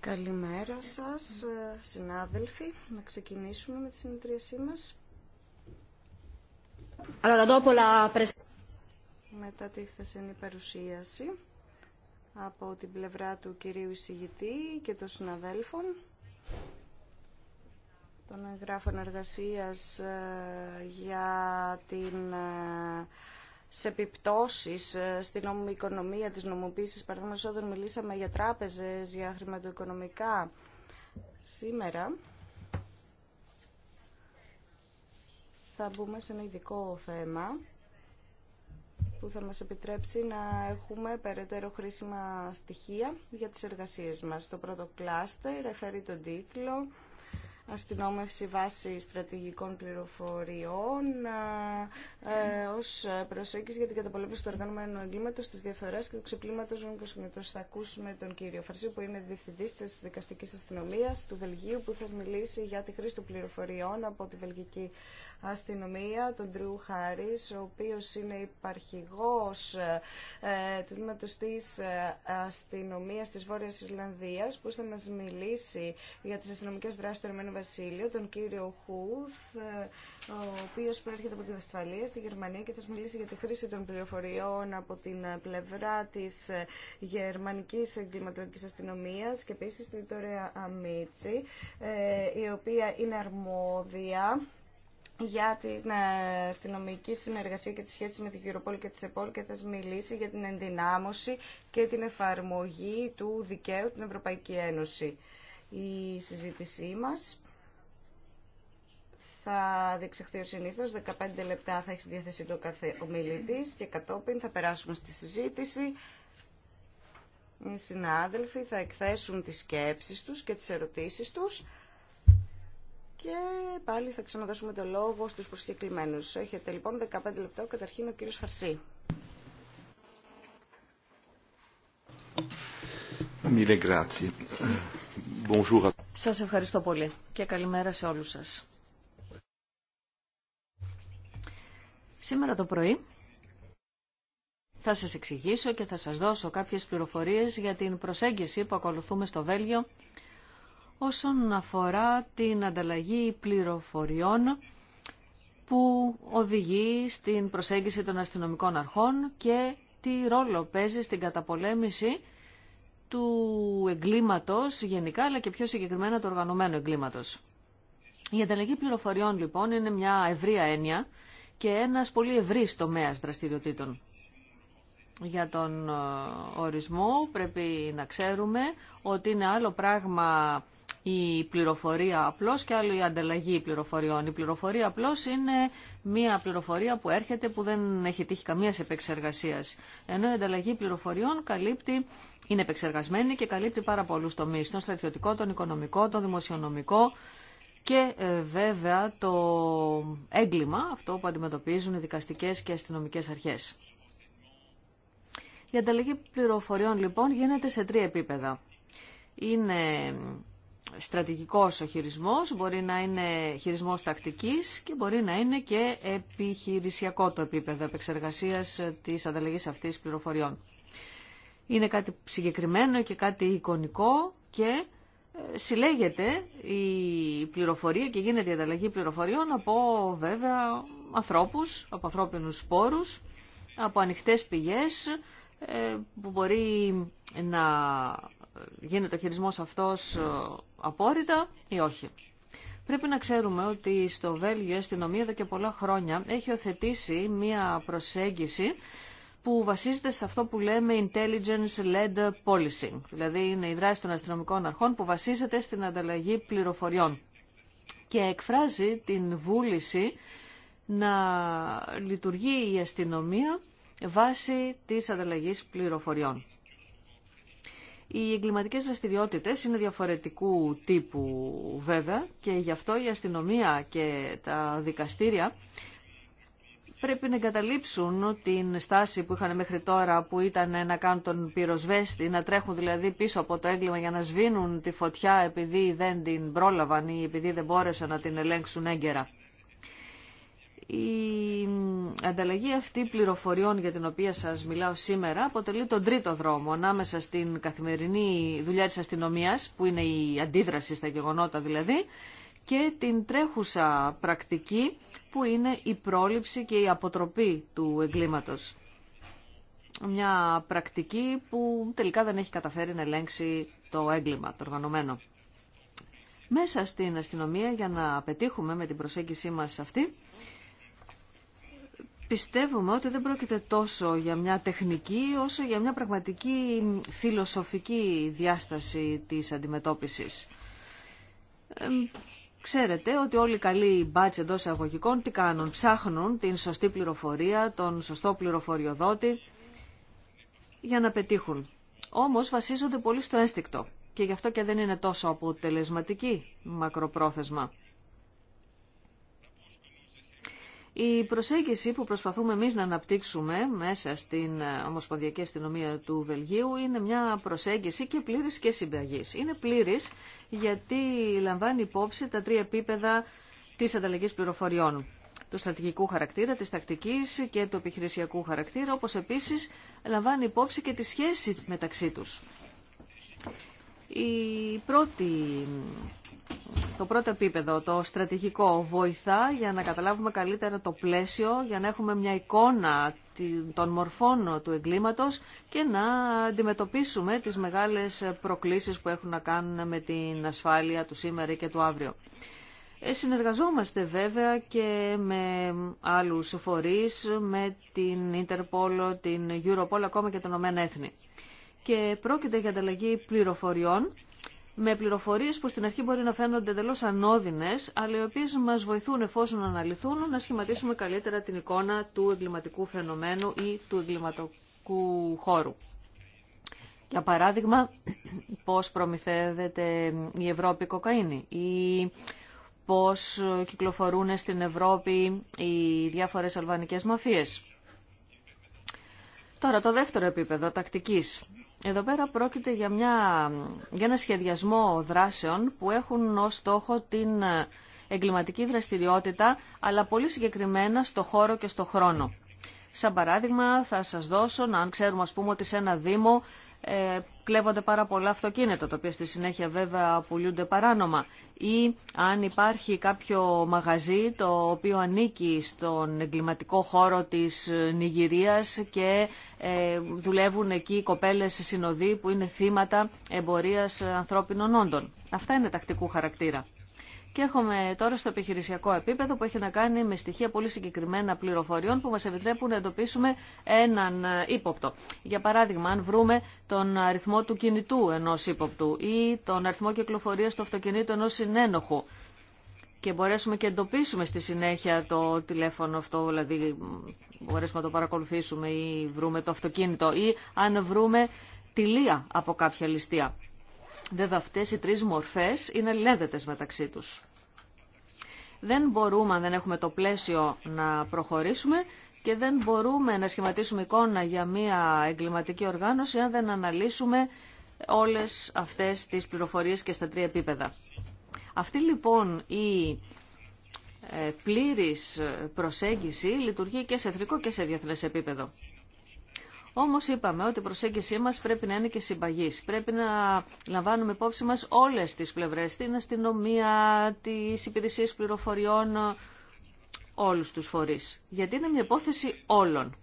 Καλημέρα σας, ε, συνάδελφοι. Να ξεκινήσουμε με τη συνεδρίασή μας. Μετά τη χθεσινή παρουσίαση από την πλευρά του κυρίου εισηγητή και των συναδέλφων των εγγράφων εργασίας ε, για την ε, σε επιπτώσει ε, στην οικονομία τη νομοποίηση Παραδείγματος όταν μιλήσαμε για τράπεζες, για χρηματοοικονομικά. Σήμερα θα μπούμε σε ένα ειδικό θέμα που θα μας επιτρέψει να έχουμε περαιτέρω χρήσιμα στοιχεία για τις εργασίες μας. Το πρώτο κλάστερ εφέρει τον τίτλο αστυνόμευση βάση στρατηγικών πληροφοριών ε, ως προσέγγιση για την καταπολέμηση του οργανωμένου εγκλήματος, τη διαφθορά και του ξεπλήματος νομικοσυμμετός. Θα ακούσουμε τον κύριο Φαρσίου που είναι διευθυντή τη δικαστικής αστυνομίας του Βελγίου που θα μιλήσει για τη χρήση των πληροφοριών από τη Βελγική αστυνομία, τον Τριού Χάρη, ο οποίο είναι υπαρχηγό ε, του τμήματο τη ε, αστυνομία τη Βόρεια Ιρλανδία, που θα μα μιλήσει για τι αστυνομικέ δράσει του Ηνωμένου Βασίλειου, τον κύριο Χούθ, ε, ο οποίο προέρχεται από την Βεσφαλία στη Γερμανία και θα μα μιλήσει για τη χρήση των πληροφοριών από την πλευρά τη ε, γερμανική εγκληματολογική αστυνομία και επίση την Τωρέα Αμίτσι, ε, η οποία είναι αρμόδια για την ε, αστυνομική συνεργασία και τις σχέσεις με την Κυριοπόλη και τη ΕΠΟΛ και θα μιλήσει για την ενδυνάμωση και την εφαρμογή του δικαίου την Ευρωπαϊκή Ένωση. Η συζήτησή μας θα διεξαχθεί ο συνήθως, 15 λεπτά θα έχει διαθέσει το κάθε ομιλητής και κατόπιν θα περάσουμε στη συζήτηση. Οι συνάδελφοι θα εκθέσουν τις σκέψεις τους και τις ερωτήσεις τους. Και πάλι θα ξαναδώσουμε το λόγο στους προσκεκλημένους. Έχετε λοιπόν 15 λεπτά, καταρχήν ο κύριος Φαρσή. Σας ευχαριστώ πολύ και καλημέρα σε όλους σας. Σήμερα το πρωί θα σας εξηγήσω και θα σας δώσω κάποιες πληροφορίες για την προσέγγιση που ακολουθούμε στο Βέλγιο όσον αφορά την ανταλλαγή πληροφοριών που οδηγεί στην προσέγγιση των αστυνομικών αρχών και τι ρόλο παίζει στην καταπολέμηση του εγκλήματος γενικά, αλλά και πιο συγκεκριμένα του οργανωμένου εγκλήματος. Η ανταλλαγή πληροφοριών λοιπόν είναι μια ευρία έννοια και ένας πολύ ευρύς τομέας δραστηριοτήτων. Για τον ε, ορισμό πρέπει να ξέρουμε ότι είναι άλλο πράγμα η πληροφορία απλώς και άλλο η ανταλλαγή πληροφοριών. Η πληροφορία απλώς είναι μια πληροφορία που έρχεται που δεν έχει τύχει καμία επεξεργασία. Ενώ η ανταλλαγή πληροφοριών καλύπτει, είναι επεξεργασμένη και καλύπτει πάρα πολλού τομεί. Τον στρατιωτικό, τον οικονομικό, τον δημοσιονομικό και ε, βέβαια το έγκλημα, αυτό που αντιμετωπίζουν οι δικαστικές και αστυνομικές αρχές. Η ανταλλαγή πληροφοριών λοιπόν γίνεται σε τρία επίπεδα. Είναι στρατηγικός ο χειρισμός, μπορεί να είναι χειρισμός τακτικής και μπορεί να είναι και επιχειρησιακό το επίπεδο επεξεργασίας της ανταλλαγής αυτής πληροφοριών. Είναι κάτι συγκεκριμένο και κάτι εικονικό και ε, συλλέγεται η πληροφορία και γίνεται η ανταλλαγή πληροφοριών από βέβαια ανθρώπους, από ανθρώπινους σπόρους, από ανοιχτές πηγές ε, που μπορεί να γίνεται ο χειρισμός αυτός ε, απόρριτα ή όχι. Πρέπει να ξέρουμε ότι στο Βέλγιο η αστυνομία εδώ και πολλά χρόνια έχει οθετήσει μία προσέγγιση που βασίζεται σε αυτό που λέμε intelligence-led policing. Δηλαδή είναι η δράση των αστυνομικών αρχών που βασίζεται στην ανταλλαγή πληροφοριών και εκφράζει την βούληση να λειτουργεί η αστυνομία βάσει της ανταλλαγής πληροφοριών. Οι εγκληματικέ δραστηριότητε είναι διαφορετικού τύπου βέβαια και γι' αυτό η αστυνομία και τα δικαστήρια πρέπει να εγκαταλείψουν την στάση που είχαν μέχρι τώρα που ήταν να κάνουν τον πυροσβέστη, να τρέχουν δηλαδή πίσω από το έγκλημα για να σβήνουν τη φωτιά επειδή δεν την πρόλαβαν ή επειδή δεν μπόρεσαν να την ελέγξουν έγκαιρα η ανταλλαγή αυτή πληροφοριών για την οποία σας μιλάω σήμερα αποτελεί τον τρίτο δρόμο ανάμεσα στην καθημερινή δουλειά της αστυνομίας που είναι η αντίδραση στα γεγονότα δηλαδή και την τρέχουσα πρακτική που είναι η πρόληψη και η αποτροπή του εγκλήματος. Μια πρακτική που τελικά δεν έχει καταφέρει να ελέγξει το έγκλημα, το οργανωμένο. Μέσα στην αστυνομία για να πετύχουμε με την προσέγγιση μας αυτή πιστεύουμε ότι δεν πρόκειται τόσο για μια τεχνική όσο για μια πραγματική φιλοσοφική διάσταση της αντιμετώπισης. Ξέρετε ότι όλοι οι καλοί μπάτς εντό αγωγικών τι κάνουν, ψάχνουν την σωστή πληροφορία, τον σωστό πληροφοριοδότη για να πετύχουν. Όμως βασίζονται πολύ στο ένστικτο και γι' αυτό και δεν είναι τόσο αποτελεσματική μακροπρόθεσμα. Η προσέγγιση που προσπαθούμε εμείς να αναπτύξουμε μέσα στην ε, Ομοσπονδιακή Αστυνομία του Βελγίου είναι μια προσέγγιση και πλήρης και συμπαγής. Είναι πλήρης γιατί λαμβάνει υπόψη τα τρία επίπεδα της ανταλλαγής πληροφοριών του στρατηγικού χαρακτήρα, της τακτικής και του επιχειρησιακού χαρακτήρα, όπως επίσης λαμβάνει υπόψη και τη σχέση μεταξύ τους. Η πρώτη το πρώτο επίπεδο, το στρατηγικό, βοηθά για να καταλάβουμε καλύτερα το πλαίσιο, για να έχουμε μια εικόνα των μορφών του εγκλήματος και να αντιμετωπίσουμε τις μεγάλες προκλήσεις που έχουν να κάνουν με την ασφάλεια του σήμερα και του αύριο. Ε, συνεργαζόμαστε βέβαια και με άλλους φορείς, με την Interpol, την Europol, ακόμα και τον Ηνωμένα Έθνη. Και πρόκειται για ανταλλαγή πληροφοριών με πληροφορίες που στην αρχή μπορεί να φαίνονται εντελώ ανώδυνες, αλλά οι οποίες μας βοηθούν εφόσον αναλυθούν να σχηματίσουμε καλύτερα την εικόνα του εγκληματικού φαινομένου ή του εγκληματικού χώρου. Για παράδειγμα, πώς προμηθεύεται η Ευρώπη κοκαίνη ή πώς κυκλοφορούν στην Ευρώπη οι διάφορες αλβανικές μαφίες. Τώρα το δεύτερο επίπεδο τακτικής. Εδώ πέρα πρόκειται για, μια, για ένα σχεδιασμό δράσεων που έχουν ως στόχο την ε, εγκληματική δραστηριότητα, αλλά πολύ συγκεκριμένα στο χώρο και στο χρόνο. Σαν παράδειγμα θα σας δώσω, να αν ξέρουμε ας πούμε ότι σε ένα Δήμο ε, κλέβονται πάρα πολλά αυτοκίνητα, τα οποία στη συνέχεια βέβαια πουλούνται παράνομα. Ή αν υπάρχει κάποιο μαγαζί το οποίο ανήκει στον εγκληματικό χώρο της Νιγηρίας και ε, δουλεύουν εκεί οι κοπέλες συνοδοί που είναι θύματα εμπορίας ανθρώπινων όντων. Αυτά είναι τακτικού χαρακτήρα. Και έχουμε τώρα στο επιχειρησιακό επίπεδο που έχει να κάνει με στοιχεία πολύ συγκεκριμένα πληροφοριών που μας επιτρέπουν να εντοπίσουμε έναν ύποπτο. Για παράδειγμα, αν βρούμε τον αριθμό του κινητού ενός ύποπτου ή τον αριθμό κυκλοφορίας του αυτοκινήτου ενός συνένοχου και μπορέσουμε και εντοπίσουμε στη συνέχεια το τηλέφωνο αυτό, δηλαδή μπορέσουμε να το παρακολουθήσουμε ή βρούμε το αυτοκίνητο ή αν βρούμε τη από κάποια ληστεία. Βέβαια αυτές οι τρεις μορφές είναι λέδετες μεταξύ τους. Δεν μπορούμε, αν δεν έχουμε το πλαίσιο, να προχωρήσουμε και δεν μπορούμε να σχηματίσουμε εικόνα για μια εγκληματική οργάνωση αν δεν αναλύσουμε όλες αυτές τις πληροφορίες και στα τρία επίπεδα. Αυτή λοιπόν η ε, πλήρης προσέγγιση λειτουργεί και σε εθνικό και σε διεθνές επίπεδο. Όμω είπαμε ότι η προσέγγιση μας πρέπει να είναι και συμπαγή. Πρέπει να λαμβάνουμε υπόψη μας όλες τις πλευρές, την αστυνομία, τι υπηρεσίε πληροφοριών, όλους τους φορείς. Γιατί είναι μια υπόθεση όλων.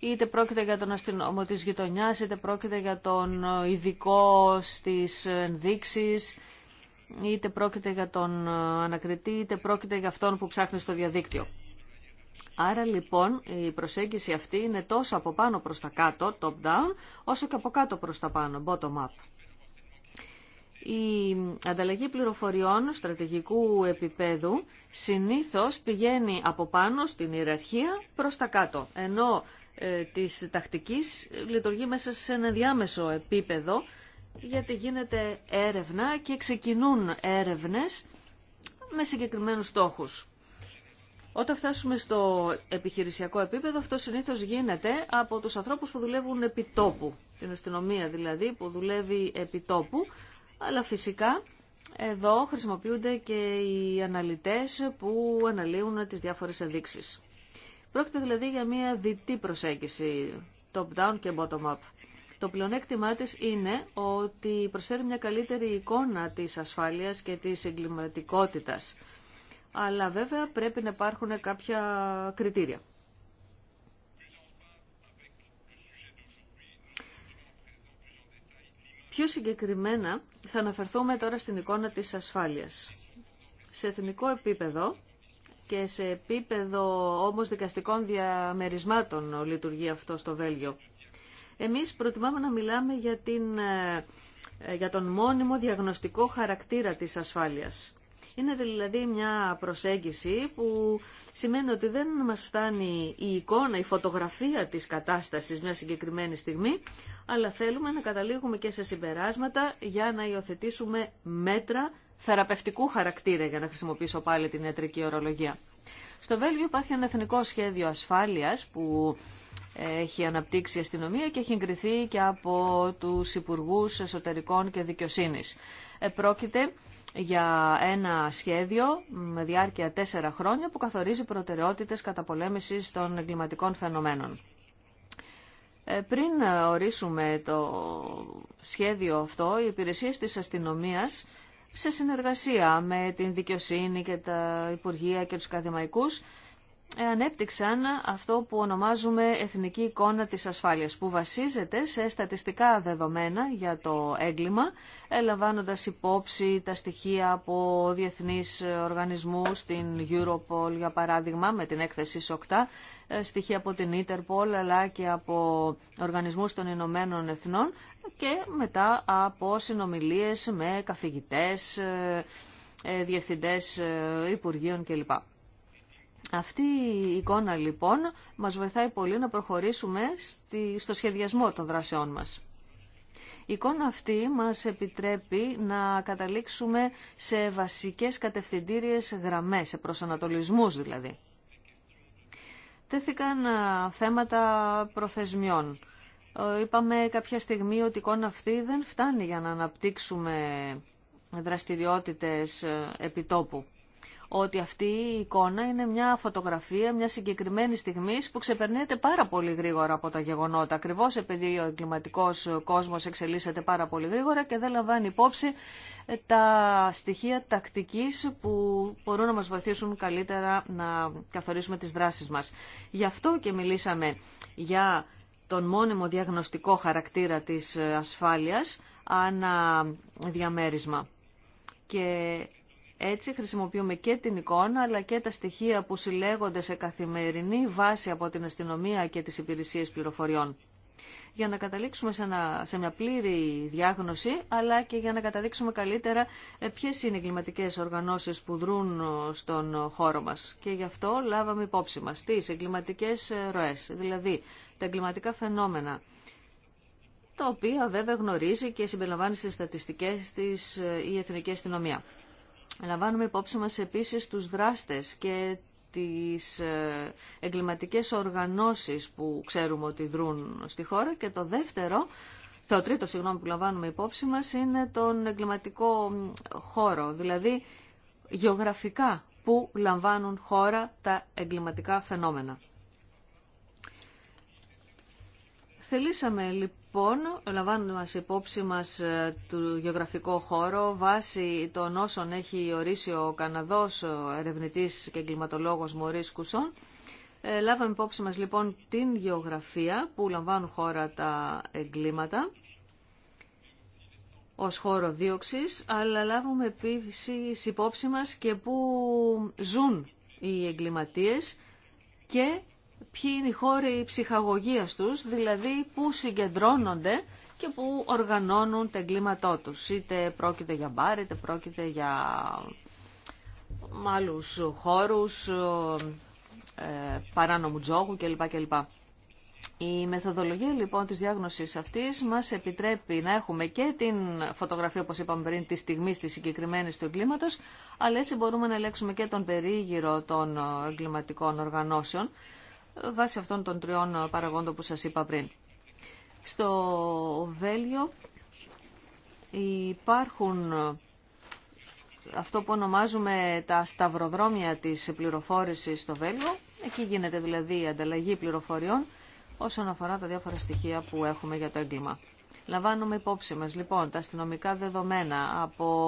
Είτε πρόκειται για τον αστυνόμο τη γειτονιά, είτε πρόκειται για τον ειδικό στι ενδείξει, είτε πρόκειται για τον ανακριτή, είτε πρόκειται για αυτόν που ψάχνει στο διαδίκτυο. Άρα λοιπόν η προσέγγιση αυτή είναι τόσο από πάνω προς τα κάτω, top down, όσο και από κάτω προς τα πάνω, bottom up. Η ανταλλαγή πληροφοριών στρατηγικού επίπεδου συνήθως πηγαίνει από πάνω στην ιεραρχία προς τα κάτω, ενώ ε, της τακτικής λειτουργεί μέσα σε ένα διάμεσο επίπεδο, γιατί γίνεται έρευνα και ξεκινούν έρευνες με συγκεκριμένους στόχους. Όταν φτάσουμε στο επιχειρησιακό επίπεδο, αυτό συνήθως γίνεται από τους ανθρώπους που δουλεύουν επί τόπου, την αστυνομία δηλαδή που δουλεύει επί τόπου, αλλά φυσικά εδώ χρησιμοποιούνται και οι αναλυτές που αναλύουν τις διάφορες ενδείξεις. Πρόκειται δηλαδή για μια διτή προσέγγιση, top-down και bottom-up. Το πλεονέκτημά της είναι ότι προσφέρει μια καλύτερη εικόνα της ασφάλειας και της εγκληματικότητας αλλά βέβαια πρέπει να υπάρχουν κάποια κριτήρια. Πιο συγκεκριμένα θα αναφερθούμε τώρα στην εικόνα της ασφάλειας. Σε εθνικό επίπεδο και σε επίπεδο όμως δικαστικών διαμερισμάτων λειτουργεί αυτό στο Βέλγιο. Εμείς προτιμάμε να μιλάμε για, την, ε, για τον μόνιμο διαγνωστικό χαρακτήρα της ασφάλειας. Είναι δηλαδή μια προσέγγιση που σημαίνει ότι δεν μας φτάνει η εικόνα, η φωτογραφία της κατάστασης μια συγκεκριμένη στιγμή, αλλά θέλουμε να καταλήγουμε και σε συμπεράσματα για να υιοθετήσουμε μέτρα θεραπευτικού χαρακτήρα, για να χρησιμοποιήσω πάλι την ιατρική ορολογία. Στο Βέλγιο υπάρχει ένα εθνικό σχέδιο ασφάλειας που έχει αναπτύξει η αστυνομία και έχει εγκριθεί και από τους Υπουργούς Εσωτερικών και Δικαιοσύνης. Ε, πρόκειται για ένα σχέδιο με διάρκεια τέσσερα χρόνια που καθορίζει προτεραιότητες καταπολέμησης των εγκληματικών φαινομένων. Ε, πριν ορίσουμε το σχέδιο αυτό, οι υπηρεσίε της αστυνομίας σε συνεργασία με την δικαιοσύνη και τα Υπουργεία και τους ακαδημαϊκούς ανέπτυξαν αυτό που ονομάζουμε εθνική εικόνα της ασφάλειας, που βασίζεται σε στατιστικά δεδομένα για το έγκλημα, ελαμβάνοντας υπόψη τα στοιχεία από διεθνείς οργανισμούς, την Europol για παράδειγμα, με την έκθεση ΣΟΚΤΑ, ε, στοιχεία από την Interpol, αλλά και από οργανισμούς των Ηνωμένων Εθνών και μετά από συνομιλίες με καθηγητές, ε, ε, διευθυντές Υπουργείων κλπ. Αυτή η εικόνα λοιπόν μας βοηθάει πολύ να προχωρήσουμε στο σχεδιασμό των δράσεών μας. Η εικόνα αυτή μας επιτρέπει να καταλήξουμε σε βασικές κατευθυντήριες γραμμές, σε προσανατολισμούς δηλαδή. Τέθηκαν θέματα προθεσμιών. Ε, είπαμε κάποια στιγμή ότι η εικόνα αυτή δεν φτάνει για να αναπτύξουμε δραστηριότητες ε, επιτόπου ότι αυτή η εικόνα είναι μια φωτογραφία μια συγκεκριμένη στιγμή που ξεπερνέεται πάρα πολύ γρήγορα από τα γεγονότα. Ακριβώ επειδή ο εγκληματικό κόσμο εξελίσσεται πάρα πολύ γρήγορα και δεν λαμβάνει υπόψη ε, τα στοιχεία τακτική που μπορούν να μα βοηθήσουν καλύτερα να καθορίσουμε τι δράσει μα. Γι' αυτό και μιλήσαμε για τον μόνιμο διαγνωστικό χαρακτήρα της ε, ασφάλειας ανά διαμέρισμα. Και έτσι χρησιμοποιούμε και την εικόνα αλλά και τα στοιχεία που συλλέγονται σε καθημερινή βάση από την αστυνομία και τις υπηρεσίες πληροφοριών. Για να καταλήξουμε σε, σε μια πλήρη διάγνωση αλλά και για να καταδείξουμε καλύτερα ε, ποιε είναι οι εγκληματικέ οργανώσεις που δρούν ε, στον χώρο μας. Και γι' αυτό λάβαμε υπόψη μας τις εγκληματικέ ε, ροές, δηλαδή τα εγκληματικά φαινόμενα τα οποία βέβαια γνωρίζει και συμπεριλαμβάνει στις στατιστικές της η Εθνική Αστυνομία. Λαμβάνουμε υπόψη μας επίσης τους δράστες και τις ε, εγκληματικές οργανώσεις που ξέρουμε ότι δρούν στη χώρα και το δεύτερο, το τρίτο συγγνώμη που λαμβάνουμε υπόψη μας είναι τον εγκληματικό χώρο, δηλαδή γεωγραφικά που λαμβάνουν χώρα τα εγκληματικά φαινόμενα. Θελήσαμε λοιπόν, λαμβάνουμε υπόψη μας ε, του γεωγραφικό χώρο, βάσει των όσων έχει ορίσει ο Καναδός ο ερευνητής και εγκληματολόγος Μωρίς Κουσόν, ε, λάβαμε υπόψη μας λοιπόν την γεωγραφία που λαμβάνουν χώρα τα εγκλήματα ως χώρο δίωξης, αλλά λάβουμε επίσης υπόψη μας και που ζουν οι εγκληματίες και ποιοι είναι οι χώροι ψυχαγωγίας τους, δηλαδή πού συγκεντρώνονται και που οργανώνουν τα εγκλήματό τους. Είτε πρόκειται για μπάρ, είτε πρόκειται για άλλους χώρους, ε, παράνομου τζόγου κλπ. κλπ. Η μεθοδολογία λοιπόν της διάγνωσης αυτής μας επιτρέπει να έχουμε και την φωτογραφία όπως είπαμε πριν τη στιγμή της συγκεκριμένης του εγκλήματος αλλά έτσι μπορούμε να ελέγξουμε και τον περίγυρο των ε, εγκληματικών οργανώσεων βάσει αυτών των τριών παραγόντων που σας είπα πριν. Στο Βέλιο υπάρχουν αυτό που ονομάζουμε τα σταυροδρόμια της πληροφόρησης στο Βέλιο. Εκεί γίνεται δηλαδή η ανταλλαγή πληροφοριών όσον αφορά τα διάφορα στοιχεία που έχουμε για το έγκλημα. Λαμβάνουμε υπόψη μας λοιπόν τα αστυνομικά δεδομένα από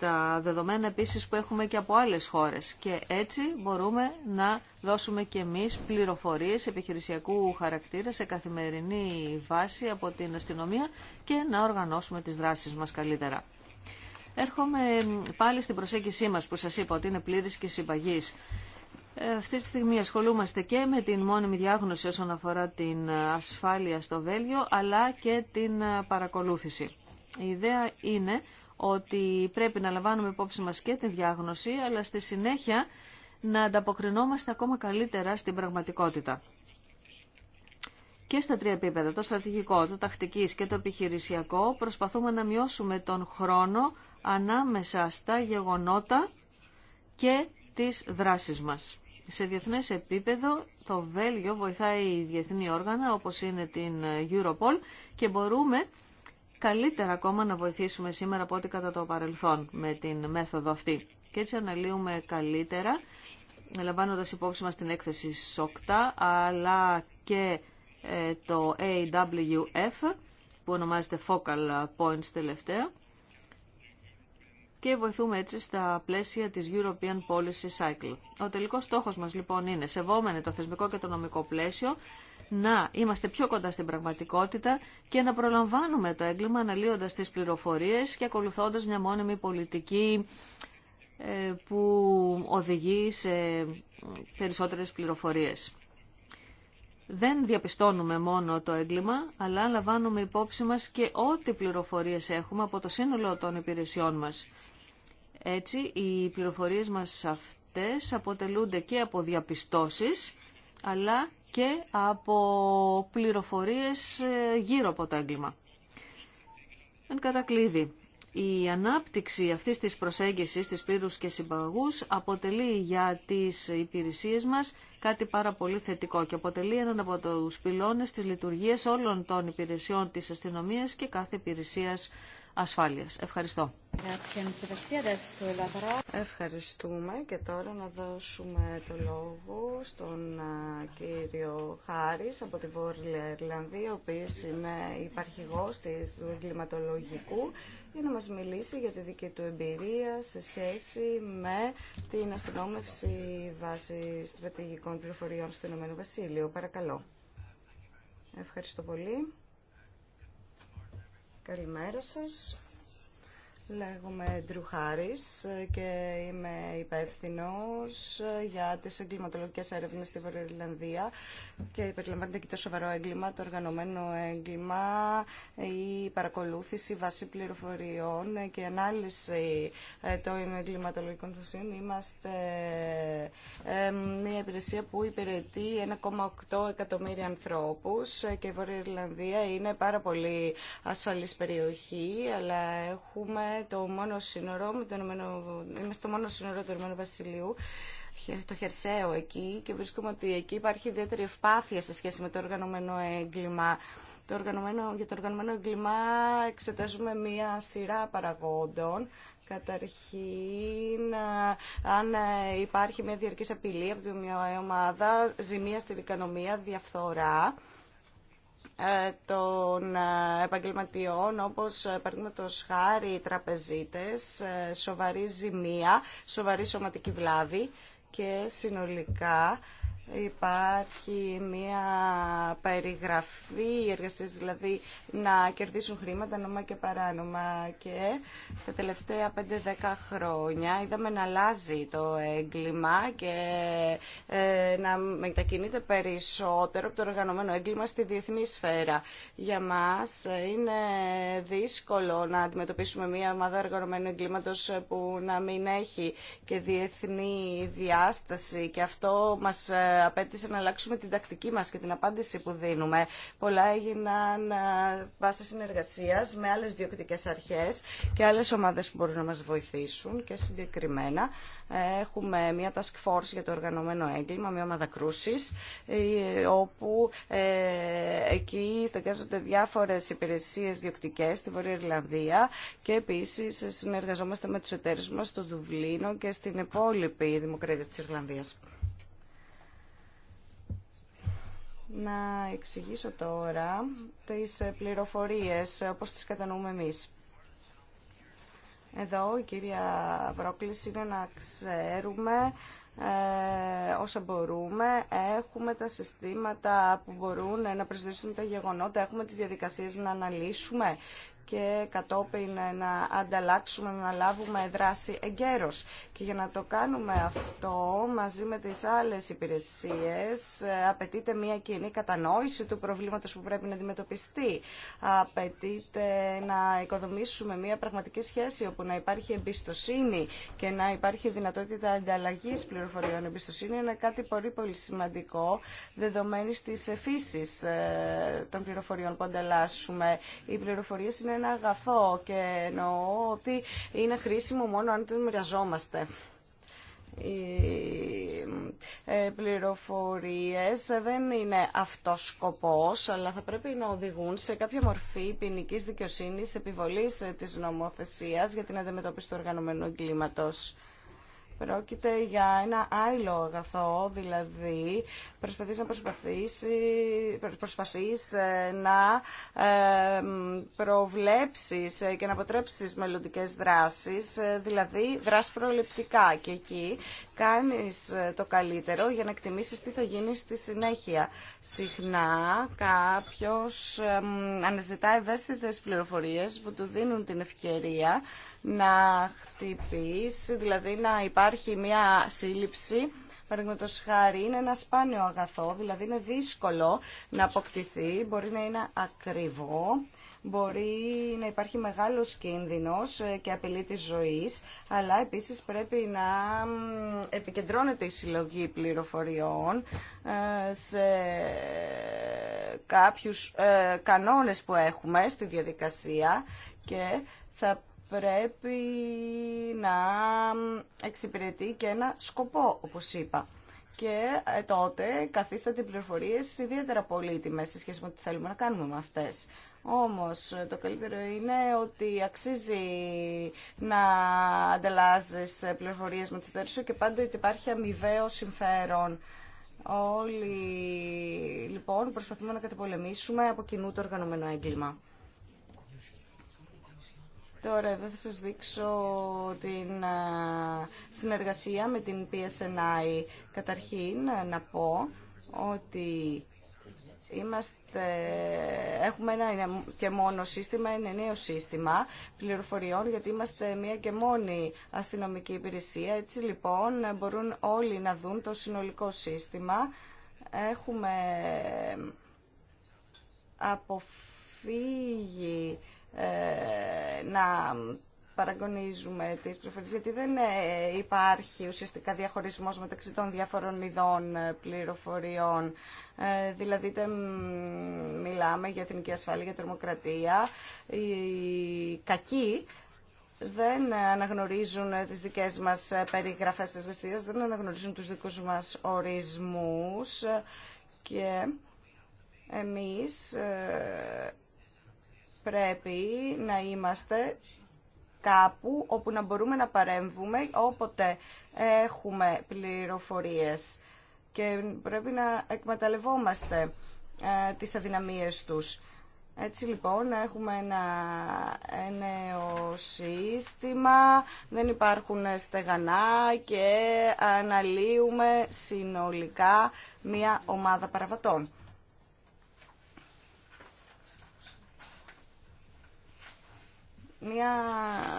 τα δεδομένα επίσης που έχουμε και από άλλες χώρες και έτσι μπορούμε να δώσουμε και εμείς πληροφορίες επιχειρησιακού χαρακτήρα σε καθημερινή βάση από την αστυνομία και να οργανώσουμε τις δράσεις μας καλύτερα. Έρχομαι πάλι στην προσέγγισή μας που σας είπα ότι είναι πλήρης και συμπαγής. Αυτή τη στιγμή ασχολούμαστε και με την μόνιμη διάγνωση όσον αφορά την ασφάλεια στο Βέλγιο αλλά και την παρακολούθηση. Η ιδέα είναι ότι πρέπει να λαμβάνουμε υπόψη μας και τη διάγνωση, αλλά στη συνέχεια να ανταποκρινόμαστε ακόμα καλύτερα στην πραγματικότητα. Και στα τρία επίπεδα, το στρατηγικό, το τακτικής και το επιχειρησιακό, προσπαθούμε να μειώσουμε τον χρόνο ανάμεσα στα γεγονότα και τις δράσεις μας. Σε διεθνές επίπεδο το Βέλγιο βοηθάει διεθνή όργανα όπως είναι την Europol και μπορούμε καλύτερα ακόμα να βοηθήσουμε σήμερα από ό,τι κατά το παρελθόν με την μέθοδο αυτή. Και έτσι αναλύουμε καλύτερα, λαμβάνοντα υπόψη μας την έκθεση ΣΟΚΤΑ, αλλά και ε, το AWF, που ονομάζεται Focal Points τελευταία, και βοηθούμε έτσι στα πλαίσια της European Policy Cycle. Ο τελικός στόχος μας λοιπόν είναι, σεβόμενοι το θεσμικό και το νομικό πλαίσιο, να είμαστε πιο κοντά στην πραγματικότητα και να προλαμβάνουμε το έγκλημα αναλύοντας τις πληροφορίες και ακολουθώντας μια μόνιμη πολιτική ε, που οδηγεί σε περισσότερες πληροφορίες. Δεν διαπιστώνουμε μόνο το έγκλημα, αλλά λαμβάνουμε υπόψη μας και ό,τι πληροφορίες έχουμε από το σύνολο των υπηρεσιών μας. Έτσι, οι πληροφορίες μας αυτές αποτελούνται και από διαπιστώσεις, αλλά και από πληροφορίες ε, γύρω από το έγκλημα. Εν κατακλείδη, η ανάπτυξη αυτής της προσέγγισης της πύρους και συμπαγούς αποτελεί για τις υπηρεσίες μας κάτι πάρα πολύ θετικό και αποτελεί έναν από τους πυλώνες της λειτουργίας όλων των υπηρεσιών της αστυνομίας και κάθε υπηρεσίας ασφάλειας. Ευχαριστώ. Ευχαριστούμε και τώρα να δώσουμε το λόγο στον κύριο Χάρης από τη Βόρεια Ιρλανδία, ο οποίος είναι υπαρχηγός του εγκληματολογικού για να μας μιλήσει για τη δική του εμπειρία σε σχέση με την αστυνόμευση βάση στρατηγικών πληροφοριών στο Ηνωμένο Βασίλειο. Παρακαλώ. Ευχαριστώ πολύ. Καλημέρα σας. Λέγομαι Ντρου και είμαι υπεύθυνο για τις εγκληματολογικές έρευνε στη Βορειοϊρλανδία και περιλαμβάνεται και το σοβαρό έγκλημα, το οργανωμένο έγκλημα, η παρακολούθηση βάση πληροφοριών και ανάλυση ε, των εγκληματολογικών θεσίων. Είμαστε ε, μια υπηρεσία που υπηρετεί 1,8 εκατομμύρια ανθρώπους και η Βορειοϊρλανδία είναι πάρα πολύ ασφαλής περιοχή, αλλά έχουμε το μόνο σύνορο, με το είμαστε στο μόνο σύνορο του Ηνωμένου Βασιλείου, το Χερσαίο εκεί και βρίσκουμε ότι εκεί υπάρχει ιδιαίτερη ευπάθεια σε σχέση με το οργανωμένο έγκλημα. Το οργανωμένο, για το οργανωμένο έγκλημα εξετάζουμε μία σειρά παραγόντων Καταρχήν, αν ε, υπάρχει μια διαρκής απειλή από τη μια ομάδα, ζημία στην οικονομία, διαφθορά. Ε, των ε, επαγγελματιών όπως ε, παραδείγματο χάρη οι τραπεζίτες, σοβαρή ζημία, σοβαρή σωματική βλάβη και συνολικά υπάρχει μια περιγραφή εργασίας, δηλαδή να κερδίσουν χρήματα νομά και παράνομα και τα τελευταία 5-10 χρόνια είδαμε να αλλάζει το έγκλημα και ε, να μετακινείται περισσότερο από το οργανωμένο έγκλημα στη διεθνή σφαίρα. Για μας είναι δύσκολο να αντιμετωπίσουμε μια ομάδα οργανωμένου εγκλήματος που να μην έχει και διεθνή διάσταση και αυτό μας ε, απέτησε να αλλάξουμε την τακτική μας και την απάντηση που δίνουμε. Πολλά έγιναν βάσει συνεργασία με άλλες διοκτικές αρχές και άλλες ομάδες που μπορούν να μας βοηθήσουν και συγκεκριμένα ε, έχουμε μια task force για το οργανωμένο έγκλημα, μια ομάδα κρούσης, ε, όπου ε, εκεί στεγάζονται διάφορες υπηρεσίες διοκτικές στη Βορεια Ιρλανδία και επίσης συνεργαζόμαστε με τους εταίρους μας στο Δουβλίνο και στην υπόλοιπη δημοκρατία της Ιρλανδίας να εξηγήσω τώρα τις ε, πληροφορίες ε, όπως τις κατανοούμε εμείς. Εδώ η κυρία πρόκληση είναι να ξέρουμε ε, όσα μπορούμε. Έχουμε τα συστήματα που μπορούν ε, να προσδιορίσουν τα γεγονότα, έχουμε τις διαδικασίες να αναλύσουμε και κατόπιν να ανταλλάξουμε, να λάβουμε δράση εγκαίρως. Και για να το κάνουμε αυτό μαζί με τις άλλες υπηρεσίες απαιτείται μια κοινή κατανόηση του προβλήματος που πρέπει να αντιμετωπιστεί. Απαιτείται να οικοδομήσουμε μια πραγματική σχέση όπου να υπάρχει εμπιστοσύνη και να υπάρχει δυνατότητα ανταλλαγή πληροφοριών. εμπιστοσύνη είναι κάτι πολύ πολύ σημαντικό δεδομένη τη φύση ε, των πληροφοριών που ανταλλάσσουμε. Οι είναι ένα αγαθό και εννοώ ότι είναι χρήσιμο μόνο αν το μοιραζόμαστε οι ε, πληροφορίες δεν είναι αυτός σκοπός, αλλά θα πρέπει να οδηγούν σε κάποια μορφή ποινική δικαιοσύνης επιβολής ε, της νομοθεσίας για την αντιμετώπιση του οργανωμένου εγκλήματος. Πρόκειται για ένα άλλο αγαθό, δηλαδή προσπαθείς να προσπαθείς, ε, να ε, προβλέψεις ε, και να αποτρέψεις μελλοντικές δράσεις, δηλαδή δράσεις προληπτικά και εκεί κάνεις το καλύτερο για να εκτιμήσεις τι θα γίνει στη συνέχεια. Συχνά κάποιος αναζητά ευαίσθητες πληροφορίες που του δίνουν την ευκαιρία να χτυπήσει, δηλαδή να υπάρχει μια σύλληψη Παραδείγματο χάρη είναι ένα σπάνιο αγαθό, δηλαδή είναι δύσκολο να αποκτηθεί, μπορεί να είναι ακριβό, μπορεί να υπάρχει μεγάλος κίνδυνος ε, και απειλή της ζωής, αλλά επίσης πρέπει να επικεντρώνεται η συλλογή πληροφοριών ε, σε κάποιους ε, κανόνες που έχουμε στη διαδικασία και θα πρέπει να εξυπηρετεί και ένα σκοπό, όπως είπα. Και ε, τότε καθίσταται πληροφορίες ιδιαίτερα πολύτιμες σε σχέση με το τι θέλουμε να κάνουμε με αυτές. Όμως το καλύτερο είναι ότι αξίζει να ανταλλάζεις πληροφορίες με το τέτοιο και πάντοτε υπάρχει αμοιβαίο συμφέρον. Όλοι λοιπόν προσπαθούμε να καταπολεμήσουμε από κοινού το οργανωμένο έγκλημα. Τώρα εδώ θα σας δείξω την συνεργασία με την PSNI. Καταρχήν να πω ότι Είμαστε, έχουμε ένα και μόνο σύστημα, ένα νέο σύστημα πληροφοριών, γιατί είμαστε μία και μόνη αστυνομική υπηρεσία. Έτσι λοιπόν μπορούν όλοι να δουν το συνολικό σύστημα. Έχουμε ε, αποφύγει ε, να παραγωνίζουμε τις πληροφορίες, γιατί δεν ε, υπάρχει ουσιαστικά διαχωρισμός μεταξύ των διάφορων ειδών ε, πληροφοριών. δηλαδή, μιλάμε για εθνική ασφάλεια, για τρομοκρατία, οι κακοί δεν αναγνωρίζουν τις δικές μας περιγραφές εργασίας, δεν αναγνωρίζουν τους δικούς μας ορισμούς και εμείς πρέπει να είμαστε κάπου όπου να μπορούμε να παρέμβουμε όποτε έχουμε πληροφορίες και πρέπει να εκμεταλλευόμαστε ε, τις αδυναμίες τους. Έτσι λοιπόν έχουμε ένα νέο σύστημα, δεν υπάρχουν στεγανά και αναλύουμε συνολικά μία ομάδα παραβατών. Μια,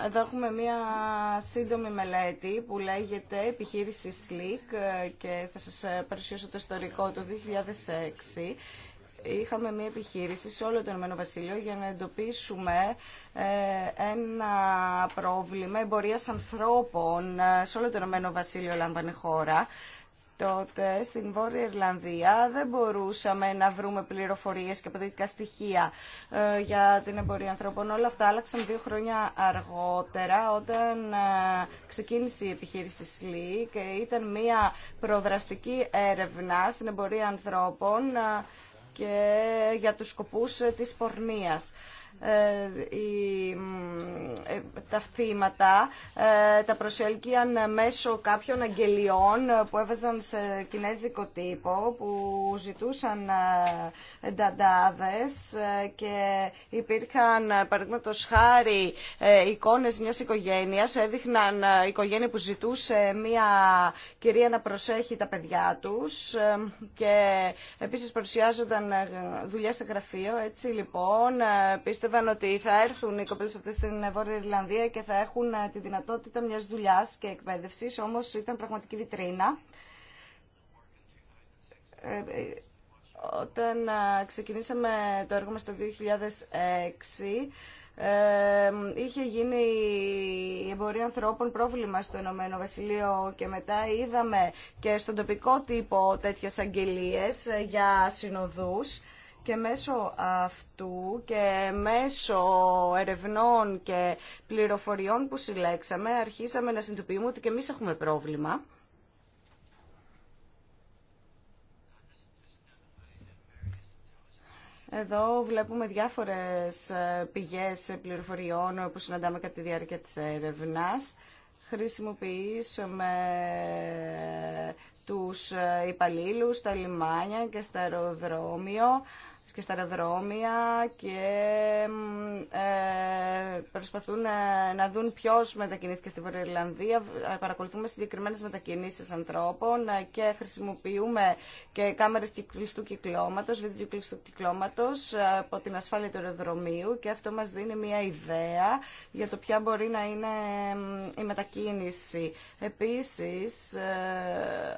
εδώ έχουμε μία σύντομη μελέτη που λέγεται επιχείρηση SLEEK ε, και θα σας ε, παρουσιάσω το ιστορικό το 2006 είχαμε μια επιχείρηση σε όλο το Ηνωμένο Βασίλειο για να εντοπίσουμε ε, ένα πρόβλημα εμπορίας ανθρώπων σε όλο το Ηνωμένο Βασίλειο λάμβανε χώρα τότε στην Βόρεια Ιρλανδία δεν μπορούσαμε να βρούμε πληροφορίες και πολιτικά στοιχεία ε, για την εμπορία ανθρώπων. Όλα αυτά άλλαξαν δύο χρόνια αργότερα όταν ε, ξεκίνησε η επιχείρηση ΣΛΗ και ήταν μια προδραστική έρευνα στην εμπορία ανθρώπων ε, και για τους σκοπούς της πορνείας. Ε, ε, τα θύματα ε, τα προσέλκυαν μέσω κάποιων αγγελιών που έβαζαν σε κινέζικο τύπο που ζητούσαν νταντάδες και υπήρχαν παραδείγματο χάρη εικόνες μιας οικογένειας έδειχναν οικογένεια που ζητούσε μια κυρία να προσέχει τα παιδιά τους και επίσης παρουσιάζονταν δουλειά σε γραφείο έτσι λοιπόν πίστευαν πίστευαν ότι θα έρθουν οι κοπέλες αυτές στην Βόρεια Ιρλανδία και θα έχουν ε, τη δυνατότητα μιας δουλειάς και εκπαίδευσης, όμως ήταν πραγματική βιτρίνα. Ε, ε, όταν ξεκινήσαμε το έργο μας το 2006, είχε γίνει η εμπορία ανθρώπων πρόβλημα στο Ηνωμένο Βασιλείο και μετά είδαμε και στον τοπικό τύπο τέτοιες αγγελίες για συνοδούς και μέσω αυτού και μέσω ερευνών και πληροφοριών που συλλέξαμε αρχίσαμε να συνειδητοποιούμε ότι και εμείς έχουμε πρόβλημα. Εδώ βλέπουμε διάφορες ε, πηγές πληροφοριών που συναντάμε κατά τη διάρκεια της έρευνας. Χρησιμοποιήσουμε τους ε, υπαλλήλους στα λιμάνια και στα αεροδρόμιο και στα αεροδρόμια και ε, προσπαθούν ε, να δουν ποιο μετακινήθηκε στη Βόρεια Ιρλανδία. Ε, παρακολουθούμε συγκεκριμένε μετακινήσει ανθρώπων και χρησιμοποιούμε και κάμερες κλειστού κυκλώματο, βίντεο κλειστού κυκλώματο από την ασφάλεια του αεροδρομίου και αυτό μα δίνει μια ιδέα για το ποια μπορεί να είναι η μετακίνηση. Επίση,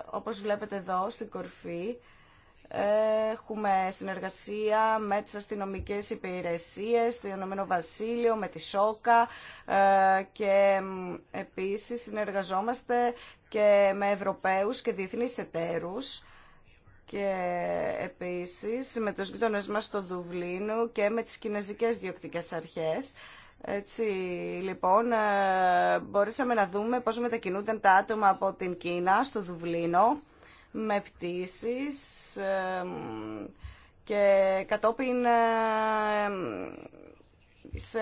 όπω βλέπετε εδώ στην κορφή, Έχουμε συνεργασία με τις αστυνομικές υπηρεσίες, το Ηνωμένο Βασίλειο, με τη ΣΟΚΑ ε, και επίσης συνεργαζόμαστε και με Ευρωπαίους και διεθνείς εταίρους και επίσης με τους γείτονες μας στο Δουβλίνο και με τις κινέζικες διοκτικές αρχές. Έτσι, λοιπόν, ε, μπορούσαμε να δούμε πώς μετακινούνταν τα άτομα από την Κίνα στο Δουβλίνο με πτήσεις και κατόπιν σε,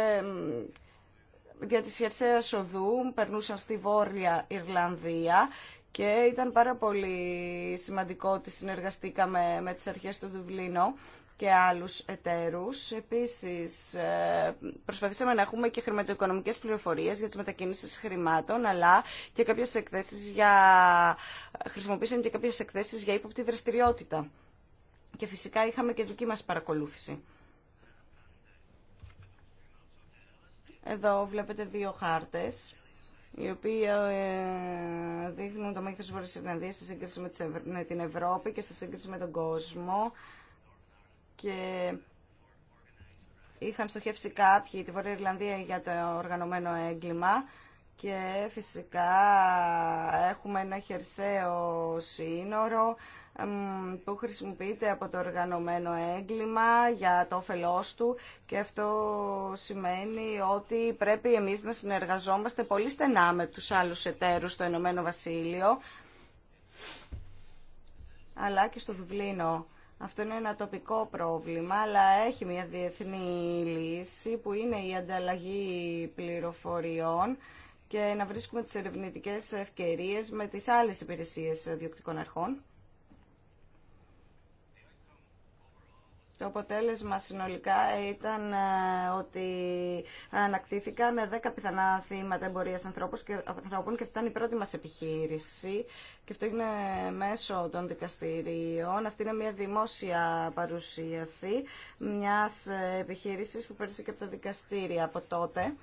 δια της χερσαίας οδού περνούσαν στη Βόρεια Ιρλανδία και ήταν πάρα πολύ σημαντικό ότι συνεργαστήκαμε με τις αρχές του Δουβλίνου και άλλους εταίρους. Επίσης, ε, προσπαθήσαμε να έχουμε και χρηματοοικονομικές πληροφορίες για τις μετακινήσεις χρημάτων, αλλά και κάποιες εκθέσεις για... χρησιμοποίησαμε και κάποιες εκθέσεις για ύποπτη δραστηριότητα. Και φυσικά είχαμε και δική μας παρακολούθηση. Εδώ βλέπετε δύο χάρτες οι οποίοι ε, δείχνουν το μέγεθος της Βόρειας σε σύγκριση με την Ευρώπη και σε σύγκριση με τον κόσμο και είχαν στοχεύσει κάποιοι τη Βορεια Ιρλανδία για το οργανωμένο έγκλημα και φυσικά έχουμε ένα χερσαίο σύνορο που χρησιμοποιείται από το οργανωμένο έγκλημα για το όφελός του και αυτό σημαίνει ότι πρέπει εμείς να συνεργαζόμαστε πολύ στενά με τους άλλους εταίρους στο Ηνωμένο Βασίλειο αλλά και στο Δουβλίνο. Αυτό είναι ένα τοπικό πρόβλημα, αλλά έχει μια διεθνή λύση που είναι η ανταλλαγή πληροφοριών και να βρίσκουμε τις ερευνητικές ευκαιρίες με τις άλλες υπηρεσίες διοκτικών αρχών. Το αποτέλεσμα συνολικά ήταν ε, ότι ανακτήθηκαν 10 πιθανά θύματα εμπορία ανθρώπων και αυτή ήταν η πρώτη μα επιχείρηση. Και αυτό είναι μέσω των δικαστηρίων. Αυτή είναι μια δημόσια παρουσίαση μια επιχείρηση που πέρασε και από τα δικαστήρια από τότε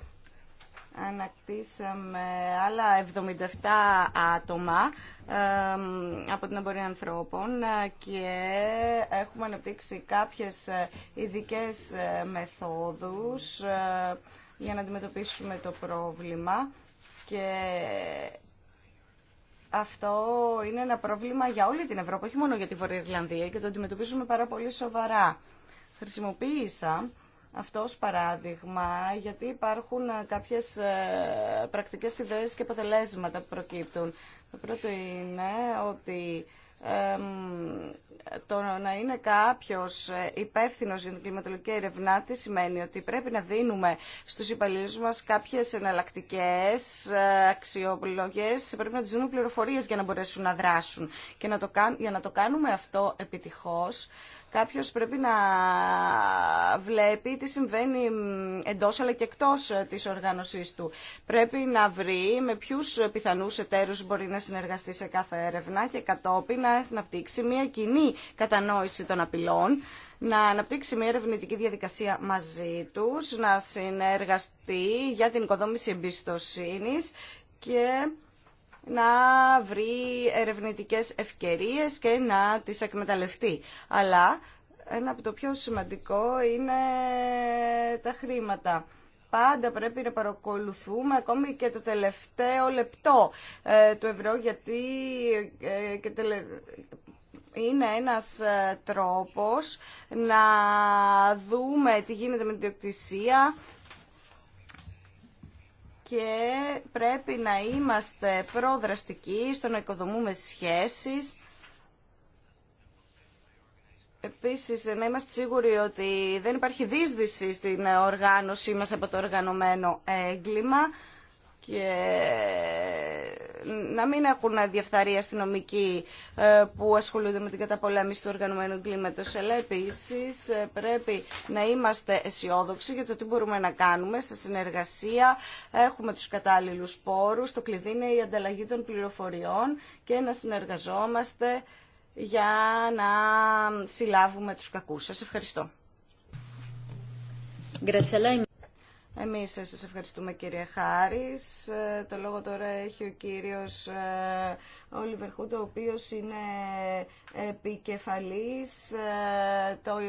ανακτήσαμε άλλα 77 άτομα από την εμπορία ανθρώπων και έχουμε αναπτύξει κάποιες ε, ειδικέ ε, μεθόδους ε, για να αντιμετωπίσουμε το πρόβλημα και αυτό είναι ένα πρόβλημα για όλη την Ευρώπη, όχι μόνο για τη Βορεια Ιρλανδία και το αντιμετωπίζουμε πάρα πολύ σοβαρά. Χρησιμοποίησα αυτό ως παράδειγμα, γιατί υπάρχουν ε, κάποιες ε, πρακτικές ιδέες και αποτελέσματα που προκύπτουν. Το πρώτο είναι ότι το να είναι κάποιος ε, υπεύθυνο για την κλιματολογική ερευνά σημαίνει ότι πρέπει να δίνουμε στους υπαλλήλους μας κάποιες εναλλακτικές αξιοπλογές πρέπει να τους δίνουμε πληροφορίες για να μπορέσουν να δράσουν και το, για να το κάνουμε αυτό επιτυχώς κάποιος πρέπει να βλέπει τι συμβαίνει εντό αλλά και εκτός ε, της οργάνωσής του. Πρέπει να βρει με ποιου πιθανού εταίρους μπορεί να συνεργαστεί σε κάθε έρευνα και κατόπιν να αναπτύξει μια κοινή κατανόηση των απειλών να αναπτύξει μια ερευνητική διαδικασία μαζί τους, να συνεργαστεί για την οικοδόμηση εμπιστοσύνη και να βρει ερευνητικές ευκαιρίες και να τις εκμεταλλευτεί. Αλλά ένα από το πιο σημαντικό είναι τα χρήματα. Πάντα πρέπει να παρακολουθούμε ακόμη και το τελευταίο λεπτό ε, του ευρώ γιατί ε, είναι ένας ε, τρόπος να δούμε τι γίνεται με την διοκτησία, και πρέπει να είμαστε προδραστικοί στο να οικοδομούμε σχέσεις. Επίσης, να είμαστε σίγουροι ότι δεν υπάρχει δίσδυση στην οργάνωσή μας από το οργανωμένο έγκλημα και να μην έχουν διαφθαρή αστυνομική ε, που ασχολούνται με την καταπολέμηση του οργανωμένου κλίματο. Αλλά επίσης ε, πρέπει να είμαστε αισιόδοξοι για το τι μπορούμε να κάνουμε σε συνεργασία. Έχουμε τους κατάλληλους πόρους, το κλειδί είναι η ανταλλαγή των πληροφοριών και να συνεργαζόμαστε για να συλλάβουμε τους κακούς. Σας ευχαριστώ. Εμείς σας ευχαριστούμε κύριε Χάρης. Ε, το λόγο τώρα έχει ο κύριος ε, Όλιβερ το ο οποίος είναι επικεφαλής ε, των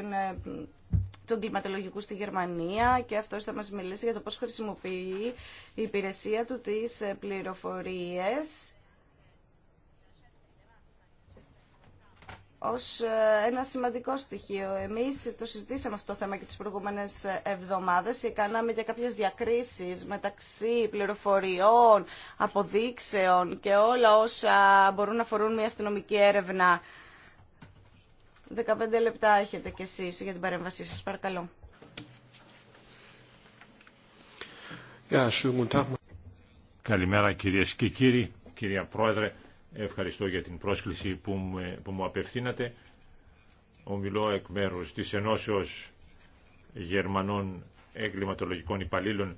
του κλιματολογικού στη Γερμανία και αυτός θα μας μιλήσει για το πώς χρησιμοποιεί η υπηρεσία του τις πληροφορίες ως ε, ένα σημαντικό στοιχείο. Εμείς το συζητήσαμε αυτό το θέμα και τις προηγούμενες ε, εβδομάδες και κάναμε για κάποιες διακρίσεις μεταξύ πληροφοριών, αποδείξεων και όλα όσα μπορούν να αφορούν μια αστυνομική έρευνα. 15 λεπτά έχετε κι εσείς για την παρέμβασή σας. Παρακαλώ. Καλημέρα κυρίες και κύριοι, κυρία Πρόεδρε. Ευχαριστώ για την πρόσκληση που, μου απευθύνατε. Ομιλώ εκ μέρους της Ενώσεως Γερμανών Εγκληματολογικών Υπαλλήλων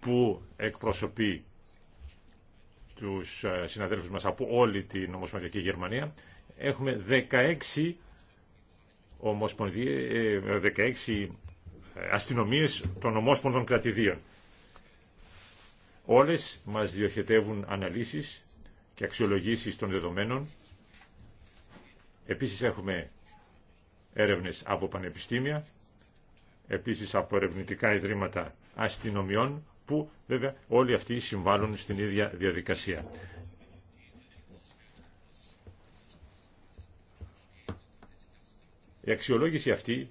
που εκπροσωπεί τους ε, συναδέλφους μας από όλη την Ομοσπονδιακή Γερμανία. Έχουμε 16 ομοσπονδίες, 16 αστυνομίες των ομόσπονδων κρατηδίων. Όλες μας διοχετεύουν αναλύσεις και αξιολογήσεις των δεδομένων. Επίσης έχουμε έρευνες από πανεπιστήμια, επίσης από ερευνητικά ιδρύματα αστυνομιών, που βέβαια όλοι αυτοί συμβάλλουν στην ίδια διαδικασία. Η αξιολόγηση αυτή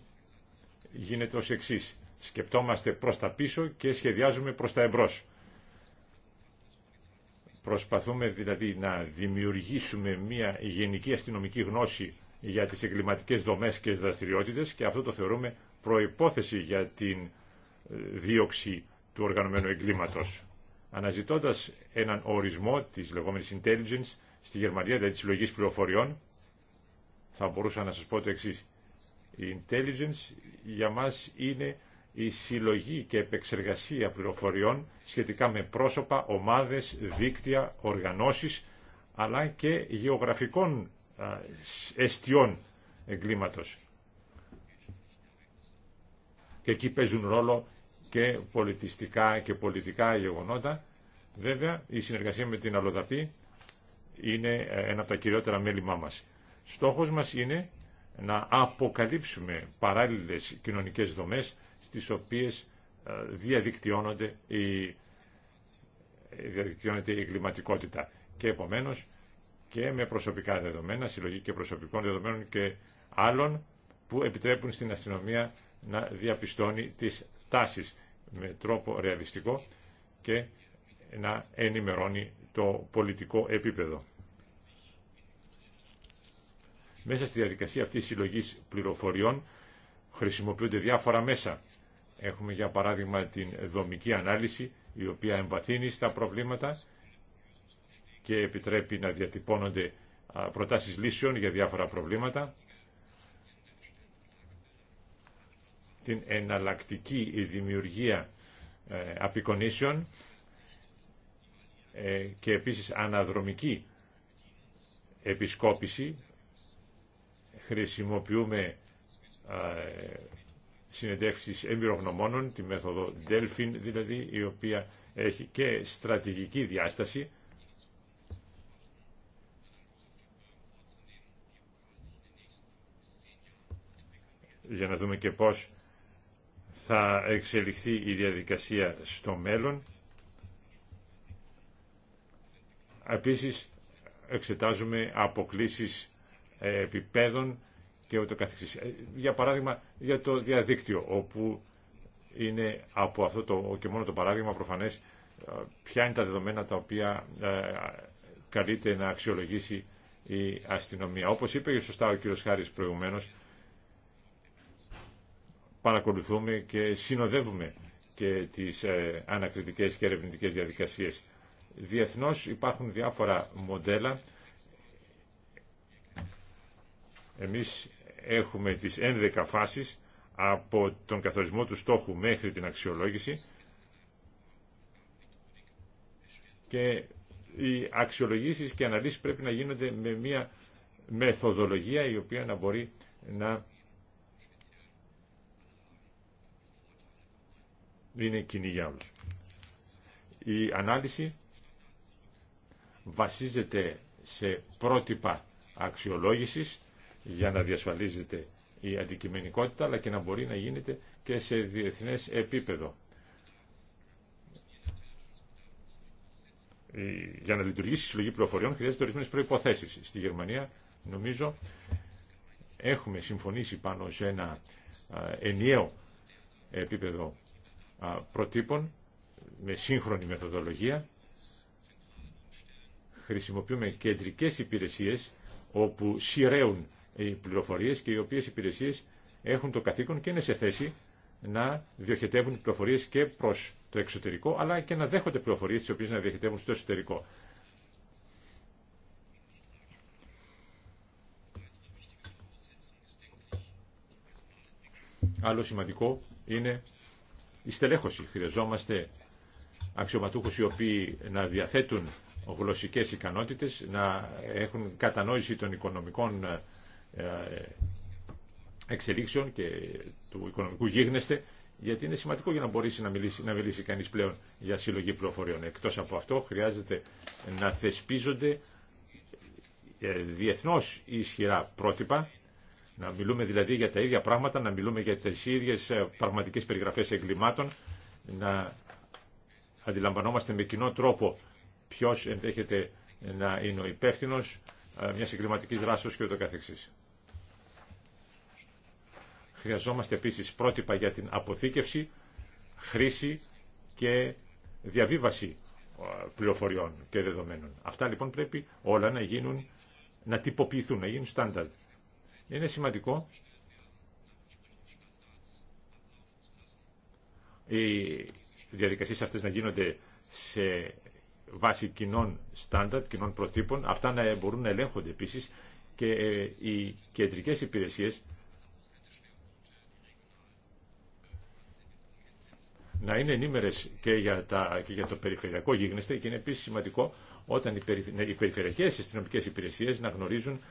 γίνεται ως εξής. Σκεπτόμαστε προς τα πίσω και σχεδιάζουμε προς τα εμπρός. Προσπαθούμε δηλαδή να δημιουργήσουμε μια γενική αστυνομική γνώση για τις εγκληματικές δομές και δραστηριότητες και αυτό το θεωρούμε προϋπόθεση για την ε, δίωξη του οργανωμένου εγκλήματος. Αναζητώντας έναν ορισμό της λεγόμενης intelligence στη Γερμανία, δηλαδή της συλλογής πληροφοριών, θα μπορούσα να σας πω το εξής. Η intelligence για μας είναι η συλλογή και επεξεργασία πληροφοριών σχετικά με πρόσωπα, ομάδες, δίκτυα, οργανώσεις, αλλά και γεωγραφικών εστιών εγκλήματος. Και εκεί παίζουν ρόλο και πολιτιστικά και πολιτικά γεγονότα. Βέβαια, η συνεργασία με την Αλοδαπή είναι ε, ένα από τα κυριότερα μέλημά μας. Στόχος μας είναι να αποκαλύψουμε παράλληλες κοινωνικές δομές στις οποίες ε, διαδικτυώνονται η, διαδικτυώνεται η εγκληματικότητα. Και επομένως και με προσωπικά δεδομένα, συλλογή και προσωπικών δεδομένων και άλλων που επιτρέπουν στην αστυνομία να διαπιστώνει τις τάσεις με τρόπο ρεαλιστικό και να ενημερώνει το πολιτικό επίπεδο. Μέσα στη διαδικασία αυτής της συλλογής πληροφοριών χρησιμοποιούνται διάφορα μέσα Έχουμε για παράδειγμα την δομική ανάλυση η οποία εμβαθύνει στα προβλήματα και επιτρέπει να διατυπώνονται προτάσεις λύσεων για διάφορα προβλήματα. Την εναλλακτική δημιουργία ε, απεικονίσεων ε, και επίσης αναδρομική επισκόπηση. Χρησιμοποιούμε συνεντεύξεις εμπειρογνωμόνων, τη μέθοδο Delphin δηλαδή, η οποία έχει και στρατηγική διάσταση. Για να δούμε και πώς θα εξελιχθεί η διαδικασία στο μέλλον. Επίσης, εξετάζουμε αποκλήσεις ε, επιπέδων και ούτω ε, Για παράδειγμα, για το διαδίκτυο, όπου είναι από αυτό το και μόνο το παράδειγμα προφανές ε, ποια είναι τα δεδομένα τα οποία ε, καλείται να αξιολογήσει η αστυνομία. Όπως είπε και σωστά ο κύριος Χάρης προηγουμένως, παρακολουθούμε και συνοδεύουμε και τις ανακριτικές και ερευνητικές διαδικασίες. Διεθνώς υπάρχουν διάφορα μοντέλα. Εμείς έχουμε τις 11 φάσεις από τον καθορισμό του στόχου μέχρι την αξιολόγηση και οι αξιολογήσεις και αναλύσεις πρέπει να γίνονται με μια μεθοδολογία η οποία να μπορεί να είναι κοινή για όλους. Η ανάλυση βασίζεται σε πρότυπα αξιολόγησης για να διασφαλίζεται η αντικειμενικότητα αλλά και να μπορεί να γίνεται και σε διεθνές επίπεδο. Για να λειτουργήσει η συλλογή πληροφοριών χρειάζεται ορισμένε προϋποθέσεις. Στη Γερμανία νομίζω έχουμε συμφωνήσει πάνω σε ένα ενιαίο επίπεδο προτύπων με σύγχρονη μεθοδολογία. Χρησιμοποιούμε κεντρικές υπηρεσίες όπου σειραίουν οι πληροφορίες και οι οποίες υπηρεσίες έχουν το καθήκον και είναι σε θέση να διοχετεύουν πληροφορίες και προς το εξωτερικό, αλλά και να δέχονται πληροφορίες τις οποίες να διοχετεύουν στο εσωτερικό. Άλλο σημαντικό είναι η στελέχωση. Χρειαζόμαστε αξιωματούχους οι οποίοι να διαθέτουν γλωσσικές ικανότητες, να έχουν κατανόηση των οικονομικών ε, εξελίξεων και του οικονομικού γίγνεσθε, γιατί είναι σημαντικό για να μπορέσει να μιλήσει, να μιλήσει κανείς πλέον για συλλογή πληροφοριών. Εκτός από αυτό χρειάζεται να θεσπίζονται ε, διεθνώς ισχυρά πρότυπα, να μιλούμε δηλαδή για τα ίδια πράγματα, να μιλούμε για τις ίδιες ε, πραγματικές περιγραφές εγκλημάτων, να αντιλαμβανόμαστε με κοινό τρόπο ποιος ενδέχεται να είναι ο υπεύθυνο μια εγκληματική δράση και ούτω καθεξής. Χρειαζόμαστε επίσης πρότυπα για την αποθήκευση, χρήση και διαβίβαση ε, πληροφοριών και δεδομένων. Αυτά λοιπόν πρέπει όλα να γίνουν, να τυποποιηθούν, να γίνουν στάνταρτ. Είναι σημαντικό οι διαδικασίες αυτές να γίνονται σε βάση κοινών στάνταρτ, κοινών προτύπων, αυτά να μπορούν να ελέγχονται επίσης και ε, οι κεντρικές υπηρεσίες να είναι ενήμερε και για, και για το περιφερειακό γίγνεσθε και είναι επίση σημαντικό όταν οι, περι, ναι, οι περιφερειακές αστυνομικές υπηρεσίες να γνωρίζουν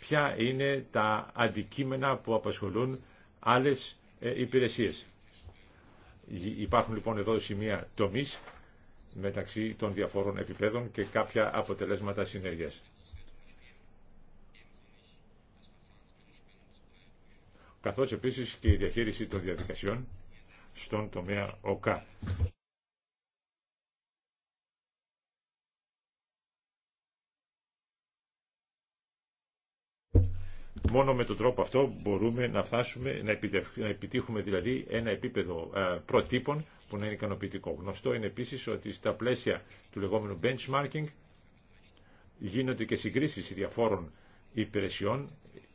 ποια είναι τα αντικείμενα που απασχολούν άλλες ε, υπηρεσίες. Υπάρχουν λοιπόν εδώ σημεία τομής μεταξύ των διαφόρων επιπέδων και κάποια αποτελέσματα συνέργειας. Καθώς επίσης και η διαχείριση των διαδικασιών στον τομέα ΟΚΑ. Μόνο με τον τρόπο αυτό μπορούμε να φτάσουμε, να, επιτύχουμε δηλαδή ένα επίπεδο ε, προτύπων που να είναι ικανοποιητικό. Γνωστό είναι επίσης ότι στα πλαίσια του λεγόμενου benchmarking γίνονται και συγκρίσεις διαφόρων υπηρεσιών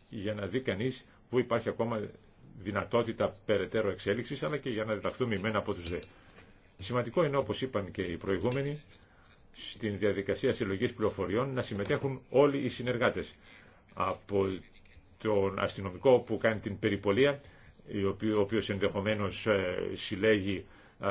για να δει κανείς που υπάρχει ακόμα δυνατότητα περαιτέρω εξέλιξη αλλά και για να διδαχθούμε ημένα από του δε. Σημαντικό είναι, όπω είπαν και οι προηγούμενοι, στην διαδικασία συλλογή πληροφοριών να συμμετέχουν όλοι οι συνεργάτε Από τον αστυνομικό που κάνει την περιπολία, ο οποίο ενδεχομένω ε, συλέγει ε,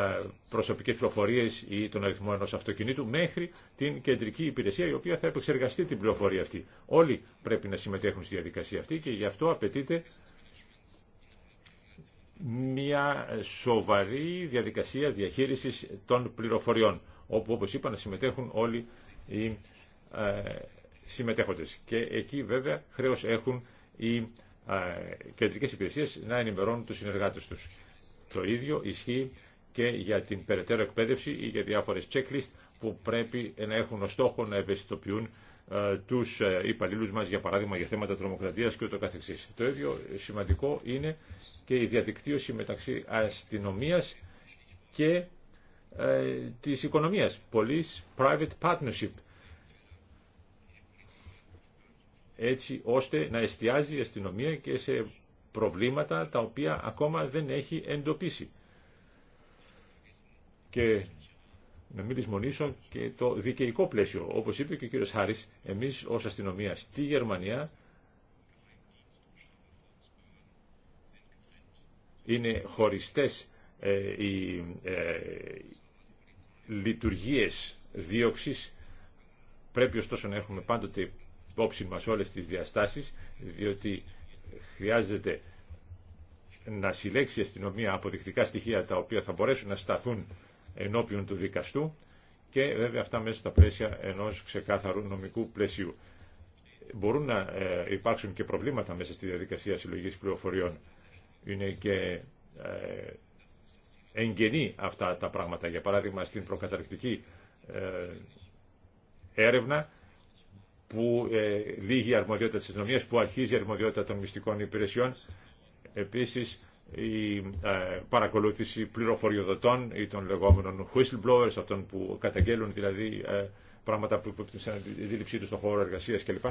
προσωπικέ πληροφορίε ή τον αριθμό ενό αυτοκινήτου μέχρι την κεντρική υπηρεσία, η οποία ενο αυτοκινητου επεξεργαστεί την πληροφορία αυτή. Όλοι πρέπει να συμμετέχουν στη διαδικασία αυτή και γι' αυτό απαιτείται μια σοβαρή διαδικασία διαχείρισης των πληροφοριών, όπου όπως είπα να συμμετέχουν όλοι οι ε, συμμετέχοντες. Και εκεί βέβαια χρέος έχουν οι ε, κεντρικές υπηρεσίες να ενημερώνουν τους συνεργάτες τους. Το ίδιο ισχύει και για την περαιτέρω εκπαίδευση ή για διάφορες checklist που πρέπει να έχουν ως στόχο να ευαισθητοποιούν ε, τους ε, υπαλλήλου μας, για παράδειγμα, για θέματα τρομοκρατίας και ούτω καθεξής. Το ίδιο σημαντικό είναι και η διαδικτύωση μεταξύ αστυνομία και ε, της οικονομίας. Police Private Partnership. Έτσι ώστε να εστιάζει η αστυνομία και σε προβλήματα τα οποία ακόμα δεν έχει εντοπίσει. Και να μην λησμονήσω και το δικαιικό πλαίσιο. Όπως είπε και ο κύριος Χάρης, εμείς ως αστυνομία στη Γερμανία είναι χωριστές ε, οι ε, λειτουργίες δίωξης. Πρέπει ωστόσο να έχουμε πάντοτε υπόψη μας όλες τις διαστάσεις, διότι χρειάζεται να συλλέξει η αστυνομία αποδεικτικά στοιχεία τα οποία θα μπορέσουν να σταθούν ενώπιον του δικαστού και βέβαια αυτά μέσα στα πλαίσια ενός ξεκάθαρου νομικού πλαισίου. Μπορούν να ε, υπάρξουν και προβλήματα μέσα στη διαδικασία συλλογής πληροφοριών. Είναι και ε, εγγενή αυτά τα πράγματα. Για παράδειγμα, στην προκαταρκτική ε, έρευνα που λύγει η αρμοδιότητα της αστυνομίας, που αρχίζει η αρμοδιότητα των μυστικών υπηρεσιών. Επίσης, η ε, παρακολούθηση πληροφοριοδοτών ή των λεγόμενων whistleblowers, αυτών που καταγγέλουν δηλαδή ε, πράγματα που υποπτύουν στην αντίληψή του στον χώρο εργασίας κλπ.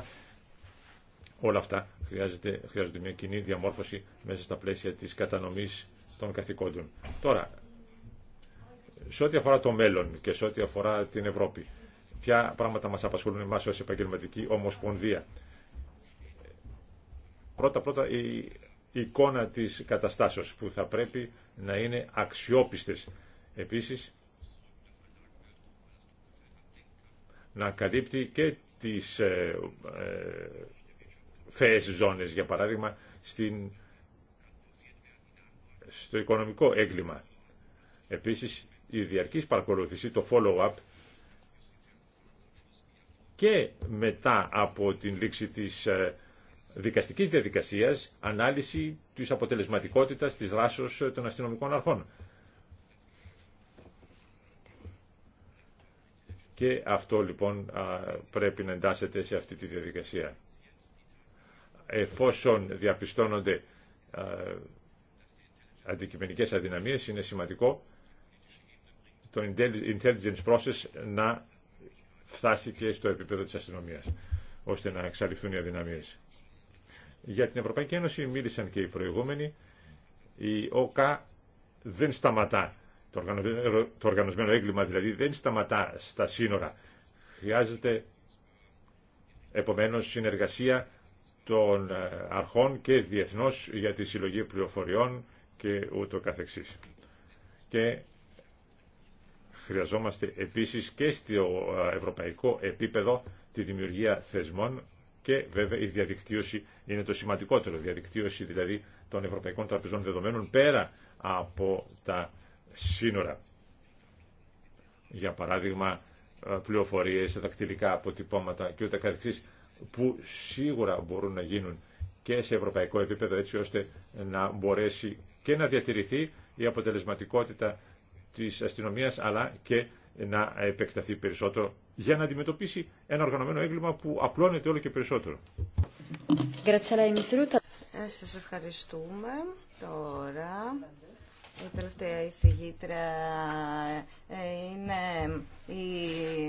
Όλα αυτά χρειάζεται, χρειάζονται μια κοινή διαμόρφωση μέσα στα πλαίσια της κατανομής των καθηκόντων. Τώρα, σε ό,τι αφορά το μέλλον και σε ό,τι αφορά την Ευρώπη, ποια πράγματα μας απασχολούν εμάς ως επαγγελματική ομοσπονδία. Πρώτα-πρώτα η εικόνα της καταστάσεως που θα πρέπει να είναι αξιόπιστες. Επίσης, να καλύπτει και τις ε, ε, ζώνες, για παράδειγμα, στην, στο οικονομικό έγκλημα. Επίσης, η διαρκής παρακολούθηση, το follow-up, και μετά από την λήξη της ε, δικαστικής διαδικασίας ανάλυση της αποτελεσματικότητας της δράσεως των αστυνομικών αρχών. Και αυτό λοιπόν πρέπει να εντάσσεται σε αυτή τη διαδικασία. Εφόσον διαπιστώνονται αντικειμενικές αδυναμίες, είναι σημαντικό το intelligence process να φτάσει και στο επίπεδο της αστυνομίας, ώστε να εξαλειφθούν οι αδυναμίες. Για την Ευρωπαϊκή Ένωση μίλησαν και οι προηγούμενοι. Η ΟΚΑ δεν σταματά. Το οργανωσμένο έγκλημα δηλαδή δεν σταματά στα σύνορα. Χρειάζεται επομένως συνεργασία των ε, αρχών και διεθνώς για τη συλλογή πληροφοριών και ούτω καθεξής. Και χρειαζόμαστε επίσης και στο ε, ευρωπαϊκό επίπεδο τη δημιουργία θεσμών και βέβαια η διαδικτύωση είναι το σημαντικότερο, διαδικτύωση δηλαδή των Ευρωπαϊκών Τραπεζών Δεδομένων πέρα από τα σύνορα. Για παράδειγμα, ε, πληροφορίες, δακτυλικά αποτυπώματα και ούτε καθεξής, που σίγουρα μπορούν να γίνουν και σε ευρωπαϊκό επίπεδο έτσι ώστε να μπορέσει και να διατηρηθεί η αποτελεσματικότητα της αστυνομίας αλλά και να επεκταθεί περισσότερο για να αντιμετωπίσει ένα οργανωμένο έγκλημα που απλώνεται όλο και περισσότερο. Ε, σας ευχαριστούμε. Τώρα, η τελευταία εισηγήτρια ε, είναι η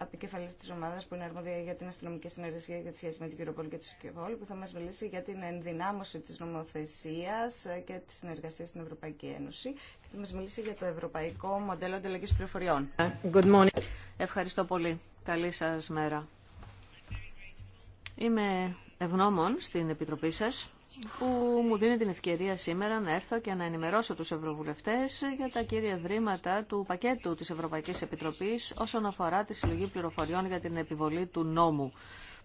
επικεφαλή τη ομάδα που είναι αρμόδια για την αστυνομική συνεργασία για τη σχέση με την Κυροπόλη και τη Κεβόλου, που θα μα μιλήσει για την ενδυνάμωση τη νομοθεσία και τη συνεργασία στην Ευρωπαϊκή Ένωση και θα μα μιλήσει για το Ευρωπαϊκό Μοντέλο Ανταλλαγή Πληροφοριών. Ευχαριστώ πολύ. Καλή σα μέρα. Είμαι ευγνώμων στην Επιτροπή σας που μου δίνει την ευκαιρία σήμερα να έρθω και να ενημερώσω τους Ευρωβουλευτές για τα κύρια βρήματα του πακέτου της Ευρωπαϊκής Επιτροπής όσον αφορά τη συλλογή πληροφοριών για την επιβολή του νόμου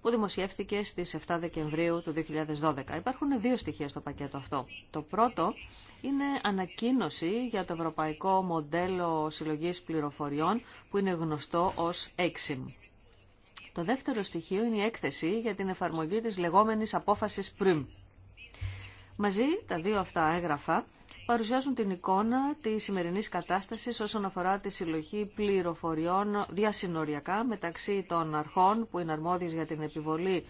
που δημοσιεύθηκε στις 7 Δεκεμβρίου του 2012. Υπάρχουν δύο στοιχεία στο πακέτο αυτό. Το πρώτο είναι ανακοίνωση για το ευρωπαϊκό μοντέλο συλλογής πληροφοριών που είναι γνωστό ως EXIM. Το δεύτερο στοιχείο είναι η έκθεση για την εφαρμογή της λεγόμενης απόφασης πριν. Μαζί τα δύο αυτά έγγραφα παρουσιάζουν την εικόνα της σημερινής κατάστασης όσον αφορά τη συλλογή πληροφοριών διασυνοριακά μεταξύ των αρχών που είναι αρμόδιες για την επιβολή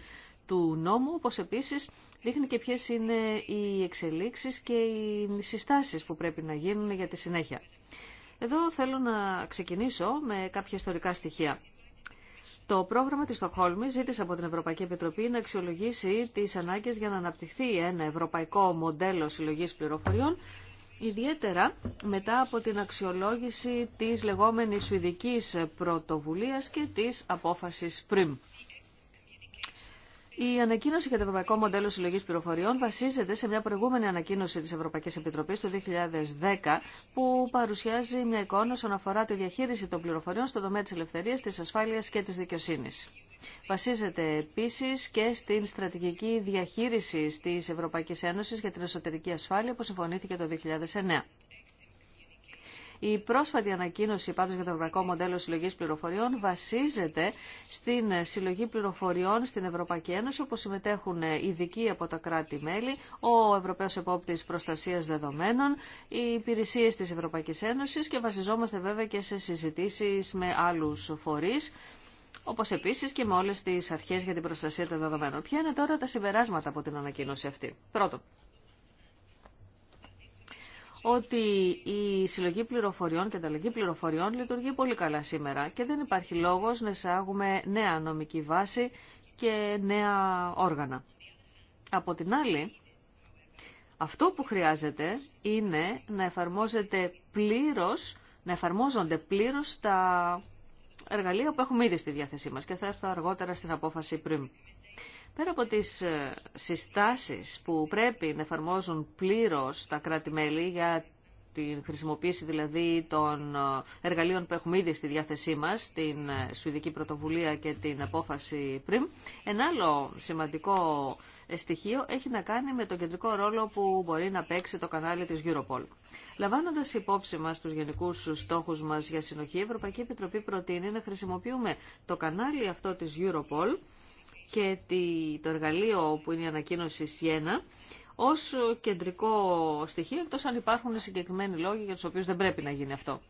του νόμου, όπως επίσης δείχνει και ποιες είναι οι εξελίξεις και οι συστάσεις που πρέπει να γίνουν για τη συνέχεια. Εδώ θέλω να ξεκινήσω με κάποια ιστορικά στοιχεία. Το πρόγραμμα της Στοχόλμη ζήτησε από την Ευρωπαϊκή Επιτροπή να αξιολογήσει τις ανάγκες για να αναπτυχθεί ένα ευρωπαϊκό μοντέλο συλλογής πληροφοριών, ιδιαίτερα μετά από την αξιολόγηση της λεγόμενης Σουηδικής Πρωτοβουλίας και της απόφασης ΠΡΙΜ. Η ανακοίνωση για το Ευρωπαϊκό Μοντέλο Συλλογή Πληροφοριών βασίζεται σε μια προηγούμενη ανακοίνωση τη Ευρωπαϊκή Επιτροπή του 2010, που παρουσιάζει μια εικόνα όσον αφορά τη διαχείριση των πληροφοριών στον τομέα τη ελευθερία, τη ασφάλεια και τη δικαιοσύνη. Βασίζεται επίση και στην στρατηγική διαχείριση τη Ευρωπαϊκή Ένωση για την εσωτερική ασφάλεια που συμφωνήθηκε το 2009. Η πρόσφατη ανακοίνωση πάντως για το Ευρωπαϊκό Μοντέλο Συλλογής Πληροφοριών βασίζεται στην συλλογή πληροφοριών στην Ευρωπαϊκή Ένωση όπου συμμετέχουν ειδικοί από τα κράτη-μέλη, ο Ευρωπαίος Επόπτης Προστασίας Δεδομένων, οι υπηρεσίες της Ευρωπαϊκής Ένωσης και βασιζόμαστε βέβαια και σε συζητήσεις με άλλους φορείς Όπω επίση και με όλε τι αρχέ για την προστασία των δεδομένων. Ποια είναι τώρα τα συμπεράσματα από την ανακοίνωση αυτή. Πρώτον, ότι η συλλογή πληροφοριών και ανταλλαγή πληροφοριών λειτουργεί πολύ καλά σήμερα και δεν υπάρχει λόγος να εισάγουμε νέα νομική βάση και νέα όργανα. Από την άλλη, αυτό που χρειάζεται είναι να εφαρμόζεται πλήρως, να εφαρμόζονται πλήρως τα εργαλεία που έχουμε ήδη στη διάθεσή μας και θα έρθω αργότερα στην απόφαση πριν. Πέρα από τις ε, συστάσεις που πρέπει να εφαρμόζουν πλήρως τα κράτη-μέλη για την χρησιμοποίηση δηλαδή των ε, εργαλείων που έχουμε ήδη στη διάθεσή μας, την ε, Σουηδική Πρωτοβουλία και την απόφαση πριν. Ένα άλλο σημαντικό στοιχείο έχει να κάνει με τον κεντρικό ρόλο που μπορεί να παίξει το κανάλι της Europol. Λαμβάνοντα υπόψη μα του γενικού στόχου μα για συνοχή, η Ευρωπαϊκή Επιτροπή προτείνει να χρησιμοποιούμε το κανάλι αυτό τη Europol και το εργαλείο που είναι η ανακοίνωση Σιένα ως κεντρικό στοιχείο, εκτός αν υπάρχουν συγκεκριμένοι λόγοι για τους οποίους δεν πρέπει να γίνει αυτό.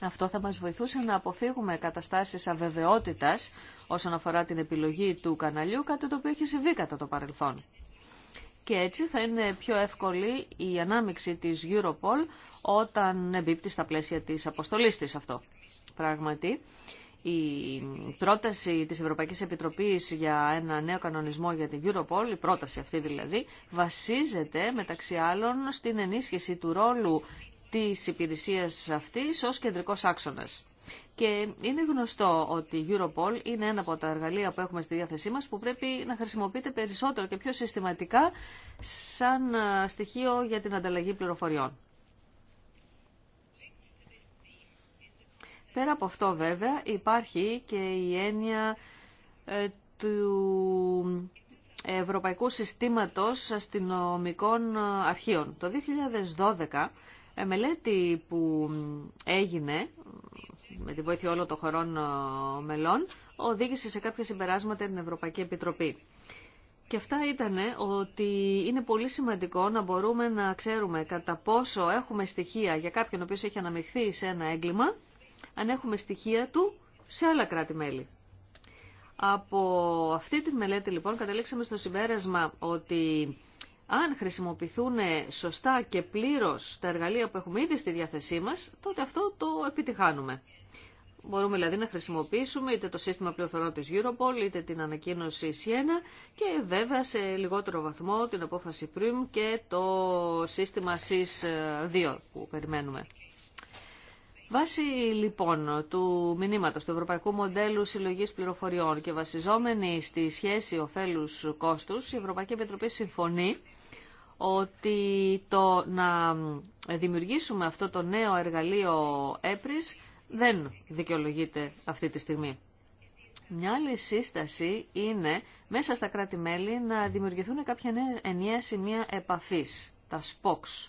Αυτό θα μας βοηθούσε να αποφύγουμε καταστάσεις αβεβαιότητας όσον αφορά την επιλογή του καναλιού, κάτι το οποίο έχει συμβεί κατά το παρελθόν. Και έτσι θα είναι πιο εύκολη η ανάμειξη της Europol όταν εμπίπτει στα πλαίσια της αποστολής της αυτό. Πράγματι, η πρόταση της Ευρωπαϊκής Επιτροπής για ένα νέο κανονισμό για την Europol, η πρόταση αυτή δηλαδή, βασίζεται μεταξύ άλλων στην ενίσχυση του ρόλου της υπηρεσίας αυτής ως κεντρικός άξονας. Και είναι γνωστό ότι η Europol είναι ένα από τα εργαλεία που έχουμε στη διάθεσή μας που πρέπει να χρησιμοποιείται περισσότερο και πιο συστηματικά σαν στοιχείο για την ανταλλαγή πληροφοριών. Πέρα από αυτό βέβαια υπάρχει και η έννοια ε, του Ευρωπαϊκού Συστήματος Αστυνομικών ε, Αρχείων. Το 2012 ε, μελέτη που έγινε με τη βοήθεια όλων των χωρών μελών οδήγησε σε κάποια συμπεράσματα την Ευρωπαϊκή Επιτροπή. Και αυτά ήταν ότι είναι πολύ σημαντικό να μπορούμε να ξέρουμε κατά πόσο έχουμε στοιχεία για κάποιον ο οποίος έχει αναμειχθεί σε ένα έγκλημα αν έχουμε στοιχεία του σε άλλα κράτη-μέλη. Από αυτή τη μελέτη λοιπόν καταλήξαμε στο συμπέρασμα ότι αν χρησιμοποιηθούν σωστά και πλήρως τα εργαλεία που έχουμε ήδη στη διάθεσή μας, τότε αυτό το επιτυχάνουμε. Μπορούμε δηλαδή να χρησιμοποιήσουμε είτε το σύστημα πληροφορών της Europol, είτε την ανακοίνωση Siena και βέβαια σε λιγότερο βαθμό την απόφαση Prüm και το σύστημα SIS2 που περιμένουμε. Βάσει λοιπόν του μηνύματος του Ευρωπαϊκού Μοντέλου Συλλογής Πληροφοριών και βασιζόμενη στη σχέση ωφέλους κόστους, η Ευρωπαϊκή Επιτροπή συμφωνεί ότι το να δημιουργήσουμε αυτό το νέο εργαλείο έπρις δεν δικαιολογείται αυτή τη στιγμή. Μια άλλη σύσταση είναι μέσα στα κράτη-μέλη να δημιουργηθούν κάποια ενιαία σημεία επαφής, τα SPOCs.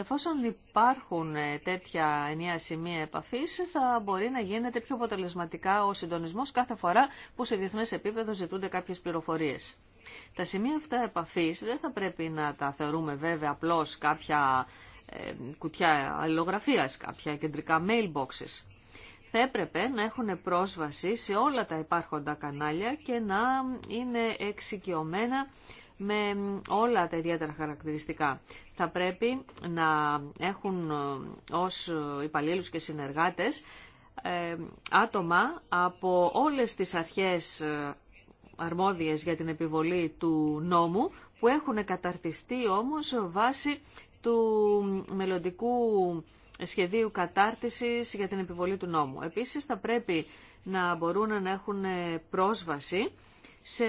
Εφόσον υπάρχουν ε, τέτοια ενιαία σημεία επαφής, θα μπορεί να γίνεται πιο αποτελεσματικά ο συντονισμό κάθε φορά που σε διεθνέ επίπεδο ζητούνται κάποιες πληροφορίες. Τα σημεία αυτά επαφής δεν θα πρέπει να τα θεωρούμε βέβαια απλώ κάποια ε, κουτιά αλληλογραφία, κάποια κεντρικά mailboxes. Θα έπρεπε να έχουν πρόσβαση σε όλα τα υπάρχοντα κανάλια και να είναι εξοικειωμένα με όλα τα ιδιαίτερα χαρακτηριστικά. Θα πρέπει να έχουν ε, ως υπαλλήλους και συνεργάτες ε, άτομα από όλες τις αρχές ε, αρμόδιες για την επιβολή του νόμου που έχουν καταρτιστεί όμως βάσει του μελλοντικού σχεδίου κατάρτισης για την επιβολή του νόμου. Επίσης θα πρέπει να μπορούν να έχουν πρόσβαση σε,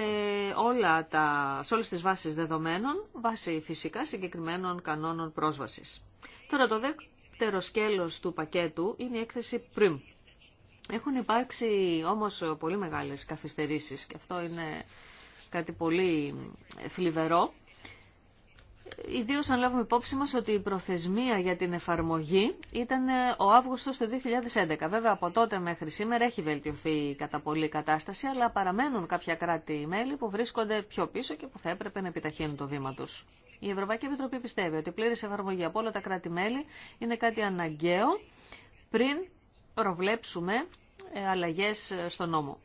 όλα τα, σε όλες τις βάσεις δεδομένων, βάσει φυσικά συγκεκριμένων κανόνων πρόσβασης. Τώρα το δεύτερο σκέλος του πακέτου είναι η έκθεση PRIM. Έχουν υπάρξει όμως πολύ μεγάλες καθυστερήσεις και αυτό είναι κάτι πολύ θλιβερό ιδίως αν λάβουμε υπόψη μας ότι η προθεσμία για την εφαρμογή ήταν ε, ο Αύγουστος του 2011. Βέβαια από τότε μέχρι σήμερα έχει βελτιωθεί κατά πολύ κατάσταση, αλλά παραμένουν κάποια κράτη-μέλη που βρίσκονται πιο πίσω και που θα έπρεπε να επιταχύνουν το βήμα τους. Η Ευρωπαϊκή Επιτροπή πιστεύει ότι η πλήρης εφαρμογή από όλα τα κράτη-μέλη είναι κάτι αναγκαίο πριν προβλέψουμε ε, αλλαγές ε, στο νόμο.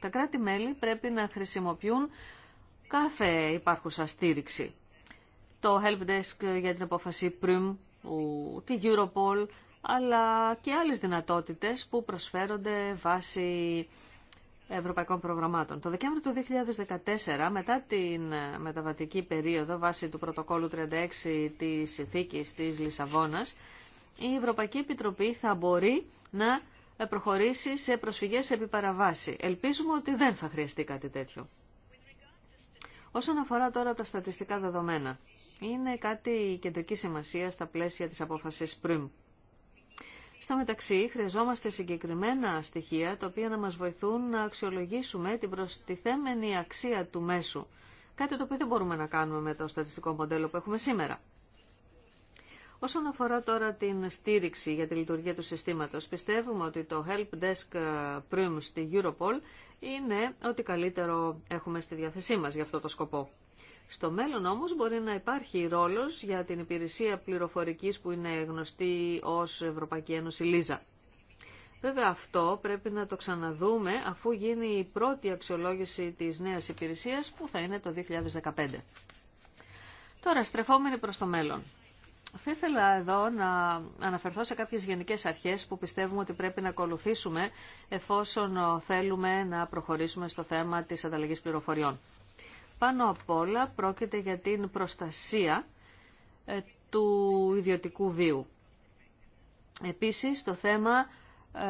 Τα κράτη-μέλη πρέπει να χρησιμοποιούν κάθε υπάρχουσα στήριξη το Helpdesk για την απόφαση πριν, τη Europol, αλλά και άλλες δυνατότητες που προσφέρονται βάσει ευρωπαϊκών προγραμμάτων. Το Δεκέμβριο του 2014, μετά την μεταβατική περίοδο βάσει του πρωτοκόλου 36 της ηθίκης της Λισαβόνας, η Ευρωπαϊκή Επιτροπή θα μπορεί να προχωρήσει σε προσφυγές επί παραβάση. Ελπίζουμε ότι δεν θα χρειαστεί κάτι τέτοιο. Όσον αφορά τώρα τα στατιστικά δεδομένα, είναι κάτι κεντρική σημασία στα πλαίσια της απόφασης πριν. Στο μεταξύ, χρειαζόμαστε συγκεκριμένα στοιχεία τα οποία να μας βοηθούν να αξιολογήσουμε την προστιθέμενη αξία του μέσου. Κάτι το οποίο δεν μπορούμε να κάνουμε με το στατιστικό μοντέλο που έχουμε σήμερα. Όσον αφορά τώρα την στήριξη για τη λειτουργία του συστήματος, πιστεύουμε ότι το Help Desk ε, Prim στη Europol είναι ό,τι καλύτερο έχουμε στη διάθεσή μας για αυτό το σκοπό. Στο μέλλον όμως μπορεί να υπάρχει ρόλος για την υπηρεσία πληροφορικής που είναι γνωστή ως Ευρωπαϊκή Ένωση Λίζα. Βέβαια αυτό πρέπει να το ξαναδούμε αφού γίνει η πρώτη αξιολόγηση της νέας υπηρεσίας που θα είναι το 2015. Τώρα στρεφόμενοι προς το μέλλον. Θα ήθελα εδώ να αναφερθώ σε κάποιες γενικές αρχές που πιστεύουμε ότι πρέπει να ακολουθήσουμε εφόσον θέλουμε να προχωρήσουμε στο θέμα της ανταλλαγής πληροφοριών πάνω απ' όλα πρόκειται για την προστασία ε, του ιδιωτικού βίου. Επίσης το θέμα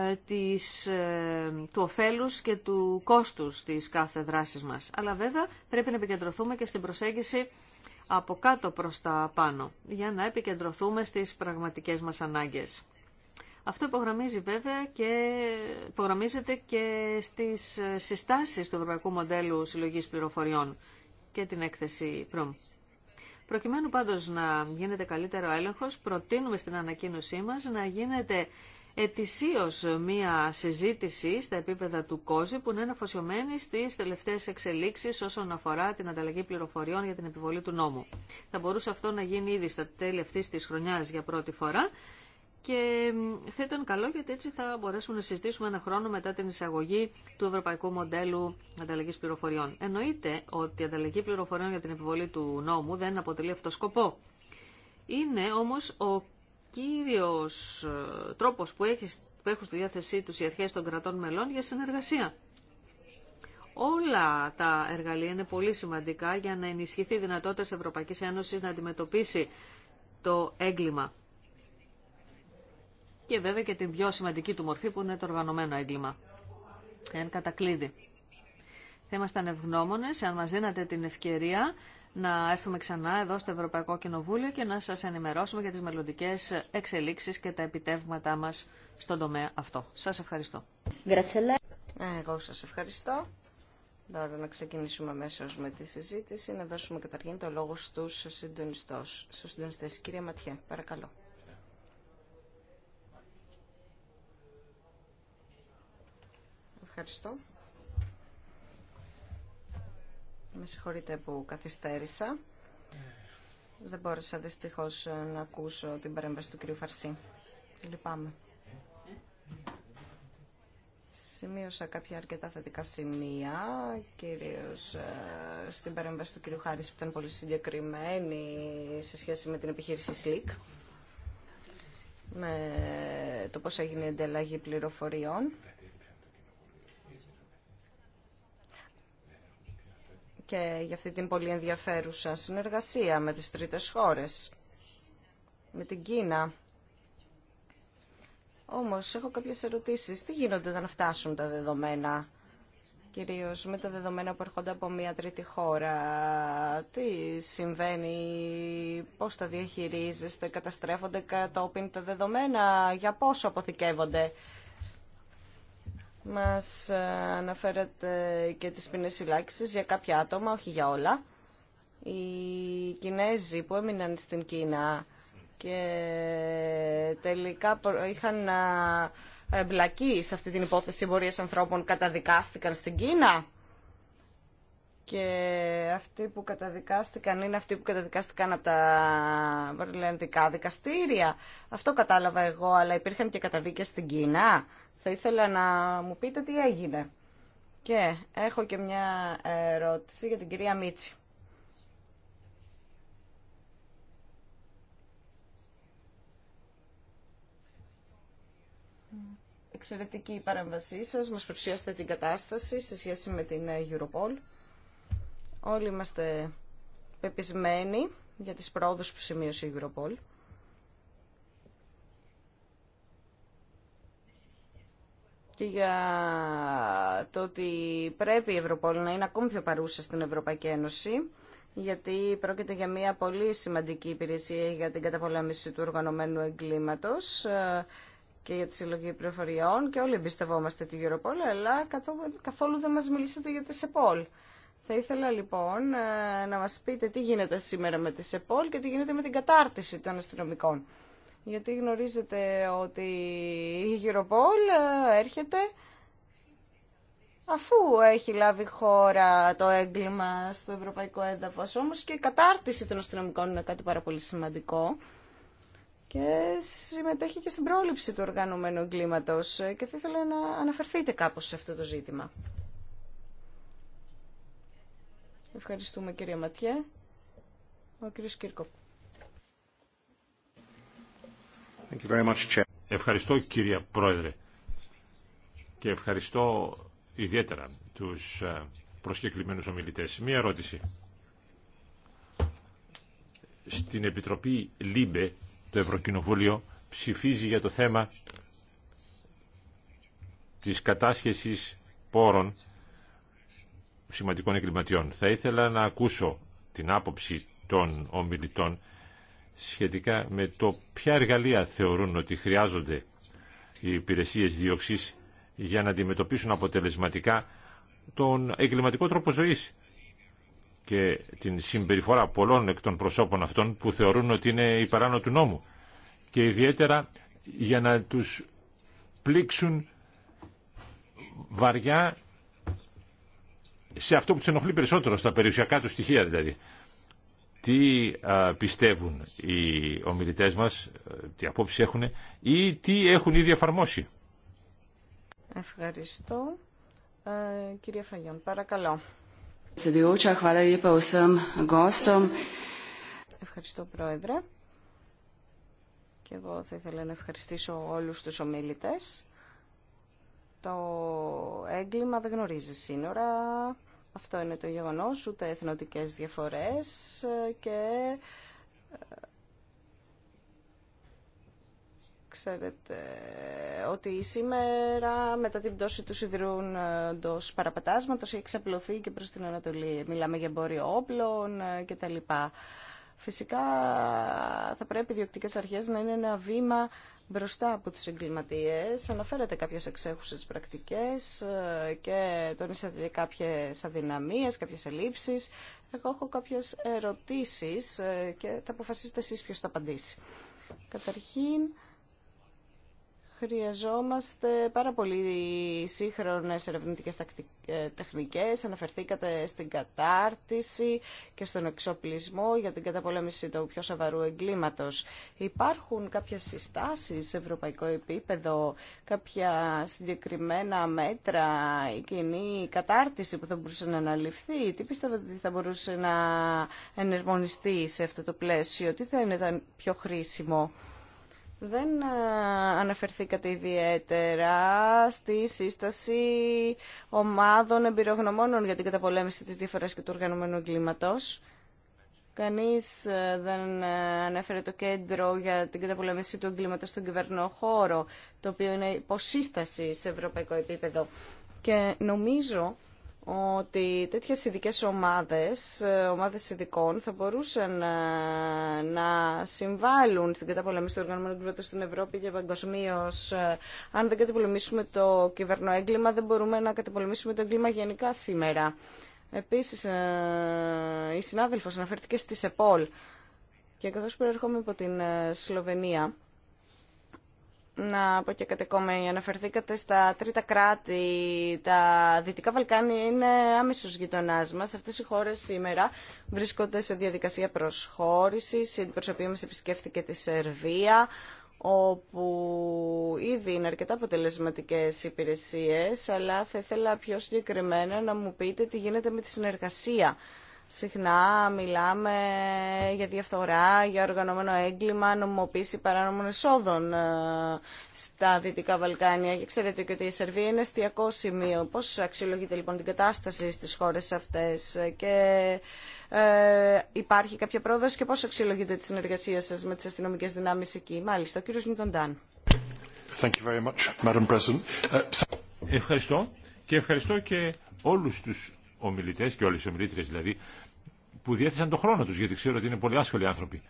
ε, της, ε, του ωφέλους και του κόστους της κάθε δράσης μας. Αλλά βέβαια πρέπει να επικεντρωθούμε και στην προσέγγιση από κάτω προς τα πάνω για να επικεντρωθούμε στις πραγματικές μας ανάγκες. Αυτό υπογραμμίζει βέβαια και υπογραμμίζεται και στις συστάσεις του Ευρωπαϊκού Μοντέλου Συλλογής Πληροφοριών και την έκθεση ΠΡΟΜ. Προκειμένου πάντως να γίνεται καλύτερο έλεγχος, προτείνουμε στην ανακοίνωσή μας να γίνεται ετησίως μία συζήτηση στα επίπεδα του ΚΟΖΗ που να είναι αφοσιωμένη στις τελευταίες εξελίξεις όσον αφορά την ανταλλαγή πληροφοριών για την επιβολή του νόμου. Θα μπορούσε αυτό να γίνει ήδη στα τέλη αυτής της χρονιάς για πρώτη φορά και θα ήταν καλό γιατί έτσι θα μπορέσουμε να συζητήσουμε ένα χρόνο μετά την εισαγωγή του Ευρωπαϊκού Μοντέλου Ανταλλαγή Πληροφοριών. Εννοείται ότι η ανταλλαγή πληροφοριών για την επιβολή του νόμου δεν αποτελεί αυτό σκοπό. Είναι όμω ο κύριο ε, τρόπο που, που έχουν στη διάθεσή του οι αρχέ των κρατών μελών για συνεργασία. Όλα τα εργαλεία είναι πολύ σημαντικά για να ενισχυθεί η δυνατότητα της Ευρωπαϊκής Ένωσης να αντιμετωπίσει το έγκλημα και βέβαια και την πιο σημαντική του μορφή που είναι το οργανωμένο έγκλημα. Εν κατακλείδη. Θα ήμασταν ευγνώμονε αν μα δίνατε την ευκαιρία να έρθουμε ξανά εδώ στο Ευρωπαϊκό Κοινοβούλιο και να σα ενημερώσουμε για τι μελλοντικέ εξελίξει και τα επιτεύγματά μα στον τομέα αυτό. Σα ευχαριστώ. Ε, εγώ σα ευχαριστώ. Τώρα να ξεκινήσουμε αμέσω με τη συζήτηση, να δώσουμε καταρχήν το λόγο στου συντονιστέ. Κυρία Ματιέ, παρακαλώ. Ευχαριστώ. Με συγχωρείτε που καθυστέρησα. Δεν μπόρεσα δυστυχώς ε, να ακούσω την παρέμβαση του κυρίου Φαρσή. Λυπάμαι. Σημείωσα κάποια αρκετά θετικά σημεία, κυρίως ε, στην παρέμβαση του κυρίου Χάρης που ήταν πολύ συγκεκριμένη σε σχέση με την επιχείρηση ΣΛΙΚ, με το πώς έγινε η ανταλλαγή πληροφοριών και για αυτή την πολύ ενδιαφέρουσα συνεργασία με τις τρίτες χώρες, με την Κίνα. Όμως έχω κάποιες ερωτήσεις. Τι γίνονται όταν φτάσουν τα δεδομένα, κυρίως με τα δεδομένα που έρχονται από μια τρίτη χώρα. Τι συμβαίνει, πώς τα διαχειρίζεστε, καταστρέφονται κατόπιν τα δεδομένα, για πόσο αποθηκεύονται. Μας ε, αναφέρατε και τις ποινές φυλάξεις για κάποια άτομα, όχι για όλα. Οι Κινέζοι που έμειναν στην Κίνα και τελικά είχαν ε, εμπλακεί σε αυτή την υπόθεση εμπορίας ανθρώπων καταδικάστηκαν στην Κίνα και αυτοί που καταδικάστηκαν είναι αυτοί που καταδικάστηκαν από τα βαρλανδικά δικαστήρια. Αυτό κατάλαβα εγώ, αλλά υπήρχαν και καταδίκες στην Κίνα. Θα ήθελα να μου πείτε τι έγινε. Και έχω και μια ερώτηση για την κυρία Μίτσι Εξαιρετική η παρέμβασή σας. Μας την κατάσταση σε σχέση με την Europol. Όλοι είμαστε πεπισμένοι για τις πρόοδους που σημείωσε η Ευρωπολ και για το ότι πρέπει η Ευρωπόλη να είναι ακόμη πιο παρούσα στην Ευρωπαϊκή Ένωση γιατί πρόκειται για μια πολύ σημαντική υπηρεσία για την καταπολέμηση του οργανωμένου εγκλήματος ε, και για τη συλλογή πληροφοριών και όλοι εμπιστευόμαστε τη Europol, αλλά καθόλου δεν μας μιλήσατε για τη ΣΕΠΟΛ. Θα ήθελα λοιπόν ε, να μας πείτε τι γίνεται σήμερα με τη ΣΕΠΟΛ και τι γίνεται με την κατάρτιση των αστυνομικών. Γιατί γνωρίζετε ότι η Europol ε, έρχεται αφού έχει λάβει χώρα το έγκλημα στο ευρωπαϊκό έδαφος, όμως και η κατάρτιση των αστυνομικών είναι κάτι πάρα πολύ σημαντικό και συμμετέχει και στην πρόληψη του οργανωμένου εγκλήματος ε, και θα ήθελα να αναφερθείτε κάπως σε αυτό το ζήτημα. Ευχαριστούμε κύριε Ματιέ. Ο κύριος Κύρκο. ευχαριστώ κύριε Πρόεδρε και ευχαριστώ ιδιαίτερα τους ε, προσκεκλημένους ομιλητές. Μία ερώτηση. Στην Επιτροπή ΛΥΜΠΕ το Ευρωκοινοβούλιο ψηφίζει για το θέμα της κατάσχεσης πόρων σημαντικών εγκληματιών. Θα ήθελα να ακούσω την άποψη των ομιλητών σχετικά με το ποια εργαλεία θεωρούν ότι χρειάζονται οι υπηρεσίες δίωξης για να αντιμετωπίσουν αποτελεσματικά τον εγκληματικό τρόπο ζωής και την συμπεριφορά πολλών εκ των προσώπων αυτών που θεωρούν ότι είναι υπεράνω του νόμου και ιδιαίτερα για να τους πλήξουν βαριά σε αυτό που του ενοχλεί περισσότερο, στα περιουσιακά του στοιχεία δηλαδή. Τι πιστεύουν οι ομιλητές μας, ε, τι απόψεις έχουν ή τι έχουν ήδη εφαρμόσει. Ευχαριστώ. Ε, κυρία Φαγιόν, παρακαλώ. Ευχαριστώ, Πρόεδρε. Και εγώ θα ήθελα να ευχαριστήσω όλους τους ομιλητές το έγκλημα δεν γνωρίζει σύνορα. Αυτό είναι το γεγονός, ούτε εθνοτικές διαφορές και ε, ξέρετε ότι σήμερα μετά την πτώση του σιδηρούν το παραπετάσματος έχει εξαπλωθεί και προς την Ανατολή. Μιλάμε για εμπόριο όπλων ε, κτλ. Φυσικά θα πρέπει οι διοκτικές αρχές να είναι ένα βήμα μπροστά από τους εγκληματίες, αναφέρετε κάποιες εξέχουσες πρακτικές ε, και τονίσατε κάποιες αδυναμίες, κάποιες ελλείψεις. Εγώ έχω κάποιες ερωτήσεις ε, και θα αποφασίσετε εσείς ποιος θα απαντήσει. Καταρχήν, Χρειαζόμαστε πάρα πολύ σύγχρονες ερευνητικές ε, τεχνικές. Αναφερθήκατε στην κατάρτιση και στον εξοπλισμό για την καταπολέμηση του πιο σοβαρού εγκλήματος. Υπάρχουν κάποιες συστάσεις σε ευρωπαϊκό επίπεδο, κάποια συγκεκριμένα μέτρα, η κοινή κατάρτιση που θα μπορούσε να αναλυφθεί. Τι πιστεύετε ότι θα μπορούσε να ενερμονιστεί σε αυτό το πλαίσιο, τι θα είναι πιο χρήσιμο. Δεν ε, αναφερθήκατε ιδιαίτερα στη σύσταση ομάδων εμπειρογνωμόνων για την καταπολέμηση της διαφοράς και του οργανωμένου εγκλήματος. Κανείς ε, δεν ε, ανέφερε το κέντρο για την καταπολέμηση του εγκλήματος στον κυβερνό χώρο, το οποίο είναι υποσύσταση σε ευρωπαϊκό επίπεδο. Και νομίζω ότι τέτοιες ειδικέ ομάδες, ε, ομάδες ειδικών, θα μπορούσαν ε, να συμβάλλουν στην καταπολέμηση του οργανωμένου στην Ευρώπη και παγκοσμίω. Ε, αν δεν καταπολεμήσουμε το κυβερνοέγκλημα, δεν μπορούμε να καταπολεμήσουμε το έγκλημα γενικά σήμερα. Επίσης, η συνάδελφος αναφέρθηκε στη Σεπόλ και καθώς προερχόμαι από την Σλοβενία, να πω και κάτι ακόμα. Αναφερθήκατε στα τρίτα κράτη. Τα Δυτικά Βαλκάνια είναι άμεσο γειτονά μα. Αυτέ οι χώρε σήμερα βρίσκονται σε διαδικασία προσχώρηση. Η αντιπροσωπεία μα επισκέφθηκε τη Σερβία όπου ήδη είναι αρκετά αποτελεσματικές υπηρεσίες, αλλά θα ήθελα πιο συγκεκριμένα να μου πείτε τι γίνεται με τη συνεργασία Συχνά μιλάμε για διαφθορά, για οργανωμένο έγκλημα, νομοποίηση παράνομων εσόδων ε, στα Δυτικά Βαλκάνια. Και ξέρετε και ότι η Σερβία είναι εστιακό σημείο. Πώς αξιολογείται λοιπόν την κατάσταση στις χώρες αυτές και ε, υπάρχει κάποια πρόοδος και πώς αξιολογείται τη συνεργασία σας με τις αστυνομικές δυνάμεις εκεί. Μάλιστα, ο κύριος Νιτοντάν. Ε, ευχαριστώ και ευχαριστώ και όλους τους Ομιλητέ και όλε οι ομιλήτριε δηλαδή που διέθεσαν τον χρόνο του γιατί ξέρω ότι είναι πολύ άσχολοι άνθρωποι.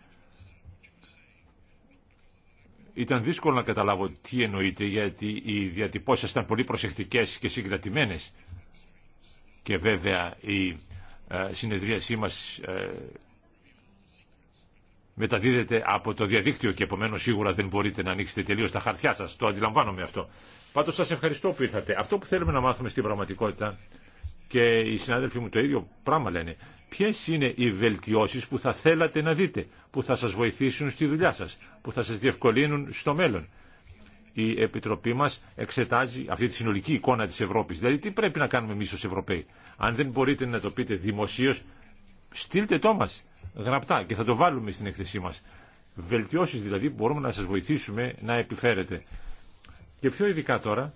Ήταν δύσκολο να καταλάβω τι εννοείται γιατί οι διατυπώσεις ήταν πολύ προσεκτικέ και συγκρατημένε. και βέβαια η ε, συνεδρίασή μας ε, μεταδίδεται από το διαδίκτυο και επομένω σίγουρα δεν μπορείτε να ανοίξετε τελείω τα χαρτιά σα, Το αντιλαμβάνομαι αυτό. Πάντω σα ευχαριστώ που ήρθατε. Αυτό που θέλουμε να μάθουμε στην πραγματικότητα και οι συνάδελφοί μου το ίδιο πράγμα λένε. Ποιε είναι οι βελτιώσει που θα θέλατε να δείτε, που θα σα βοηθήσουν στη δουλειά σα, που θα σα διευκολύνουν στο μέλλον. Η Επιτροπή μα εξετάζει αυτή τη συνολική εικόνα τη Ευρώπη. Δηλαδή, τι πρέπει να κάνουμε εμεί ω Ευρωπαίοι. Αν δεν μπορείτε να το πείτε δημοσίω, στείλτε το μα γραπτά και θα το βάλουμε στην εκθεσή μα. Βελτιώσει δηλαδή που μπορούμε να σα βοηθήσουμε να επιφέρετε. Και πιο ειδικά τώρα,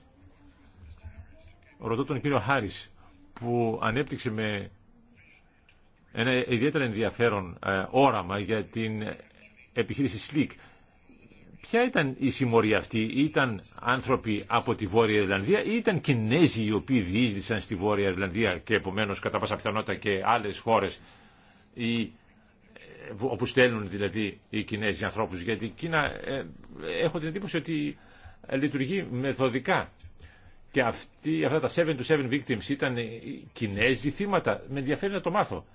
ρωτώ τον κύριο Χάρη, που ανέπτυξε με ένα ιδιαίτερα ενδιαφέρον ε, όραμα για την επιχείρηση SLEEK. Ποια ήταν η συμμορία αυτή, ήταν άνθρωποι από τη Βόρεια Ιρλανδία ή ήταν Κινέζοι οι οποίοι διείσδησαν στη Βόρεια Ιρλανδία και επομένως κατά πάσα πιθανότητα και άλλες χώρες ή ε, όπου στέλνουν δηλαδή οι Κινέζοι ανθρώπους γιατί η ηταν κινεζοι οι οποιοι διεισδησαν στη βορεια ιρλανδια και επομενως κατα πασα πιθανοτητα και αλλες χώρε οπου στελνουν δηλαδη οι κινεζοι ανθρώπου γιατι η κινα ε, έχω την εντύπωση ότι λειτουργεί μεθοδικά και αυτοί, αυτά τα 7 to 7 victims ήταν Κινέζοι θύματα. Με ενδιαφέρει να το μάθω.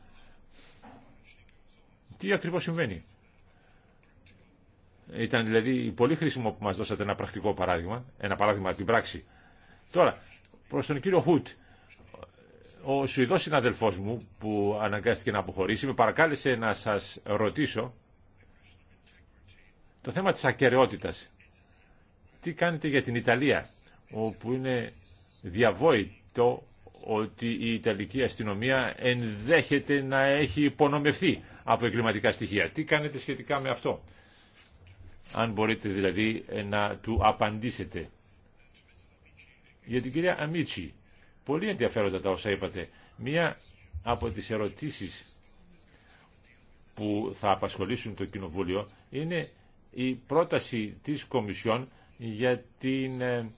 Τι ακριβώς συμβαίνει. Ήταν δηλαδή πολύ χρήσιμο που μας δώσατε ένα πρακτικό παράδειγμα, ένα παράδειγμα από την πράξη. Τώρα, προς τον κύριο Χουτ, ο Σουηδός συναδελφός μου που αναγκάστηκε να αποχωρήσει με παρακάλεσε να σας ρωτήσω το θέμα της ακαιρεότητας. Τι κάνετε για την Ιταλία όπου είναι διαβόητο ότι η Ιταλική αστυνομία ενδέχεται να έχει υπονομευθεί από εγκληματικά στοιχεία. Τι κάνετε σχετικά με αυτό, αν μπορείτε δηλαδή ε, να του απαντήσετε. Για την κυρία Αμίτσι, πολύ ενδιαφέροντα τα όσα είπατε. Μία από τις ερωτήσεις που θα απασχολήσουν το Κοινοβούλιο είναι η πρόταση της Κομισιόν για την ε,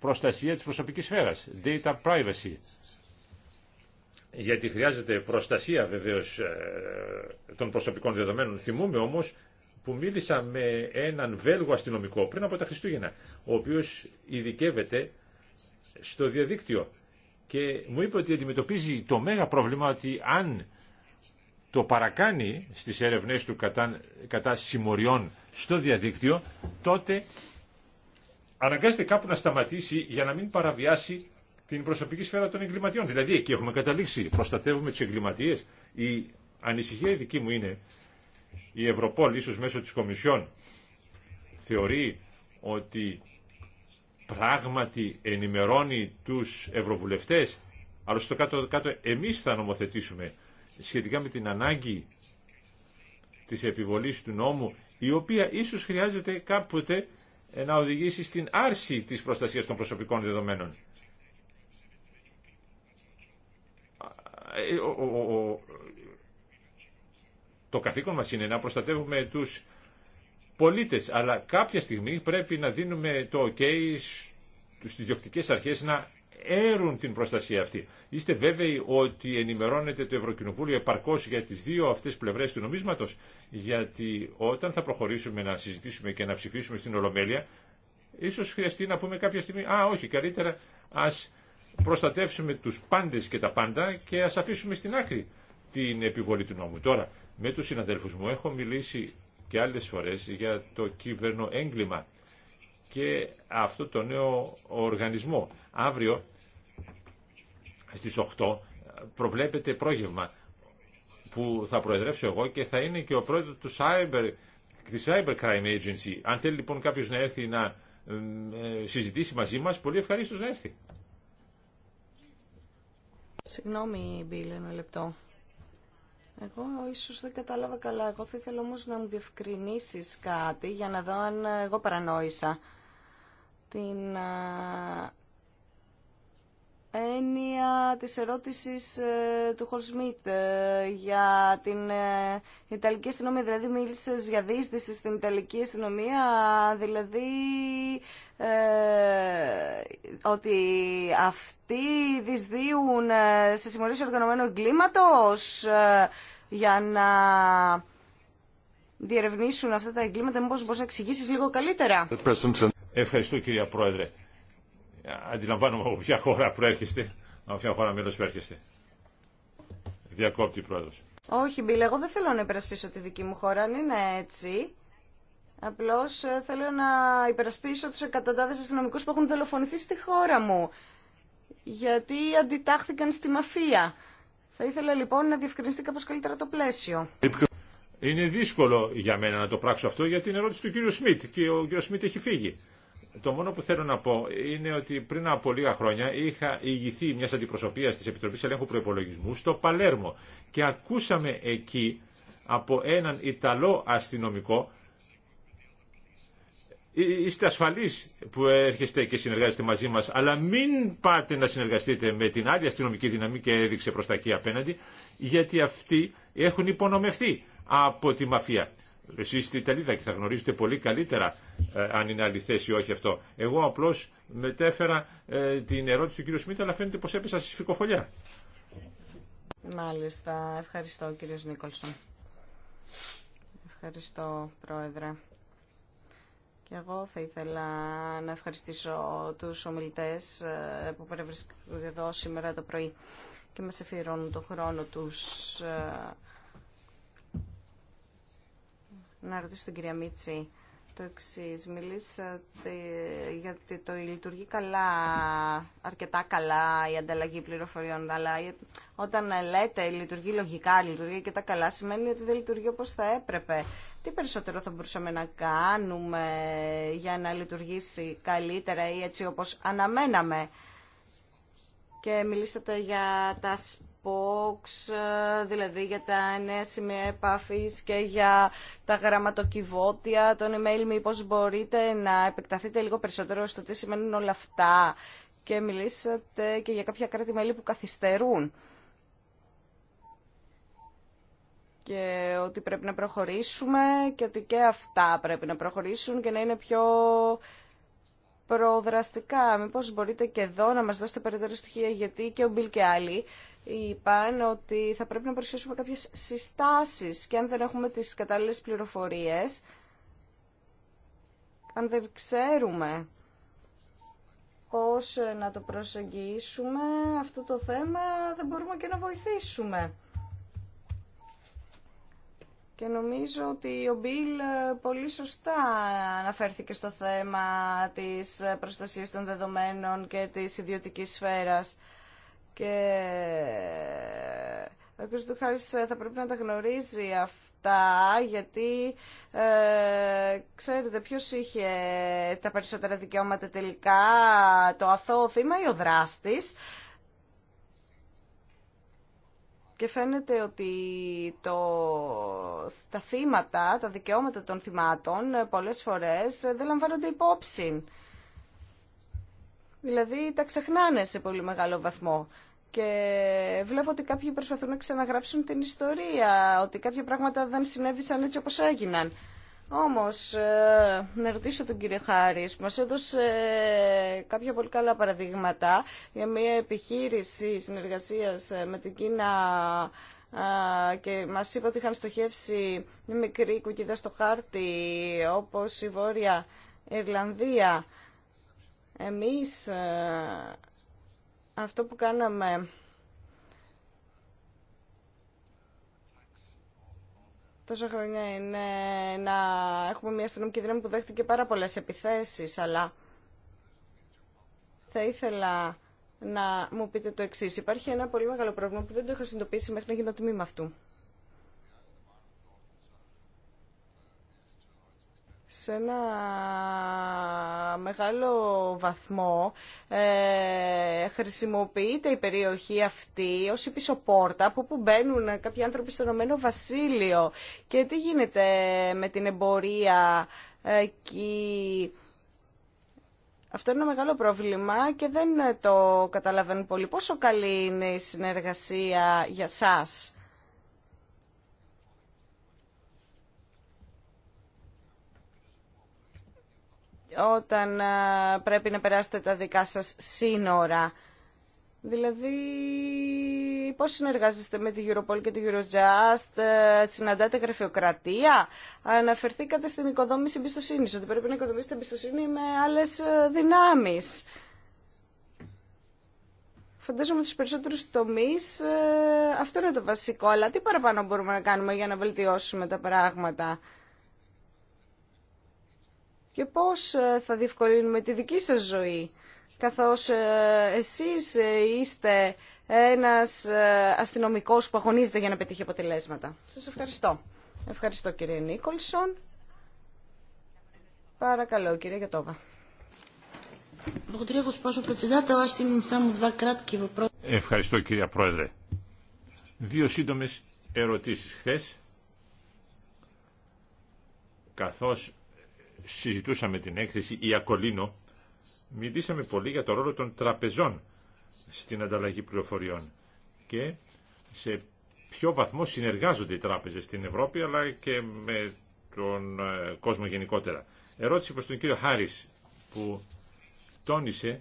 προστασία της προσωπικής σφαίρας, data privacy. Γιατί χρειάζεται προστασία βεβαίως ε, των προσωπικών δεδομένων. Θυμούμε όμως που μίλησα με έναν Βέλγο αστυνομικό πριν από τα Χριστούγεννα, ο οποίος ειδικεύεται στο διαδίκτυο και μου είπε ότι αντιμετωπίζει το μέγα πρόβλημα ότι αν το παρακάνει στις έρευνές του κατά, κατά συμμοριών στο διαδίκτυο, τότε αναγκάζεται κάπου να σταματήσει για να μην παραβιάσει την προσωπική σφαίρα των εγκληματιών. Δηλαδή εκεί έχουμε καταλήξει, προστατεύουμε του εγκληματίες. Η ανησυχία δική μου είναι η Ευρωπόλ ίσως μέσω της Κομισιόν θεωρεί ότι πράγματι ενημερώνει τους ευρωβουλευτές, αλλά στο κάτω-κάτω εμείς θα νομοθετήσουμε σχετικά με την ανάγκη της επιβολής του νόμου, η οποία ίσως χρειάζεται κάποτε ε, να οδηγήσει στην άρση της προστασίας των προσωπικών δεδομένων. Ε, ε, το καθήκον μας είναι να προστατεύουμε τους πολίτες, αλλά κάποια στιγμή πρέπει να δίνουμε το ok στις διοκτικές αρχές να έρουν την προστασία αυτή. Είστε βέβαιοι ότι ενημερώνεται το Ευρωκοινοβούλιο επαρκώς για τις δύο αυτές πλευρές του νομίσματος, γιατί όταν θα προχωρήσουμε να συζητήσουμε και να ψηφίσουμε στην Ολομέλεια, ίσως χρειαστεί να πούμε κάποια στιγμή, α όχι, καλύτερα ας προστατεύσουμε τους πάντες και τα πάντα και α αφήσουμε στην άκρη την επιβολή του νόμου. Τώρα, με του συναδέλφους μου έχω μιλήσει και άλλε φορέ για το έγκλημα και αυτό το νέο οργανισμό. Αύριο στις 8 προβλέπεται πρόγευμα που θα προεδρεύσω εγώ και θα είναι και ο πρόεδρος του Cyber, της Cyber Agency. Αν θέλει λοιπόν κάποιος να έρθει να ε, συζητήσει μαζί μας, πολύ ευχαρίστως να έρθει. Συγγνώμη, Μπίλ, ένα λεπτό. Εγώ ίσω δεν κατάλαβα καλά. Εγώ θα ήθελα όμω να μου διευκρινίσει κάτι για να δω αν εγώ παρανόησα την έννοια της ερώτησης ε, του Χολσμίτ ε, για την ε, Ιταλική αστυνομία. Δηλαδή μίλησες για δίσδυση στην Ιταλική αστυνομία, δηλαδή ε, ότι αυτοί δυσδύουν σε συμμορίες οργανωμένου εγκλήματος για να διερευνήσουν αυτά τα εγκλήματα. Μήπως μπορείς να εξηγήσεις λίγο καλύτερα. Ευχαριστώ κυρία Πρόεδρε. Αντιλαμβάνομαι από ποια χώρα προέρχεστε, από ποια χώρα μέλος προέρχεστε. Διακόπτη προέδρο. Όχι Μπίλ, εγώ δεν θέλω να υπερασπίσω τη δική μου χώρα, αν είναι έτσι. Απλώς ε, θέλω να υπερασπίσω του εκατοντάδε αστυνομικού που έχουν δολοφονηθεί στη χώρα μου. Γιατί αντιτάχθηκαν στη μαφία. Θα ήθελα λοιπόν να διευκρινιστεί κάπω καλύτερα το πλαίσιο. Είναι δύσκολο για μένα να το πράξω αυτό γιατί είναι ερώτηση του κύριου Σμιτ και ο κύριο Σμιτ έχει φύγει το μόνο που θέλω να πω είναι ότι πριν από λίγα χρόνια είχα ηγηθεί μια αντιπροσωπεία τη Επιτροπή Ελέγχου Προπολογισμού στο Παλέρμο και ακούσαμε εκεί από έναν Ιταλό αστυνομικό «Ε, είστε ασφαλεί που έρχεστε και συνεργάζεστε μαζί μας, αλλά μην πάτε να συνεργαστείτε με την άλλη αστυνομική δύναμη και έδειξε προ τα εκεί απέναντι, γιατί αυτοί έχουν υπονομευθεί από τη μαφία. Εσείς είστε Ιταλίδα και θα γνωρίζετε πολύ καλύτερα ε, αν είναι αληθές ή όχι αυτό. Εγώ απλώς μετέφερα ε, την ερώτηση του κ. Σμίτα αλλά φαίνεται πως έπεσα στη σφυκοφωλιά. Μάλιστα. Ευχαριστώ κύριος Νίκολσον. Ευχαριστώ πρόεδρε. Και εγώ θα ήθελα να ευχαριστήσω τους ομιλητές ε, που παρευρίσκονται εδώ σήμερα το πρωί και μας εφηρώνουν τον χρόνο τους να ρωτήσω την κυρία Μίτση το εξή. Μιλήσατε γιατί το λειτουργεί καλά, αρκετά καλά η ανταλλαγή πληροφοριών, αλλά όταν λέτε λειτουργεί λογικά, λειτουργεί τα καλά, σημαίνει ότι δεν λειτουργεί όπως θα έπρεπε. Τι περισσότερο θα μπορούσαμε να κάνουμε για να λειτουργήσει καλύτερα ή έτσι όπως αναμέναμε. Και μιλήσατε για τα box, ε, δηλαδή για τα νέα σημεία επαφής και για τα γραμματοκιβώτια, τον email, μήπως μπορείτε να επεκταθείτε λίγο περισσότερο στο τι σημαίνουν όλα αυτά και μιλήσατε και για κάποια κράτη-μέλη που καθυστερούν και ότι πρέπει να προχωρήσουμε και ότι και αυτά πρέπει να προχωρήσουν και να είναι πιο προδραστικά. Μήπως μπορείτε και εδώ να μας δώσετε περαιτέρω στοιχεία γιατί και ο Μπιλ και άλλοι είπαν ότι θα πρέπει να παρουσιάσουμε κάποιες συστάσεις και αν δεν έχουμε τις κατάλληλες πληροφορίες, αν δεν ξέρουμε πώς να το προσεγγίσουμε αυτό το θέμα, δεν μπορούμε και να βοηθήσουμε. Και νομίζω ότι ο Μπίλ πολύ σωστά αναφέρθηκε στο θέμα της προστασίας των δεδομένων και της ιδιωτικής σφαίρας και ο κ. Ε, θα πρέπει να τα γνωρίζει αυτά γιατί ε, ξέρετε ποιος είχε τα περισσότερα δικαιώματα τελικά το αθώο θύμα ή ο δράστης και φαίνεται ότι το, τα θύματα, τα δικαιώματα των θυμάτων ε, πολλές φορές ε, δεν λαμβάνονται υπόψη. Δηλαδή τα ξεχνάνε σε πολύ μεγάλο βαθμό. Και βλέπω ότι κάποιοι προσπαθούν να ξαναγράψουν την ιστορία, ότι κάποια πράγματα δεν συνέβησαν έτσι όπως έγιναν. Όμως, ε, να ρωτήσω τον κύριο Χάρης, που μας έδωσε ε, κάποια πολύ καλά παραδείγματα για μια επιχείρηση συνεργασίας ε, με την Κίνα ε, και μας είπε ότι είχαν στοχεύσει μια μικρή κουκίδα στο χάρτη, όπως η Βόρεια Ιρλανδία. Εμείς αυτό που κάναμε τόσα χρόνια είναι να έχουμε μια αστυνομική δύναμη που δέχτηκε πάρα πολλές επιθέσεις, αλλά θα ήθελα να μου πείτε το εξής. Υπάρχει ένα πολύ μεγάλο πρόβλημα που δεν το είχα συνειδητοποιήσει μέχρι να γίνω τμήμα αυτού. σε ένα μεγάλο βαθμό ε, χρησιμοποιείται η περιοχή αυτή ως η πίσω πόρτα από που μπαίνουν κάποιοι άνθρωποι στο Ηνωμένο Βασίλειο. Και τι γίνεται με την εμπορία εκεί. Αυτό είναι ένα μεγάλο πρόβλημα και δεν το καταλαβαίνουν πολύ. Πόσο καλή είναι η συνεργασία για σας όταν πρέπει να περάσετε τα δικά σας σύνορα. Δηλαδή, πώς συνεργάζεστε με τη Europol και τη Eurojust, ε, συναντάτε γραφειοκρατία. Αναφερθήκατε στην οικοδόμηση εμπιστοσύνη, ότι πρέπει να οικοδομήσετε εμπιστοσύνη με άλλες ε, δυνάμεις. Φαντάζομαι στους περισσότερους τομείς ε, αυτό είναι το βασικό, αλλά τι παραπάνω μπορούμε να κάνουμε για να βελτιώσουμε τα πράγματα και πώς ε, θα διευκολύνουμε τη δική σας ζωή καθώς ε, εσείς ε, είστε ένας αστυνομικός που αγωνίζεται για να πετύχει αποτελέσματα. Σας ευχαριστώ. Ευχαριστώ κύριε Νίκολσον. Παρακαλώ κύριε Γιατόβα. Ευχαριστώ κυρία Πρόεδρε. Δύο σύντομες ερωτήσεις χθες καθώς συζητούσαμε την έκθεση Ιακολίνο, μιλήσαμε πολύ για το ρόλο των τραπεζών στην ανταλλαγή πληροφοριών και σε ποιο βαθμό συνεργάζονται οι τράπεζες στην Ευρώπη αλλά και με τον ε, κόσμο γενικότερα. Ερώτηση προς τον κύριο Χάρης που τόνισε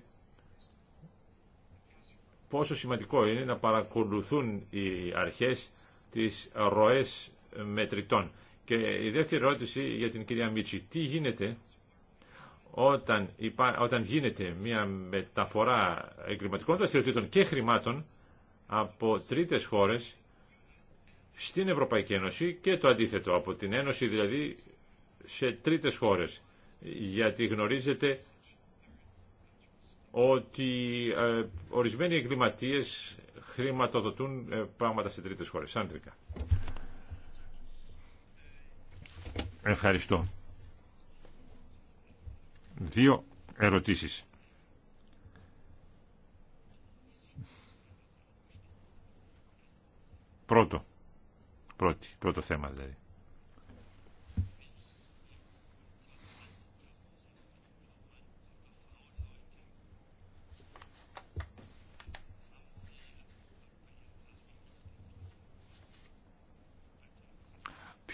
πόσο σημαντικό είναι να παρακολουθούν οι αρχές τις ροές μετρητών. Και η δεύτερη ερώτηση για την κυρία Μίτσι. Τι γίνεται όταν, όταν γίνεται μια μεταφορά εγκληματικών δραστηριοτήτων και χρημάτων από τρίτες χώρες στην Ευρωπαϊκή Ένωση και το αντίθετο, από την Ένωση δηλαδή σε τρίτες χώρες. Γιατί γνωρίζετε ότι ε, ορισμένοι εγκληματίες χρηματοδοτούν ε, πράγματα σε τρίτες χώρες. Σάντρικα. Ευχαριστώ. Δύο ερωτήσεις. Πρώτο. Πρώτη, πρώτο θέμα δηλαδή.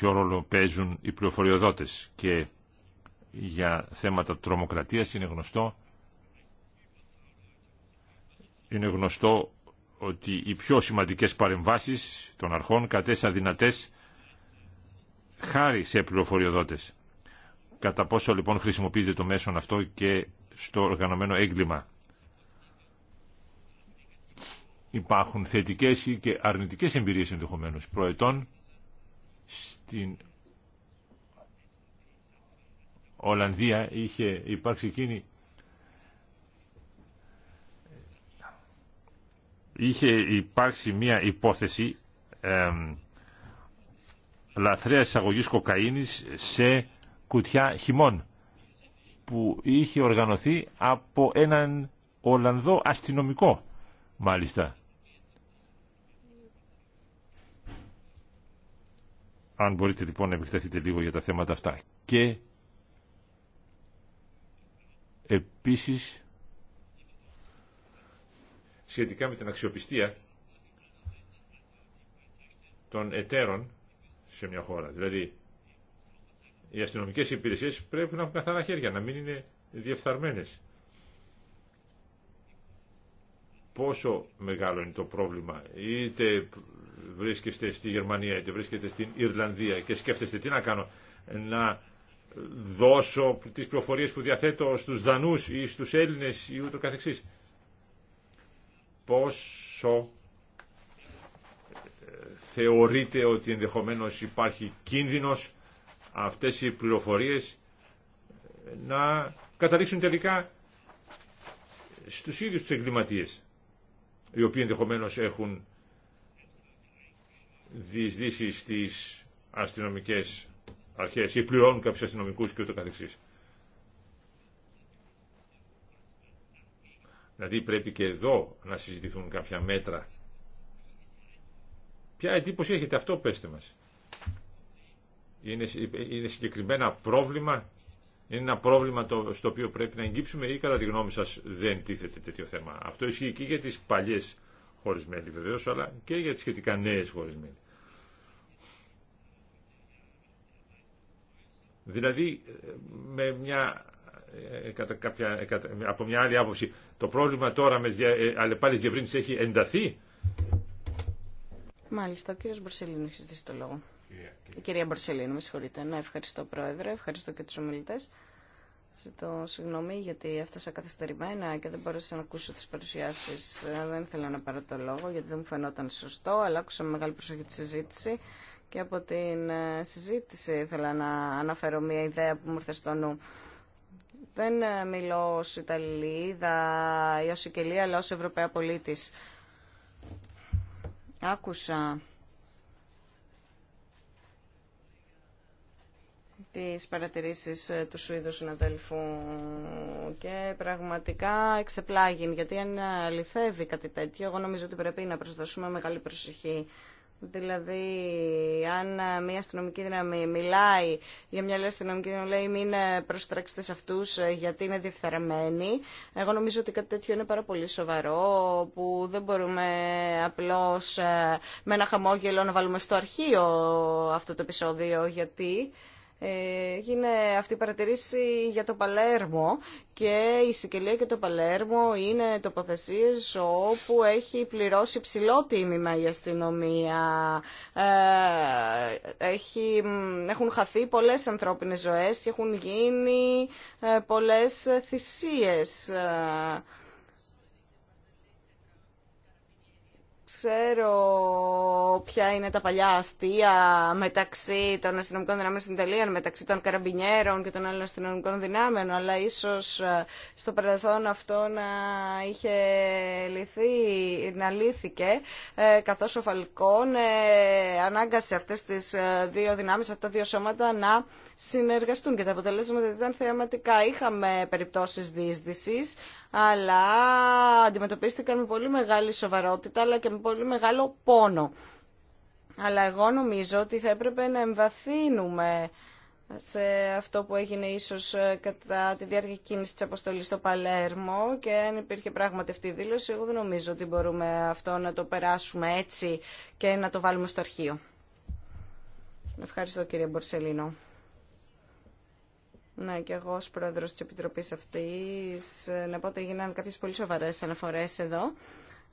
ποιο ρόλο παίζουν οι πληροφοριοδότες και για θέματα τρομοκρατίας είναι γνωστό είναι γνωστό ότι οι πιο σημαντικές παρεμβάσεις των αρχών κατέσα δυνατές χάρη σε πληροφοριοδότες. Κατά πόσο λοιπόν χρησιμοποιείται το μέσον αυτό και στο οργανωμένο έγκλημα. Υπάρχουν θετικές και αρνητικές εμπειρίες ενδεχομένως προετών στην Ολλανδία είχε υπάρξει είχε υπάρξει μια υπόθεση ε, λαθρέας εισαγωγής κοκαίνης σε κουτιά χυμών που είχε οργανωθεί από έναν Ολλανδό αστυνομικό μάλιστα Αν μπορείτε λοιπόν να επεκταθείτε λίγο για τα θέματα αυτά. Και επίσης σχετικά με την αξιοπιστία των εταίρων σε μια χώρα. Δηλαδή, οι αστυνομικές υπηρεσίες πρέπει να έχουν καθαρά χέρια, να μην είναι διεφθαρμένες. Πόσο μεγάλο είναι το πρόβλημα, είτε βρίσκεστε στη Γερμανία είτε βρίσκεστε στην Ιρλανδία και σκέφτεστε τι να κάνω, να δώσω τις πληροφορίες που διαθέτω στους Δανούς ή στους Έλληνες ή ούτω καθεξής. Πόσο ε, θεωρείτε ότι ενδεχομένως υπάρχει κίνδυνος αυτές οι πληροφορίες ε, να καταλήξουν τελικά στους ίδιους τους εγκληματίες οι οποίοι ενδεχομένως έχουν διεισδύσει στι αστυνομικές αρχές ή πληρώνουν κάποιου αστυνομικού και ούτω καθεξής. Δηλαδή πρέπει και εδώ να συζητηθούν κάποια μέτρα. Ποια εντύπωση έχετε αυτό πέστε μας. Είναι, είναι συγκεκριμένα πρόβλημα, είναι ένα πρόβλημα το, στο οποίο πρέπει να εγγύψουμε ή κατά τη γνώμη σας δεν τίθεται τέτοιο θέμα. Αυτό ισχύει και για τις παλιές χώρες βεβαίως, αλλά και για τις σχετικά νέες χωρισμένε. Δηλαδή, με μια, ε, κατά κάποια, κατά, από μια άλλη άποψη, το πρόβλημα τώρα με ε, αλλεπάλληλες διευρύνσεις έχει ενταθεί. Μάλιστα, ο κύριος Μπορσελίνου έχει ζητήσει το λόγο. Κυρία, Η κυρία Μπορσελίνου, με συγχωρείτε. Ναι, ευχαριστώ πρόεδρε, ευχαριστώ και τους ομιλητές. Ζητώ συγγνώμη γιατί έφτασα καθυστερημένα και δεν μπόρεσα να ακούσω τις παρουσιάσεις. Ε, δεν ήθελα να πάρω το λόγο γιατί δεν μου φαινόταν σωστό, αλλά άκουσα με μεγάλη προσοχή τη συζήτηση και από την ε, συζήτηση ήθελα να αναφέρω μια ιδέα που μου ήρθε στο νου. Δεν ε, μιλώ ως Ιταλίδα ή ως Ικελία, αλλά ως Ευρωπαία πολίτης. Άκουσα τις παρατηρήσεις ε, του Σουηδού συναδέλφου και πραγματικά εξεπλάγει γιατί αν αληθεύει κάτι τέτοιο εγώ νομίζω ότι πρέπει να προσδώσουμε μεγάλη προσοχή Δηλαδή, αν μια αστυνομική δύναμη μιλάει για μια άλλη αστυνομική δύναμη, λέει μην ε, προστρέξετε σε αυτού ε, γιατί είναι διεφθαρμένοι. Εγώ νομίζω ότι κάτι τέτοιο είναι πάρα πολύ σοβαρό, που δεν μπορούμε απλώ ε, με ένα χαμόγελο να βάλουμε στο αρχείο αυτό το επεισόδιο, γιατί ε, έγινε αυτή η παρατηρήση για το Παλέρμο και η Σικελία και το Παλέρμο είναι τοποθεσίες όπου έχει πληρώσει ψηλό τίμημα η αστυνομία. Ε, έχει, έχουν χαθεί πολλές ανθρώπινες ζωές και έχουν γίνει ε, πολλές θυσίες. ξέρω ποια είναι τα παλιά αστεία μεταξύ των αστυνομικών δυνάμεων στην Ιταλία, μεταξύ των καραμπινιέρων και των άλλων αστυνομικών δυνάμεων, αλλά ίσως ε, στο παρελθόν αυτό να είχε λυθεί, να λύθηκε, ε, καθώς ο Φαλκόν ε, ανάγκασε αυτές τις δύο δυνάμεις, αυτά τα δύο σώματα να συνεργαστούν και τα αποτελέσματα ήταν θεαματικά. Είχαμε περιπτώσεις διείσδυσης, αλλά αντιμετωπίστηκαν με πολύ μεγάλη σοβαρότητα αλλά και με πολύ μεγάλο πόνο. Αλλά εγώ νομίζω ότι θα έπρεπε να εμβαθύνουμε σε αυτό που έγινε ίσως ε, κατά τη διάρκεια κίνηση της αποστολής στο Παλέρμο και αν υπήρχε πράγματι αυτή η δήλωση, εγώ δεν νομίζω ότι μπορούμε αυτό να το περάσουμε έτσι και να το βάλουμε στο αρχείο. Ευχαριστώ κύριε Μπορσελίνο. Ναι, και εγώ ως πρόεδρος της Επιτροπής αυτής, ε, να πω ότι έγιναν κάποιες πολύ σοβαρές αναφορές εδώ.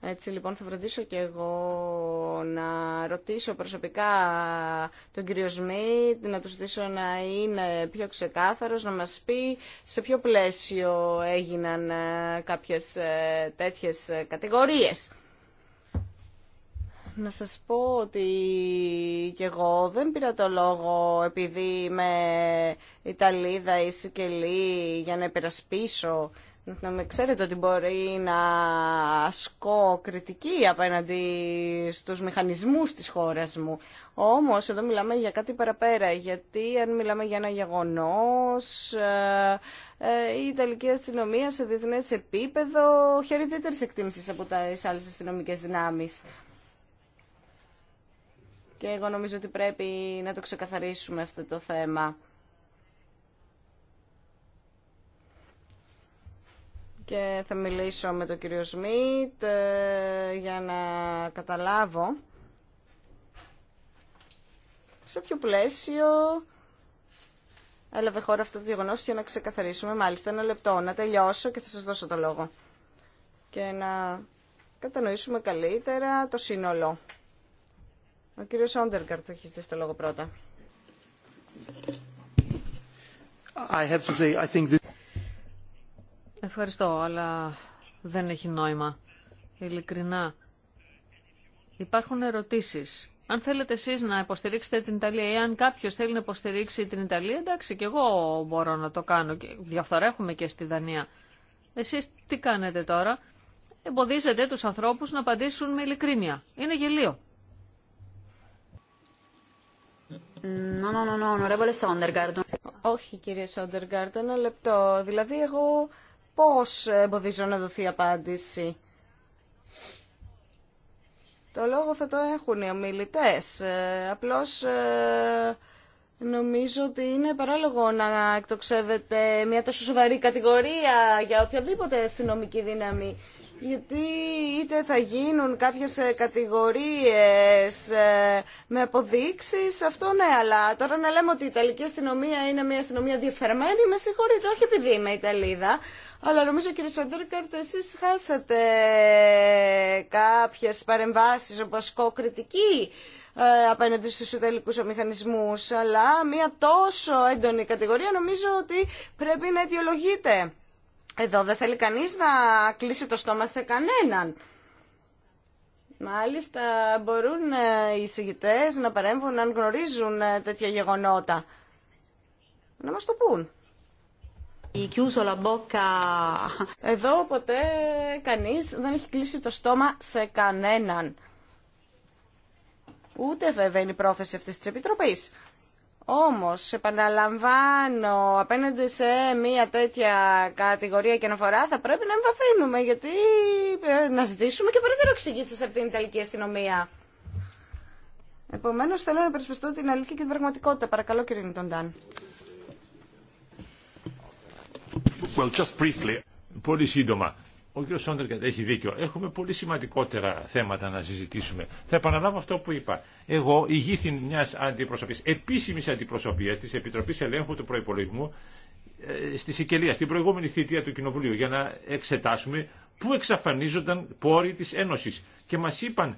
Έτσι λοιπόν θα φροντίσω και εγώ να ρωτήσω προσωπικά τον κύριο Σμιτ, να του ζητήσω να είναι πιο ξεκάθαρος, να μας πει σε ποιο πλαίσιο έγιναν ε, κάποιες ε, τέτοιες κατηγορίες. Να σας πω ότι και εγώ δεν πήρα το λόγο επειδή είμαι Ιταλίδα ή Σικελή για να υπερασπίσω. Να με ξέρετε ότι μπορεί να ασκώ κριτική απέναντι στους μηχανισμούς της χώρας μου. Όμως εδώ μιλάμε για κάτι παραπέρα, γιατί αν μιλάμε για ένα γεγονός, ε, ε, η Ιταλική αστυνομία σε διεθνές επίπεδο χαίρει εκτίμησης από τις άλλες αστυνομικές δυνάμεις. Και εγώ νομίζω ότι πρέπει να το ξεκαθαρίσουμε αυτό το θέμα. Και θα μιλήσω με τον κύριο Σμιτ ε, για να καταλάβω σε ποιο πλαίσιο έλαβε χώρα αυτό το γεγονό για να ξεκαθαρίσουμε μάλιστα ένα λεπτό, να τελειώσω και θα σας δώσω το λόγο και να κατανοήσουμε καλύτερα το σύνολο ο κύριος το έχει το λόγο πρώτα. I have to say, I think this... Ευχαριστώ, αλλά δεν έχει νόημα. Ειλικρινά. Υπάρχουν ερωτήσεις. Αν θέλετε εσεί να υποστηρίξετε την Ιταλία ή αν κάποιο θέλει να υποστηρίξει την Ιταλία, εντάξει, και εγώ μπορώ να το κάνω. Διαφθορά έχουμε και στη Δανία. Εσεί τι κάνετε τώρα, εμποδίζετε του ανθρώπου να απαντήσουν με ειλικρίνεια. Είναι γελίο. Όχι κύριε Σόντεργαρντ, ένα λεπτό. Δηλαδή εγώ πώς εμποδίζω να δοθεί απάντηση. Το λόγο θα το έχουν οι ομιλητές. Ε, απλώς ε, νομίζω ότι είναι παράλογο να εκτοξεύεται μια τόσο σοβαρή κατηγορία για οποιαδήποτε αστυνομική δύναμη γιατί είτε θα γίνουν κάποιες ε, κατηγορίες ε, με αποδείξεις, αυτό ναι, αλλά τώρα να λέμε ότι η Ιταλική αστυνομία είναι μια αστυνομία διαφερμένη, με συγχωρείτε, όχι επειδή είμαι Ιταλίδα, αλλά νομίζω κύριε Σαντέρκαρτ, εσείς χάσατε κάποιες παρεμβάσεις όπως κοκριτική, κριτική ε, απέναντι στους Ιταλικούς μηχανισμούς, αλλά μια τόσο έντονη κατηγορία νομίζω ότι πρέπει να αιτιολογείται. Εδώ δεν θέλει κανείς να κλείσει το στόμα σε κανέναν. Μάλιστα μπορούν ε, οι συγητές να παρέμβουν αν γνωρίζουν ε, τέτοια γεγονότα. Να μας το πούν. Εδώ ποτέ κανείς δεν έχει κλείσει το στόμα σε κανέναν. Ούτε βέβαια είναι η πρόθεση αυτής της Επιτροπής. Όμως, επαναλαμβάνω, απέναντι σε μια τέτοια κατηγορία και αναφορά θα πρέπει να εμβαθύνουμε, γιατί ε, να ζητήσουμε και περαιτέρω εξηγήσει από την Ιταλική αστυνομία. Επομένως, θέλω να περισπιστώ την αλήθεια και την πραγματικότητα. Παρακαλώ, κύριε Νιτοντάν. Well, just briefly. Πολύ σύντομα. Ο κ. Σόντεργατ έχει δίκιο. Έχουμε πολύ σημαντικότερα θέματα να συζητήσουμε. Θα επαναλάβω αυτό που είπα. Εγώ ηγήθη μια αντιπροσωπή, επίσημη αντιπροσωπεία τη Επιτροπή Ελέγχου του Προπολογισμού ε, στη Σικελία, στην προηγούμενη θητεία του Κοινοβουλίου, για να εξετάσουμε πού εξαφανίζονταν πόροι τη Ένωση. Και μα είπαν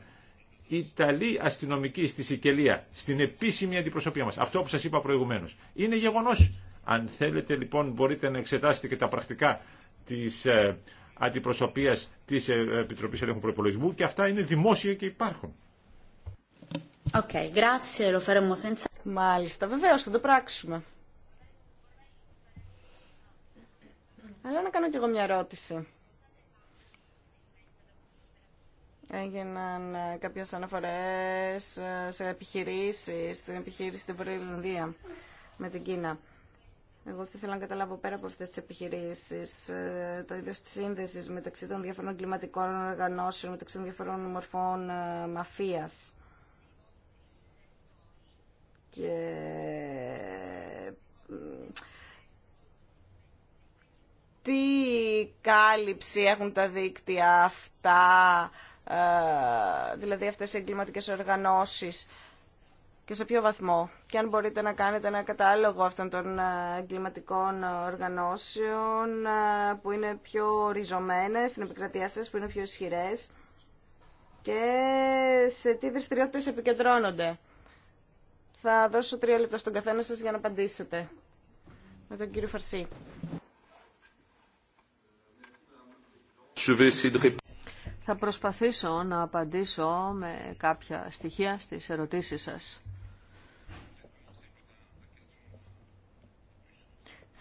Ιταλοί αστυνομικοί στη Σικελία, στην επίσημη αντιπροσωπεία μα. Αυτό που σα είπα προηγουμένω. Είναι γεγονό. Αν θέλετε λοιπόν μπορείτε να εξετάσετε και τα πρακτικά της ε, αντιπροσωπεία τη ε, επιτροπή Ελέγχου Προπολογισμού και αυτά είναι δημόσια και υπάρχουν. Okay, grazie, Μάλιστα, βεβαίω θα το πράξουμε. Αλλά να κάνω κι εγώ μια ερώτηση. Έγιναν ε, κάποιες αναφορές ε, σε επιχειρήσεις, στην επιχείρηση στην Βορειοελλανδία με την Κίνα. Εγώ θα ήθελα να καταλάβω πέρα από αυτές τις επιχειρήσεις ε, το ίδιο τη σύνδεση μεταξύ των διαφορών κλιματικών οργανώσεων, μεταξύ των διαφορών μορφών ε, μαφίας. Και ε, τι κάλυψη έχουν τα δίκτυα αυτά, δηλαδή αυτές οι εγκληματικές οργανώσεις και σε ποιο βαθμό. Και αν μπορείτε να κάνετε ένα κατάλογο αυτών των ε, εγκληματικών οργανώσεων ε, που είναι πιο ριζωμένες στην επικρατεία σας, που είναι πιο ισχυρέ. και σε τι δραστηριότητες επικεντρώνονται. Θα δώσω τρία λεπτά στον καθένα σας για να απαντήσετε. Με τον κύριο Φαρσί. Θα προσπαθήσω να απαντήσω με κάποια στοιχεία στις ερωτήσεις σας.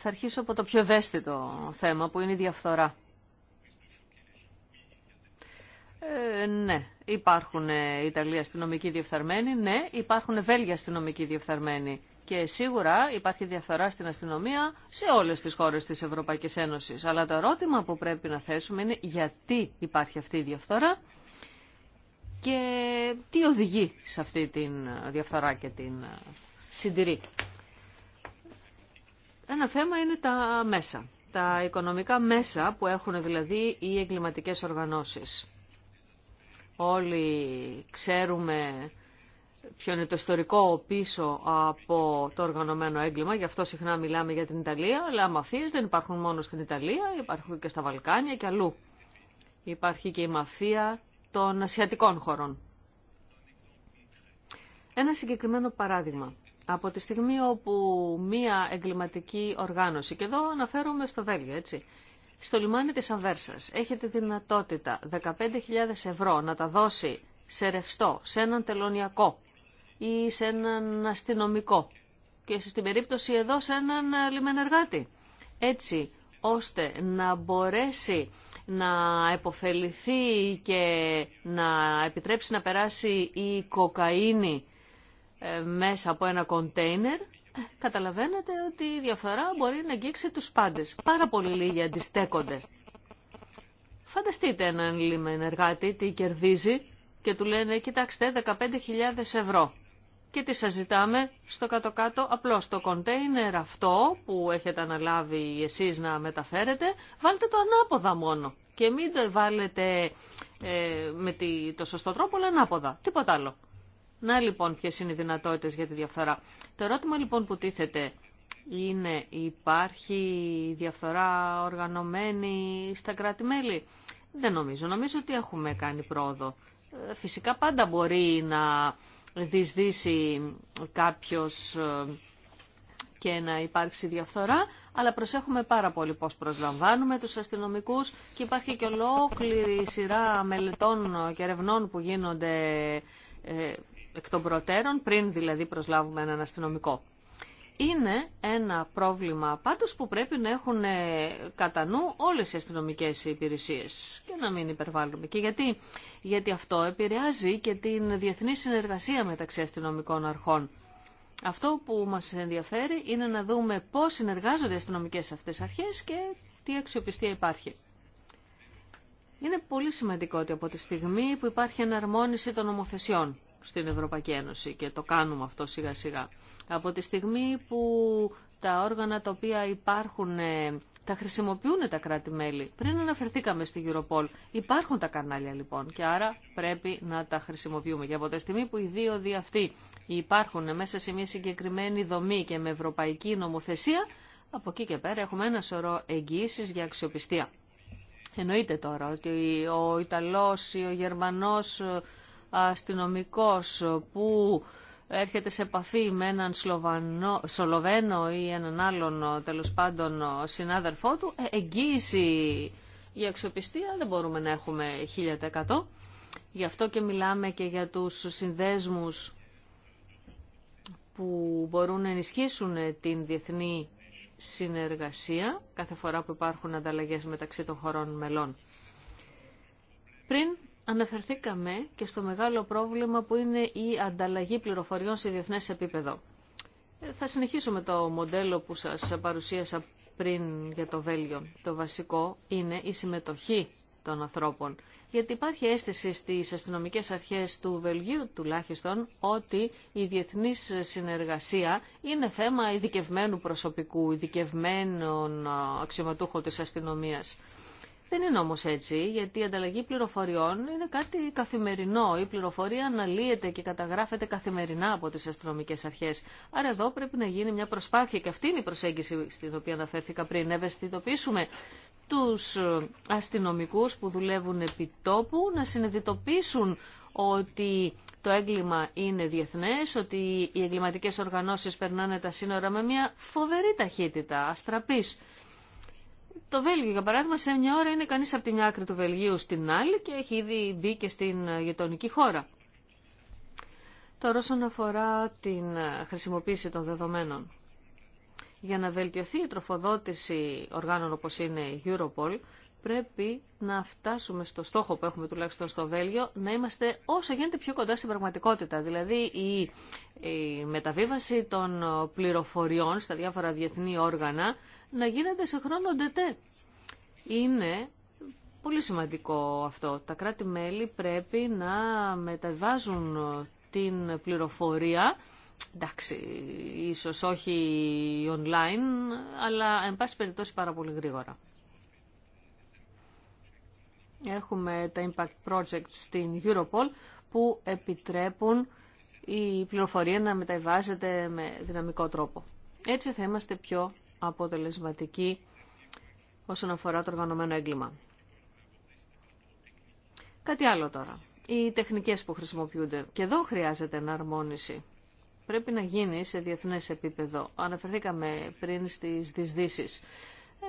Θα αρχίσω από το πιο ευαίσθητο θέμα που είναι η διαφθορά. Ε, ναι, υπάρχουν ε, Ιταλοί αστυνομικοί διεφθαρμένοι, ναι, υπάρχουν Βέλγια αστυνομικοί διεφθαρμένοι. Και σίγουρα υπάρχει διαφθορά στην αστυνομία σε όλες τις χώρες της Ευρωπαϊκής Ένωσης. Αλλά το ερώτημα που πρέπει να θέσουμε είναι γιατί υπάρχει αυτή η διαφθορά και τι οδηγεί σε αυτή τη διαφθορά και την ε, συντηρεί. Ένα θέμα είναι τα μέσα, τα οικονομικά μέσα που έχουν δηλαδή οι εγκληματικές οργανώσεις. Όλοι ξέρουμε ποιο είναι το ιστορικό πίσω από το οργανωμένο έγκλημα, γι' αυτό συχνά μιλάμε για την Ιταλία, αλλά μαφίες δεν υπάρχουν μόνο στην Ιταλία, υπάρχουν και στα Βαλκάνια και αλλού. Υπάρχει και η μαφία των ασιατικών χωρών. Ένα συγκεκριμένο παράδειγμα. Από τη στιγμή όπου μία εγκληματική οργάνωση, και εδώ αναφέρομαι στο Βέλγιο, έτσι, στο λιμάνι της Ανβέρσας, έχει τη δυνατότητα 15.000 ευρώ να τα δώσει σε ρευστό, σε έναν τελωνιακό ή σε έναν αστυνομικό και στην περίπτωση εδώ σε έναν ε, λιμενεργάτη. Έτσι ώστε να μπορέσει να επωφεληθεί και να επιτρέψει να περάσει η κοκαΐνη ε, μέσα από ένα κοντέινερ, καταλαβαίνετε ότι η διαφορά μπορεί να αγγίξει τους πάντες. Πάρα πολύ λίγοι αντιστέκονται. Φανταστείτε έναν λίμεν ενεργάτη τι κερδίζει και του λένε «Κοιτάξτε, 15.000 ευρώ». Και τι σας ζητάμε στο κάτω-κάτω, απλώς το κοντέινερ αυτό που έχετε αναλάβει εσείς να μεταφέρετε, βάλτε το ανάποδα μόνο και μην το βάλετε ε, με το σωστό τρόπο, αλλά ανάποδα, τίποτα άλλο. Να λοιπόν ποιες είναι οι δυνατότητες για τη διαφθορά. Το ερώτημα λοιπόν που τίθεται είναι υπάρχει διαφθορά οργανωμένη στα κράτη-μέλη. Δεν νομίζω. Νομίζω ότι έχουμε κάνει πρόοδο. Ε, φυσικά πάντα μπορεί να δυσδύσει κάποιος ε, και να υπάρξει διαφθορά, αλλά προσέχουμε πάρα πολύ πώς προσλαμβάνουμε τους αστυνομικούς και υπάρχει και ολόκληρη σειρά μελετών και ερευνών που γίνονται ε, εκ των προτέρων, πριν δηλαδή προσλάβουμε έναν αστυνομικό. Είναι ένα πρόβλημα πάντως που πρέπει να έχουν ε, κατά νου όλες οι αστυνομικές υπηρεσίες και να μην υπερβάλλουμε. Και γιατί, γιατί αυτό επηρεάζει και την διεθνή συνεργασία μεταξύ αστυνομικών αρχών. Αυτό που μας ενδιαφέρει είναι να δούμε πώς συνεργάζονται οι αστυνομικές αυτές αρχές και τι αξιοπιστία υπάρχει. Είναι πολύ σημαντικό ότι από τη στιγμή που υπάρχει εναρμόνιση των νομοθεσιών στην Ευρωπαϊκή Ένωση και το κάνουμε αυτό σιγά σιγά. Από τη στιγμή που τα όργανα τα οποία υπάρχουν ε, τα χρησιμοποιούν τα κράτη-μέλη. Πριν αναφερθήκαμε στη Europol. Υπάρχουν τα κανάλια λοιπόν και άρα πρέπει να τα χρησιμοποιούμε. Και από τη στιγμή που οι δύο δι' αυτοί υπάρχουν μέσα σε μια συγκεκριμένη δομή και με ευρωπαϊκή νομοθεσία, από εκεί και πέρα έχουμε ένα σωρό εγγυήσει για αξιοπιστία. Εννοείται τώρα ότι ο Ιταλός ή ο Γερμανός αστυνομικός που έρχεται σε επαφή με έναν Σλοβανό, Σολοβαίνο ή έναν άλλον τέλος πάντων συνάδελφό του, ε, εγγύηση για αξιοπιστία δεν μπορούμε να έχουμε 1100. Γι' αυτό και μιλάμε και για τους συνδέσμους που μπορούν να ενισχύσουν την διεθνή συνεργασία κάθε φορά που υπάρχουν ανταλλαγές μεταξύ των χωρών μελών. Πριν αναφερθήκαμε και στο μεγάλο πρόβλημα που είναι η ανταλλαγή πληροφοριών σε διεθνές επίπεδο. Ε, θα συνεχίσουμε το μοντέλο που σας παρουσίασα πριν για το Βέλγιο. Το βασικό είναι η συμμετοχή των ανθρώπων. Γιατί υπάρχει αίσθηση στις αστυνομικές αρχές του Βελγίου τουλάχιστον ότι η διεθνής συνεργασία είναι θέμα ειδικευμένου προσωπικού, ειδικευμένων αξιωματούχων της αστυνομίας. Δεν είναι όμως έτσι, γιατί η ανταλλαγή πληροφοριών είναι κάτι καθημερινό. Η πληροφορία αναλύεται και καταγράφεται καθημερινά από τις αστυνομικές αρχές. Άρα εδώ πρέπει να γίνει μια προσπάθεια και αυτή είναι η προσέγγιση στην οποία αναφέρθηκα πριν. Να ευαισθητοποιήσουμε τους ε, αστυνομικούς που δουλεύουν επί τόπου, να συνειδητοποιήσουν ότι το έγκλημα είναι διεθνές, ότι οι εγκληματικές οργανώσεις περνάνε τα σύνορα με μια φοβερή ταχύτητα, αστραπής. Το Βέλγιο, για παράδειγμα, σε μια ώρα είναι κανείς από τη μια άκρη του Βελγίου στην άλλη και έχει ήδη μπει και στην ε, γειτονική χώρα. Τώρα όσον αφορά την ε, χρησιμοποίηση των δεδομένων. Για να βελτιωθεί η τροφοδότηση οργάνων όπως είναι η Europol, πρέπει να φτάσουμε στο στόχο που έχουμε τουλάχιστον στο Βέλγιο, να είμαστε όσο γίνεται πιο κοντά στην πραγματικότητα. Δηλαδή η μεταβίβαση των πληροφοριών στα διάφορα διεθνή όργανα να γίνεται σε χρόνο ντετέ. Είναι πολύ σημαντικό αυτό. Τα κράτη-μέλη πρέπει να μεταβάζουν την πληροφορία, εντάξει, ίσως όχι online, αλλά εν πάση περιπτώσει πάρα πολύ γρήγορα. Έχουμε τα impact projects στην Europol που επιτρέπουν η πληροφορία να μεταβάζεται με δυναμικό τρόπο. Έτσι θα είμαστε πιο αποτελεσματική όσον αφορά το οργανωμένο έγκλημα. Κάτι άλλο τώρα. Οι τεχνικές που χρησιμοποιούνται. Και εδώ χρειάζεται εναρμόνιση. Πρέπει να γίνει σε διεθνές επίπεδο. Αναφερθήκαμε πριν στις δυσδύσεις.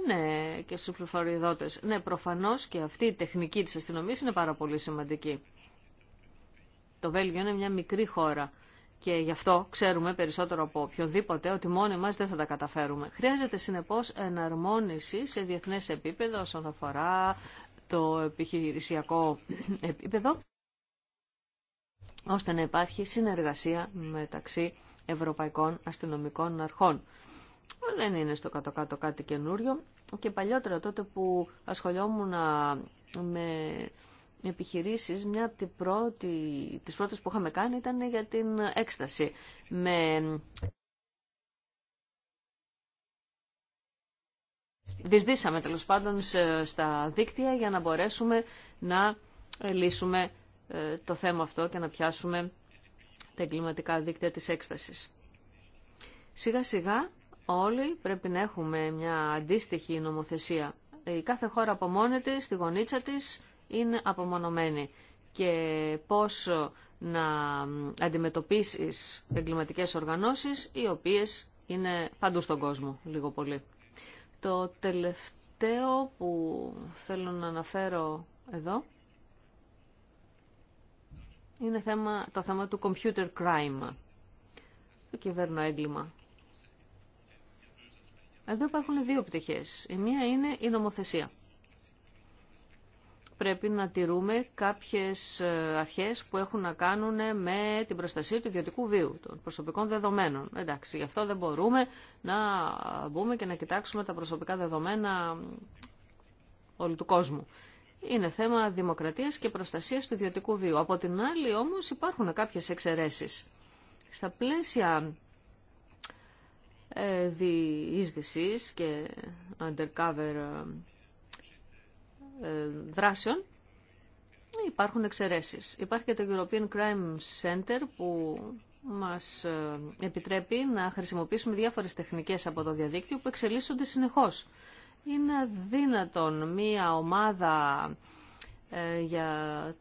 Ε, ναι, και στους πληροφοριδότες. Ναι, προφανώς και αυτή η τεχνική της αστυνομίας είναι πάρα πολύ σημαντική. Το Βέλγιο είναι μια μικρή χώρα και γι' αυτό ξέρουμε περισσότερο από οποιοδήποτε ότι μόνοι μας δεν θα τα καταφέρουμε. Χρειάζεται συνεπώς εναρμόνιση σε διεθνές επίπεδο όσον αφορά το επιχειρησιακό επίπεδο ώστε να υπάρχει συνεργασία μεταξύ ευρωπαϊκών αστυνομικών αρχών. Δεν είναι στο κάτω-κάτω κάτι καινούριο και παλιότερα τότε που ασχολιόμουν με επιχειρήσεις, μια από τις, πρώτη, πρώτες που είχαμε κάνει ήταν για την έκσταση. Με... Δυσδύσαμε τέλο πάντων στα δίκτυα για να μπορέσουμε να λύσουμε ε, το θέμα αυτό και να πιάσουμε τα εγκληματικά δίκτυα της έκστασης. Σιγά σιγά όλοι πρέπει να έχουμε μια αντίστοιχη νομοθεσία. κάθε χώρα από μόνη της, στη γωνίτσα της, είναι απομονωμένη και πώς να αντιμετωπίσεις εγκληματικές οργανώσεις οι οποίες είναι παντού στον κόσμο λίγο πολύ. Το τελευταίο που θέλω να αναφέρω εδώ είναι θέμα, το θέμα του computer crime, το κυβέρνο έγκλημα. Εδώ υπάρχουν δύο πτυχές. Η μία είναι η νομοθεσία πρέπει να τηρούμε κάποιες ε, αρχές που έχουν να κάνουν με την προστασία του ιδιωτικού βίου, των προσωπικών δεδομένων. Εντάξει, γι' αυτό δεν μπορούμε να μπούμε και να κοιτάξουμε τα προσωπικά δεδομένα όλου του κόσμου. Είναι θέμα δημοκρατίας και προστασίας του ιδιωτικού βίου. Από την άλλη όμως υπάρχουν κάποιες εξαιρέσεις. Στα πλαίσια ε, διείσδυσης και undercover ε, δράσεων υπάρχουν εξαιρέσεις. Υπάρχει και το European Crime Center που μας ε, επιτρέπει να χρησιμοποιήσουμε διάφορες τεχνικές από το διαδίκτυο που εξελίσσονται συνεχώς. Είναι αδύνατον μία ομάδα ε, για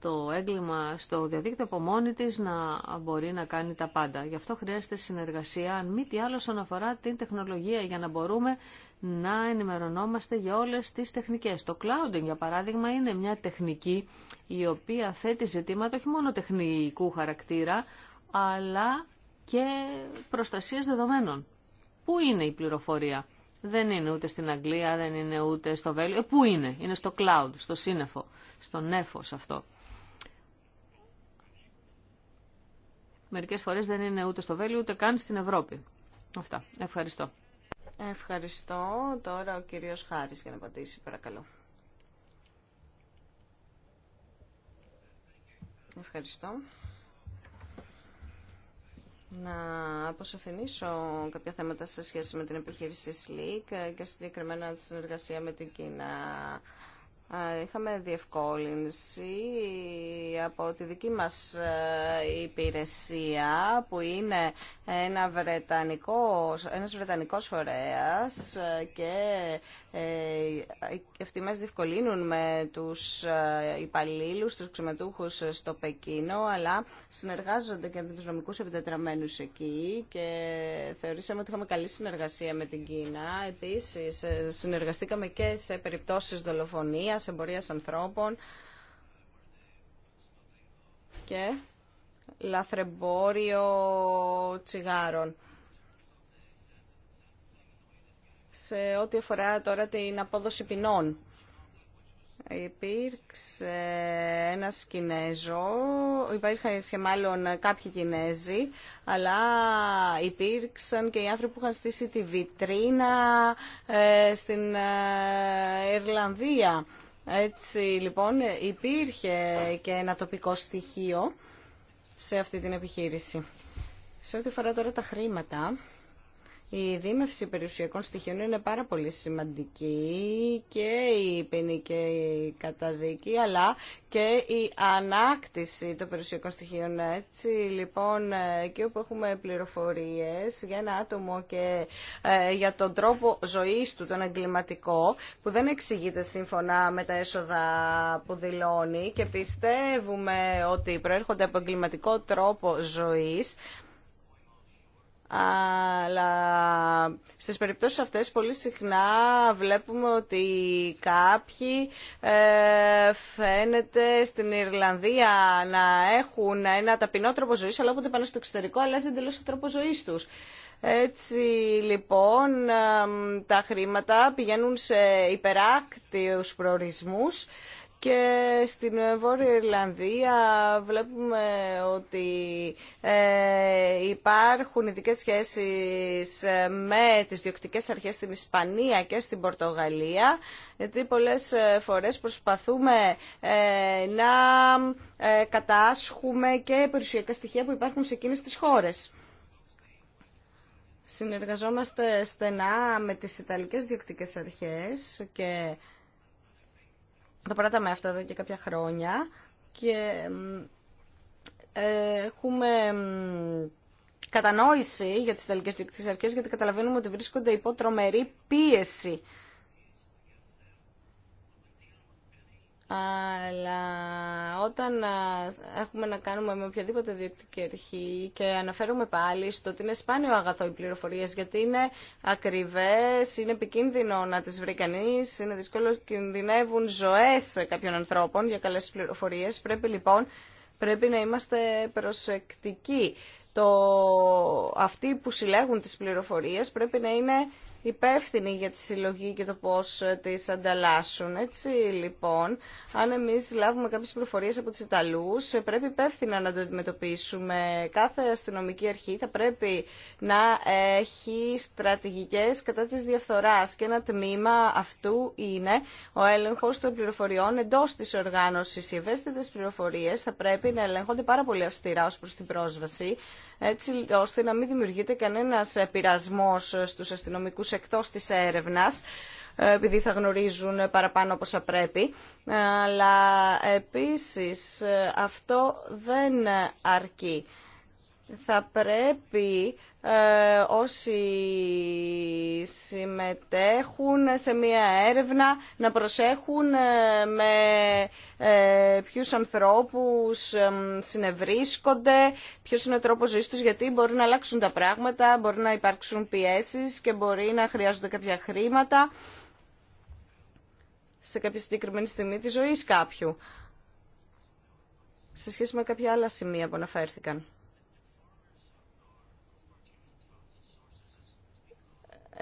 το έγκλημα στο διαδίκτυο από μόνη της να μπορεί να κάνει τα πάντα. Γι' αυτό χρειάζεται συνεργασία, αν μη τι άλλο, όσον αφορά την τεχνολογία για να μπορούμε να ενημερωνόμαστε για όλες τις τεχνικές. Το clouding, για παράδειγμα, είναι μια τεχνική η οποία θέτει ζητήματα όχι μόνο τεχνικού χαρακτήρα, αλλά και προστασίας δεδομένων. Πού είναι η πληροφορία. Δεν είναι ούτε στην Αγγλία, δεν είναι ούτε στο Βέλιο. Ε, πού είναι. Είναι στο cloud, στο σύννεφο, στο νέφος αυτό. Μερικές φορές δεν είναι ούτε στο Βέλιο, ούτε καν στην Ευρώπη. Αυτά. Ευχαριστώ. Ευχαριστώ. Τώρα ο κύριος Χάρης για να απαντήσει, παρακαλώ. Ευχαριστώ. Να αποσαφηνίσω κάποια θέματα σε σχέση με την επιχείρηση SLEEK και συγκεκριμένα τη συνεργασία με την Κίνα. Είχαμε διευκόλυνση από τη δική μας ε, υπηρεσία που είναι ένα βρετανικό, ένας βρετανικός φορέας ε, και αυτοί ε, μας διευκολύνουν με τους υπαλλήλους, τους ξεμετούχους στο Πεκίνο αλλά συνεργάζονται και με τους νομικούς επιτετραμένους εκεί και θεωρήσαμε ότι είχαμε καλή συνεργασία με την Κίνα. Επίσης συνεργαστήκαμε και σε περιπτώσεις δολοφονίας εμπορίας ανθρώπων και λαθρεμπόριο τσιγάρων. Σε ό,τι αφορά τώρα την απόδοση ποινών, υπήρξε ένας Κινέζο, υπήρχαν και μάλλον κάποιοι Κινέζοι, αλλά υπήρξαν και οι άνθρωποι που είχαν στήσει τη βιτρίνα ε, στην ε, Ιρλανδία έτσι λοιπόν υπήρχε και ένα τοπικό στοιχείο σε αυτή την επιχείρηση. Σε ό,τι αφορά τώρα τα χρήματα, η δίμευση περιουσιακών στοιχείων είναι πάρα πολύ σημαντική και η ποινική καταδίκη αλλά και η ανάκτηση των περιουσιακών στοιχείων. Έτσι λοιπόν εκεί όπου έχουμε πληροφορίες για ένα άτομο και ε, για τον τρόπο ζωής του τον εγκληματικό που δεν εξηγείται σύμφωνα με τα έσοδα που δηλώνει και πιστεύουμε ότι προέρχονται από εγκληματικό τρόπο ζωής αλλά στις περιπτώσεις αυτές πολύ συχνά βλέπουμε ότι κάποιοι ε, φαίνεται στην Ιρλανδία να έχουν ένα ταπεινό τρόπο ζωής, αλλά όποτε πάνε στο εξωτερικό αλλάζει εντελώς το τρόπο ζωής τους. Έτσι λοιπόν ε, τα χρήματα πηγαίνουν σε υπεράκτιους προορισμούς και στην Βόρεια Ιρλανδία βλέπουμε ότι ε, υπάρχουν ειδικές σχέσεις ε, με τις διοκτικές αρχές στην Ισπανία και στην Πορτογαλία, γιατί πολλές ε, φορές προσπαθούμε να κατάσχουμε και περιουσιακά στοιχεία που υπάρχουν σε εκείνες τις χώρες. Συνεργαζόμαστε στενά με τις Ιταλικές διοκτικές αρχές και το παράταμε αυτό εδώ και κάποια χρόνια και έχουμε κατανόηση για τις τελικές διοικητικές αρχές γιατί καταλαβαίνουμε ότι βρίσκονται υπό τρομερή πίεση αλλά όταν έχουμε να κάνουμε με οποιαδήποτε ιδιωτική αρχή και αναφέρουμε πάλι στο ότι είναι σπάνιο αγαθό οι πληροφορίε γιατί είναι ακριβέ, είναι επικίνδυνο να τι βρει κανεί, είναι δύσκολο, κινδυνεύουν ζωέ κάποιων ανθρώπων για καλέ πληροφορίε. Πρέπει λοιπόν πρέπει να είμαστε προσεκτικοί. Το, αυτοί που συλλέγουν τις πληροφορίες πρέπει να είναι υπεύθυνοι για τη συλλογή και το πώς ε, τις ανταλλάσσουν. Έτσι λοιπόν, αν εμείς λάβουμε κάποιες πληροφορίες από του Ιταλούς, ε, πρέπει υπεύθυνα να το αντιμετωπίσουμε. Κάθε αστυνομική αρχή θα πρέπει να έχει στρατηγικές κατά της διαφθοράς και ένα τμήμα αυτού είναι ο έλεγχος των πληροφοριών εντός της οργάνωσης. Οι ευαίσθητες πληροφορίες θα πρέπει να ελέγχονται πάρα πολύ αυστηρά ως προς την πρόσβαση έτσι ώστε να μην δημιουργείται κανένας πειρασμός στους αστυνομικούς εκτός της έρευνας ε, επειδή θα γνωρίζουν παραπάνω θα πρέπει. Ε, αλλά επίσης ε, αυτό δεν αρκεί. Θα πρέπει ε, όσοι συμμετέχουν σε μία έρευνα να προσέχουν ε, με ε, ποιους ανθρώπους ε, συνευρίσκονται, ποιος είναι ο τρόπος ζωής τους, γιατί μπορεί να αλλάξουν τα πράγματα, μπορεί να υπάρξουν πιέσεις και μπορεί να χρειάζονται κάποια χρήματα σε κάποια συγκεκριμένη στιγμή της ζωής κάποιου, σε σχέση με κάποια άλλα σημεία που αναφέρθηκαν.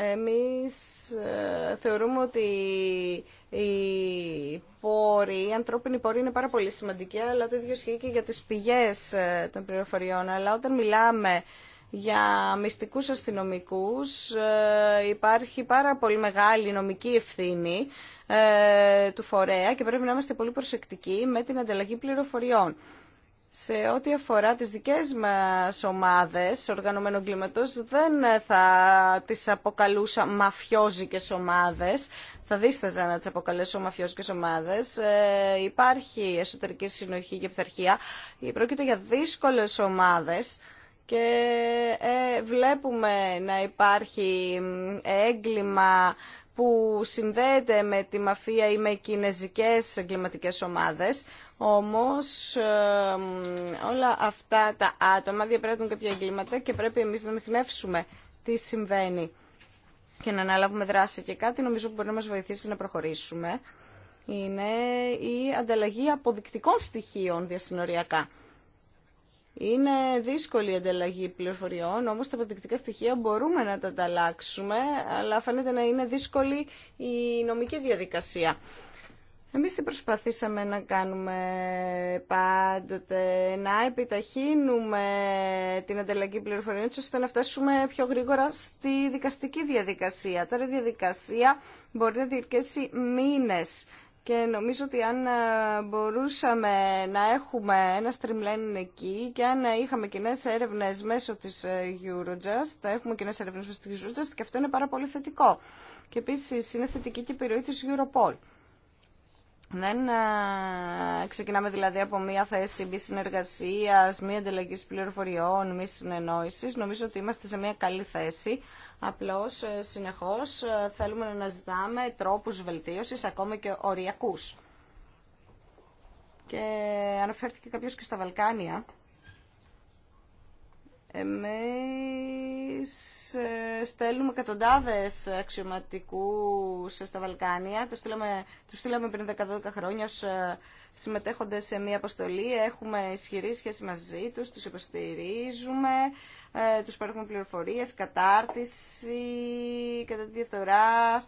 Εμείς ε, θεωρούμε ότι οι πόροι, οι ανθρώπινοι πόροι είναι πάρα πολύ σημαντικοί, αλλά το ίδιο ισχύει και για τις πηγές ε, των πληροφοριών. Αλλά όταν μιλάμε για μυστικούς αστυνομικούς ε, υπάρχει πάρα πολύ μεγάλη νομική ευθύνη του φορέα και πρέπει να είμαστε πολύ προσεκτικοί με την ανταλλαγή πληροφοριών σε ό,τι αφορά τις δικές μας ομάδες οργανωμένο κλίματος, δεν θα τις αποκαλούσα μαφιόζικες ομάδες. Θα δίσταζα να τις αποκαλέσω μαφιόζικες ομάδες. Ε, υπάρχει εσωτερική συνοχή και πειθαρχία. Πρόκειται για δύσκολες ομάδες και ε, βλέπουμε να υπάρχει έγκλημα που συνδέεται με τη μαφία ή με κινέζικες εγκληματικές ομάδες. Όμως όλα αυτά τα άτομα διαπράττουν κάποια εγκλήματα και πρέπει εμείς να μιχνεύσουμε τι συμβαίνει και να αναλάβουμε δράση και κάτι νομίζω που μπορεί να μας βοηθήσει να προχωρήσουμε είναι η ανταλλαγή αποδεικτικών στοιχείων διασυνοριακά. Είναι δύσκολη η ανταλλαγή πληροφοριών, όμως τα αποδεικτικά στοιχεία μπορούμε να τα ανταλλάξουμε, αλλά φαίνεται να είναι δύσκολη η νομική διαδικασία. Εμείς τι προσπαθήσαμε να κάνουμε πάντοτε, να επιταχύνουμε την ανταλλαγή πληροφοριών έτσι ώστε να φτάσουμε πιο γρήγορα στη δικαστική διαδικασία. Τώρα η διαδικασία μπορεί να διερκέσει μήνες και νομίζω ότι αν μπορούσαμε να έχουμε ένα streamline εκεί και αν είχαμε κοινέ έρευνες μέσω της Eurojust, θα έχουμε κοινέ έρευνε μέσω της Eurojust και αυτό είναι πάρα πολύ θετικό. Και επίσης είναι θετική και η περιοχή της Europol. Δεν ξεκινάμε δηλαδή από μία θέση μη συνεργασία, μη ανταλλαγή πληροφοριών, μη συνεννόηση. Νομίζω ότι είμαστε σε μία καλή θέση. Απλώ ε, συνεχώ ε, θέλουμε να ζητάμε τρόπου βελτίωση, ακόμα και οριακού. Και αναφέρθηκε κάποιο και στα Βαλκάνια. Εμείς ε, στέλνουμε εκατοντάδε αξιωματικούς ε, στα Βαλκάνια. Τους στείλαμε, τους στείλαμε πριν 12 χρόνια ως ε, συμμετέχοντες σε μια αποστολή. Έχουμε ισχυρή σχέση μαζί τους, τους υποστηρίζουμε, τους παρέχουμε πληροφορίες, κατάρτιση κατά τη διαφθορά,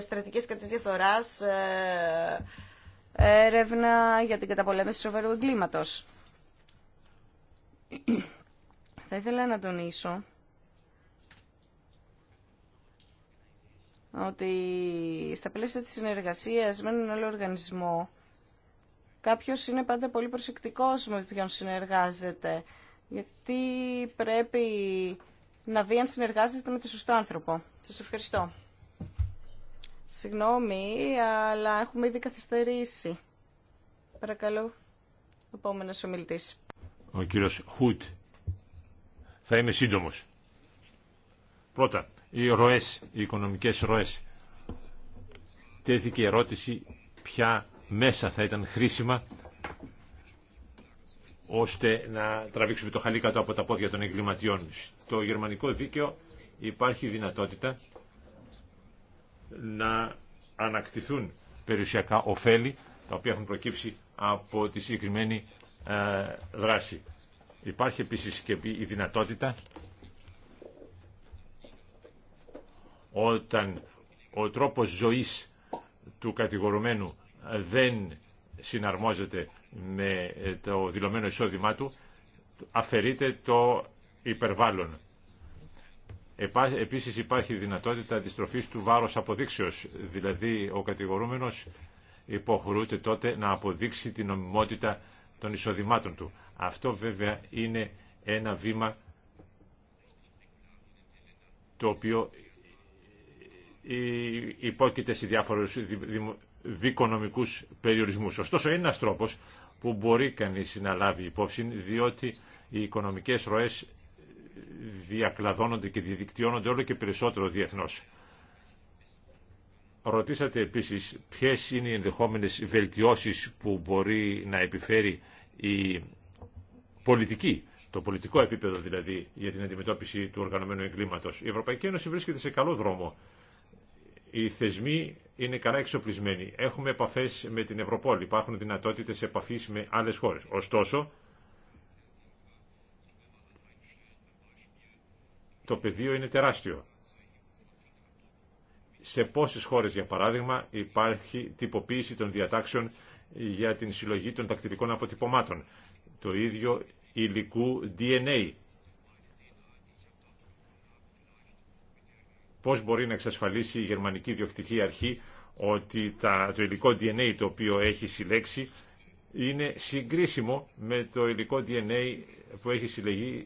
στρατικές κατά τη διαφθορά, έρευνα για την καταπολέμηση σοβαρού εγκλήματος. Θα ήθελα να τονίσω ότι στα πλαίσια της συνεργασίας με έναν άλλο οργανισμό κάποιος είναι πάντα πολύ προσεκτικός με ποιον συνεργάζεται γιατί πρέπει να δει αν συνεργάζεται με τον σωστό άνθρωπο. Σας ευχαριστώ. Συγγνώμη, αλλά έχουμε ήδη καθυστερήσει. Παρακαλώ, επόμενος ομιλητής. Ο κύριος Χουτ θα είμαι σύντομο. Πρώτα, οι ροές, οι οικονομικές ροέ. Τέθηκε η ερώτηση ποια μέσα θα ήταν χρήσιμα ώστε να τραβήξουμε το χαλί κάτω από τα πόδια των εγκληματιών. Στο γερμανικό δίκαιο υπάρχει δυνατότητα να ανακτηθούν περιουσιακά ωφέλη τα οποία έχουν προκύψει από τη συγκεκριμένη ε, δράση. Υπάρχει επίσης και η δυνατότητα όταν ο τρόπος ζωής του κατηγορουμένου δεν συναρμόζεται με το δηλωμένο εισόδημά του, αφαιρείται το υπερβάλλον. Επίσης υπάρχει δυνατότητα αντιστροφής του βάρους αποδείξεως, δηλαδή ο κατηγορούμενος υποχρεούται τότε να αποδείξει την νομιμότητα των εισοδημάτων του. Αυτό βέβαια είναι ένα βήμα το οποίο ε, υπόκειται σε διάφορους δικονομικούς περιορισμούς. Ωστόσο είναι ένας τρόπος που μπορεί κανείς να λάβει υπόψη, διότι οι οικονομικές ροές διακλαδώνονται και διαδικτυώνονται όλο και περισσότερο διεθνώς. Ρωτήσατε επίσης ποιες είναι οι ενδεχόμενες βελτιώσεις που μπορεί να επιφέρει η πολιτική, το πολιτικό επίπεδο δηλαδή για την αντιμετώπιση του οργανωμένου εγκλήματος. Η Ευρωπαϊκή Ένωση βρίσκεται σε καλό δρόμο. Οι θεσμοί είναι καλά εξοπλισμένοι. Έχουμε επαφές με την Ευρωπόλη. Υπάρχουν δυνατότητες επαφής με άλλες χώρες. Ωστόσο, το πεδίο είναι τεράστιο σε πόσες χώρες, για παράδειγμα, υπάρχει τυποποίηση των διατάξεων για την συλλογή των τακτηρικών αποτυπωμάτων. Το ίδιο υλικού DNA. Πώς μπορεί να εξασφαλίσει η γερμανική διοκτική αρχή ότι το υλικό DNA το οποίο έχει συλλέξει είναι συγκρίσιμο με το υλικό DNA που έχει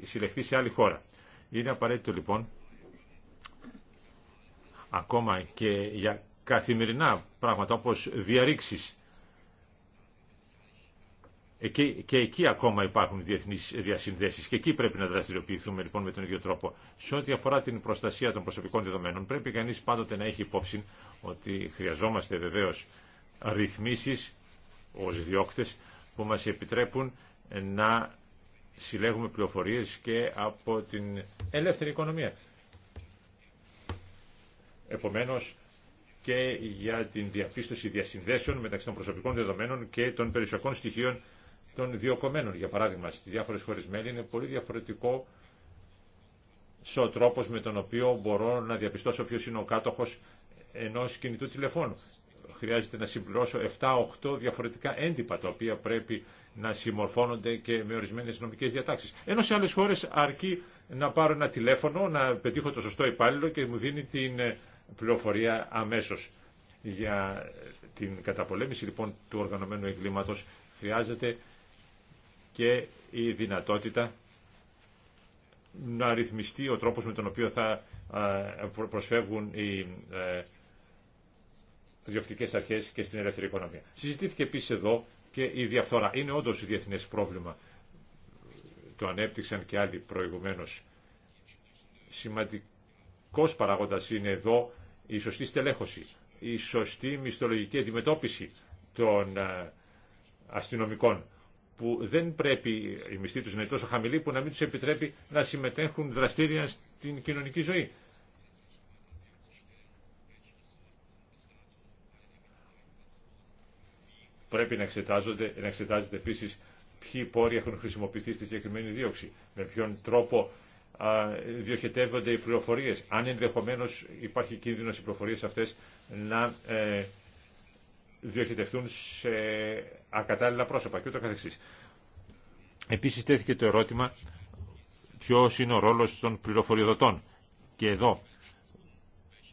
συλλεχθεί σε άλλη χώρα. Είναι απαραίτητο λοιπόν ακόμα και για καθημερινά πράγματα όπως διαρρήξεις. Και, εκεί ακόμα υπάρχουν διεθνείς διασυνδέσεις και εκεί πρέπει να δραστηριοποιηθούμε λοιπόν με τον ίδιο τρόπο. Σε ό,τι αφορά την προστασία των προσωπικών δεδομένων πρέπει κανείς πάντοτε να έχει υπόψη ότι χρειαζόμαστε βεβαίως ρυθμίσεις ως διώκτες που μας επιτρέπουν να συλλέγουμε πληροφορίες και από την ελεύθερη οικονομία. Επομένως, και για την διαπίστωση διασυνδέσεων μεταξύ των προσωπικών δεδομένων και των περισσοκών στοιχείων των διοκομένων. Για παράδειγμα, στις διάφορες χώρες μέλη είναι πολύ διαφορετικό ο τρόπο με τον οποίο μπορώ να διαπιστώσω ποιος είναι ο κάτοχος ενός κινητού τηλεφώνου. Χρειάζεται να συμπληρώσω 7-8 διαφορετικά έντυπα τα οποία πρέπει να συμμορφώνονται και με ορισμένες νομικές διατάξεις. Ενώ σε άλλες χώρες αρκεί να πάρω ένα τηλέφωνο, να πετύχω το σωστό υπάλληλο και μου δίνει την πληροφορία αμέσως. Για την καταπολέμηση λοιπόν του οργανωμένου εγκλήματος χρειάζεται και η δυνατότητα να ρυθμιστεί ο τρόπος με τον οποίο θα προσφεύγουν οι ε, διοκτικές αρχές και στην ελεύθερη οικονομία. Συζητήθηκε επίσης εδώ και η διαφθορά. Είναι όντως διεθνές πρόβλημα. Το ανέπτυξαν και άλλοι προηγουμένως. Σημαντικός παράγοντας είναι εδώ η σωστή στελέχωση, η σωστή μισθολογική αντιμετώπιση των ε, αστυνομικών που δεν πρέπει η μισθή τους να είναι τόσο χαμηλή που να μην τους επιτρέπει να συμμετέχουν δραστήρια στην κοινωνική ζωή. Πρέπει να, εξετάζονται, να εξετάζεται επίσης ποιοι πόροι έχουν χρησιμοποιηθεί στη συγκεκριμένη δίωξη, με ποιον τρόπο διοχετεύονται οι πληροφορίες, αν ενδεχομένως υπάρχει κίνδυνος οι πληροφορίες αυτές να ε, διοχετευτούν σε ακατάλληλα πρόσωπα και ούτω καθεξής. Επίσης τέθηκε το ερώτημα ποιος είναι ο ρόλος των πληροφοριοδοτών. Και εδώ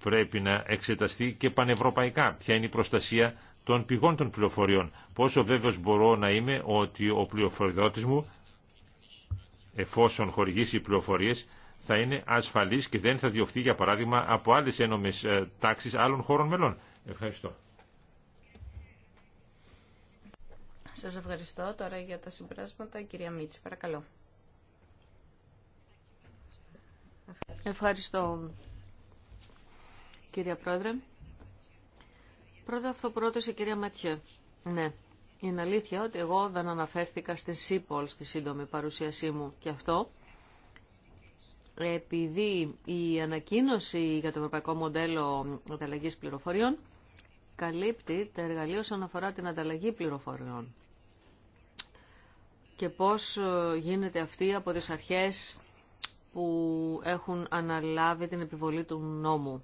πρέπει να εξεταστεί και πανευρωπαϊκά ποια είναι η προστασία των πηγών των πληροφοριών. Πόσο βέβαιος μπορώ να είμαι ότι ο πληροφοριδότης μου εφόσον χορηγήσει πληροφορίε, θα είναι ασφαλής και δεν θα διωχθεί, για παράδειγμα, από άλλες ένομες ε, τάξεις άλλων χώρων μελών. Ευχαριστώ. Σα ευχαριστώ. Τώρα για τα συμπεράσματα, κυρία Μίτση, παρακαλώ. Ευχαριστώ, κυρία Πρόεδρε. Πρώτα αυτό πρώτος η κυρία Ματιέ. Ναι. Είναι αλήθεια ότι εγώ δεν αναφέρθηκα στην ΣΥΠΟΛ στη σύντομη παρουσίασή μου και αυτό επειδή η ανακοίνωση για το ευρωπαϊκό μοντέλο ανταλλαγής πληροφοριών καλύπτει τα εργαλεία όσον αφορά την ανταλλαγή πληροφοριών και πώς ε, γίνεται αυτή από τις αρχές που έχουν αναλάβει την επιβολή του νόμου.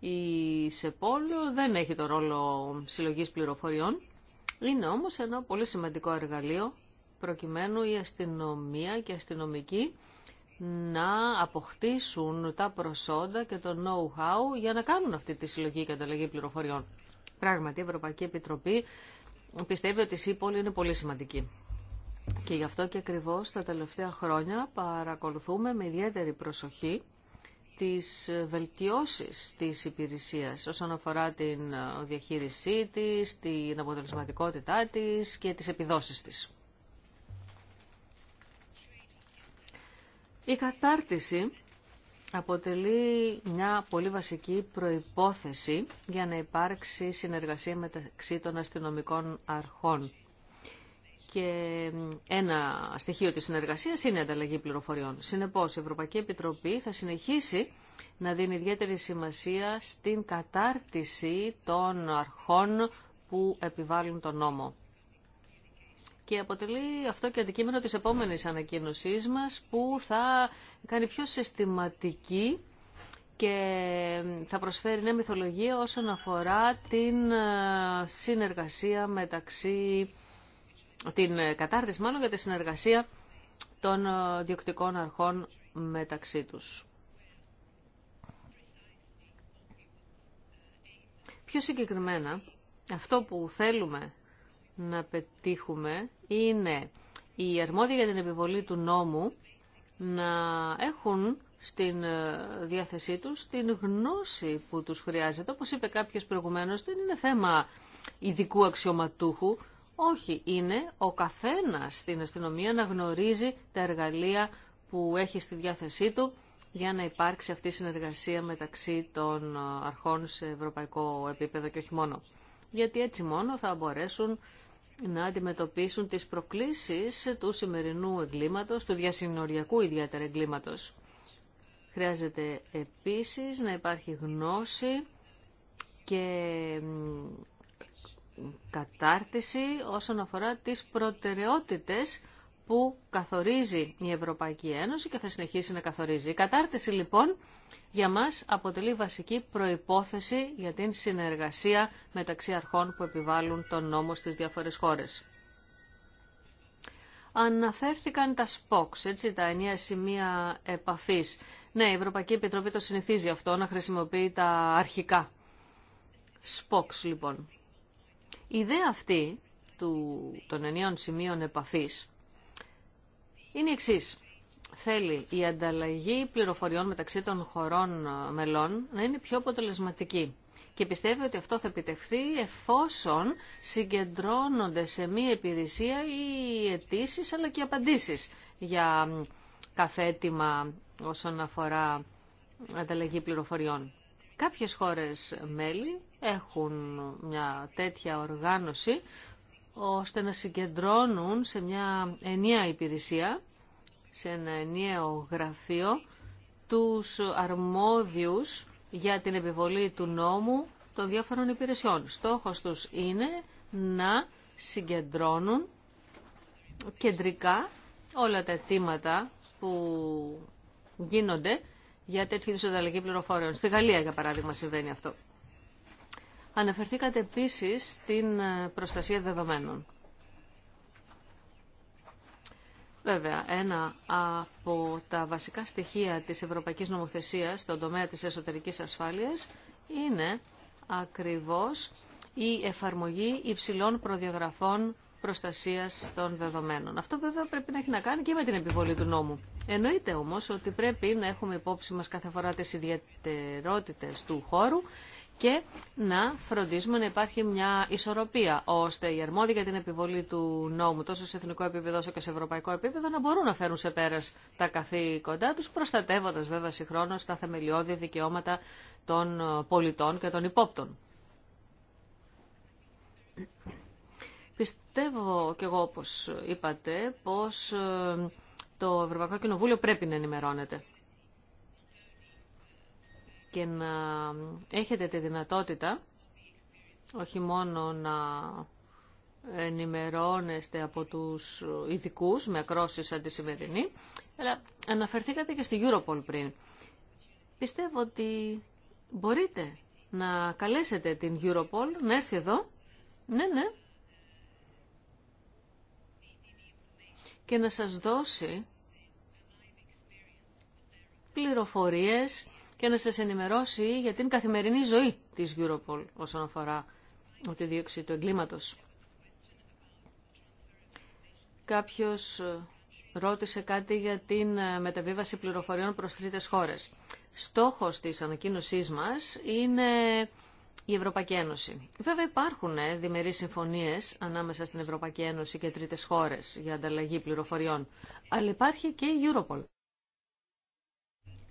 Η ΣΕΠΟΛ δεν έχει το ρόλο συλλογής πληροφοριών, είναι όμως ένα πολύ σημαντικό εργαλείο προκειμένου η αστυνομία και οι αστυνομικοί να αποκτήσουν τα προσόντα και το know-how για να κάνουν αυτή τη συλλογή και ανταλλαγή πληροφοριών. Πράγματι, η Ευρωπαϊκή Επιτροπή πιστεύει ότι η ΣΥΠΟΛ είναι πολύ σημαντική. Και γι' αυτό και ακριβώς τα τελευταία χρόνια παρακολουθούμε με ιδιαίτερη προσοχή τις βελτιώσεις της υπηρεσίας όσον αφορά την ε, διαχείρισή της, την αποτελεσματικότητά της και τις επιδόσεις της. Η κατάρτιση αποτελεί μια πολύ βασική προϋπόθεση για να υπάρξει συνεργασία μεταξύ των αστυνομικών αρχών και ένα στοιχείο της συνεργασίας είναι η ανταλλαγή πληροφοριών. Συνεπώς, η Ευρωπαϊκή Επιτροπή θα συνεχίσει να δίνει ιδιαίτερη σημασία στην κατάρτιση των αρχών που επιβάλλουν τον νόμο. Και αποτελεί αυτό και αντικείμενο της επόμενης ανακοίνωσής μας που θα κάνει πιο συστηματική και θα προσφέρει νέα μυθολογία όσον αφορά την ε, συνεργασία μεταξύ την ε, κατάρτιση μάλλον για τη συνεργασία των ε, διοκτικών αρχών μεταξύ τους. Πιο συγκεκριμένα, αυτό που θέλουμε να πετύχουμε είναι οι αρμόδιοι για την επιβολή του νόμου να έχουν στην ε, διάθεσή τους την γνώση που τους χρειάζεται. Όπως είπε κάποιος προηγουμένως, δεν είναι θέμα ειδικού αξιωματούχου, όχι, είναι ο καθένας στην αστυνομία να γνωρίζει τα εργαλεία που έχει στη διάθεσή του για να υπάρξει αυτή η συνεργασία μεταξύ των ε, αρχών σε ευρωπαϊκό επίπεδο και όχι μόνο. Γιατί έτσι μόνο θα μπορέσουν να αντιμετωπίσουν τις προκλήσεις του σημερινού εγκλήματος, του διασυνοριακού ιδιαίτερα εγκλήματος. Χρειάζεται επίσης να υπάρχει γνώση και κατάρτιση όσον αφορά τις προτεραιότητες που καθορίζει η Ευρωπαϊκή Ένωση και θα συνεχίσει να καθορίζει. Η κατάρτιση λοιπόν για μας αποτελεί βασική προϋπόθεση για την συνεργασία μεταξύ αρχών που επιβάλλουν τον νόμο στις διάφορες χώρες. Αναφέρθηκαν τα SPOX, έτσι, τα ενιαία σημεία επαφής. Ναι, η Ευρωπαϊκή Επιτροπή το συνηθίζει αυτό, να χρησιμοποιεί τα αρχικά. SPOX λοιπόν. Η ιδέα αυτή του, των ενιών σημείων επαφής είναι η εξής. Θέλει η ανταλλαγή πληροφοριών μεταξύ των χωρών ε, μελών να είναι πιο αποτελεσματική. Και πιστεύει ότι αυτό θα επιτευχθεί εφόσον συγκεντρώνονται σε μία υπηρεσία οι αιτήσει αλλά και οι απαντήσεις για κάθε αίτημα όσον αφορά ανταλλαγή πληροφοριών. Κάποιες χώρες μέλη έχουν μια τέτοια οργάνωση ώστε να συγκεντρώνουν σε μια ενιαία υπηρεσία, σε ένα ενιαίο γραφείο, τους αρμόδιους για την επιβολή του νόμου των διάφορων υπηρεσιών. Στόχος τους είναι να συγκεντρώνουν κεντρικά όλα τα αιτήματα που γίνονται για τέτοιου είδους ανταλλαγή πληροφοριών. Στη Γαλλία, για παράδειγμα, συμβαίνει αυτό. Αναφερθήκατε επίσης στην ε, προστασία δεδομένων. Βέβαια, ένα από τα βασικά στοιχεία της Ευρωπαϊκής Νομοθεσίας στον τομέα της εσωτερικής ασφάλειας είναι ακριβώς η εφαρμογή υψηλών προδιογραφών προστασίας των δεδομένων. Αυτό βέβαια πρέπει να έχει να κάνει και με την επιβολή του νόμου. Εννοείται όμως ότι πρέπει να έχουμε υπόψη μας κάθε φορά τις ιδιαιτερότητες του χώρου και να φροντίζουμε να υπάρχει μια ισορροπία, ώστε οι αρμόδιοι για την επιβολή του νόμου, τόσο σε εθνικό επίπεδο όσο και σε ευρωπαϊκό επίπεδο, να μπορούν να φέρουν σε πέρα τα καθήκοντά του, προστατεύοντα βέβαια συγχρόνω τα θεμελιώδη δικαιώματα των πολιτών και των υπόπτων. Πιστεύω κι εγώ, όπως είπατε, πως ε, το Ευρωπαϊκό Κοινοβούλιο πρέπει να ενημερώνεται και να έχετε τη δυνατότητα όχι μόνο να ενημερώνεστε από τους ειδικού με ακρόσεις σαν τη σημερινή, αλλά αναφερθήκατε και στη Europol πριν. Πιστεύω ότι μπορείτε να καλέσετε την Europol να έρθει εδώ. Ναι, ναι. Και να σας δώσει πληροφορίες και να σας ενημερώσει για την καθημερινή ζωή της Europol όσον αφορά τη δίωξη του εγκλήματος. Κάποιος ε, ρώτησε κάτι για την ε, μεταβίβαση πληροφοριών προς τρίτες χώρες. Στόχος της ανακοίνωσής μας είναι η Ευρωπαϊκή Ένωση. Βέβαια υπάρχουν ε, διμερείς συμφωνίες ανάμεσα στην Ευρωπαϊκή Ένωση και τρίτες χώρες για ανταλλαγή πληροφοριών, αλλά υπάρχει και η Europol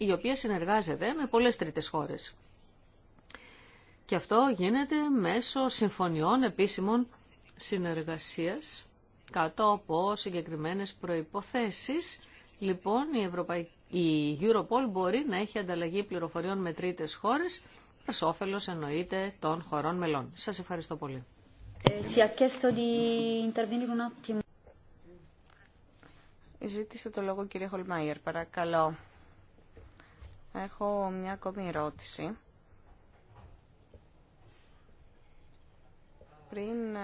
η οποία συνεργάζεται με πολλές τρίτες χώρες. Και αυτό γίνεται μέσω συμφωνιών επίσημων συνεργασίας κάτω από συγκεκριμένες προϋποθέσεις. Λοιπόν, η, η Europol μπορεί να έχει ανταλλαγή πληροφοριών με τρίτες χώρες προς όφελος εννοείται των χωρών μελών. Σας ευχαριστώ πολύ. Ε, Ζήτησε το λόγο κύριε Χολμάιερ, παρακαλώ. Έχω μια ακόμη ερώτηση. Πριν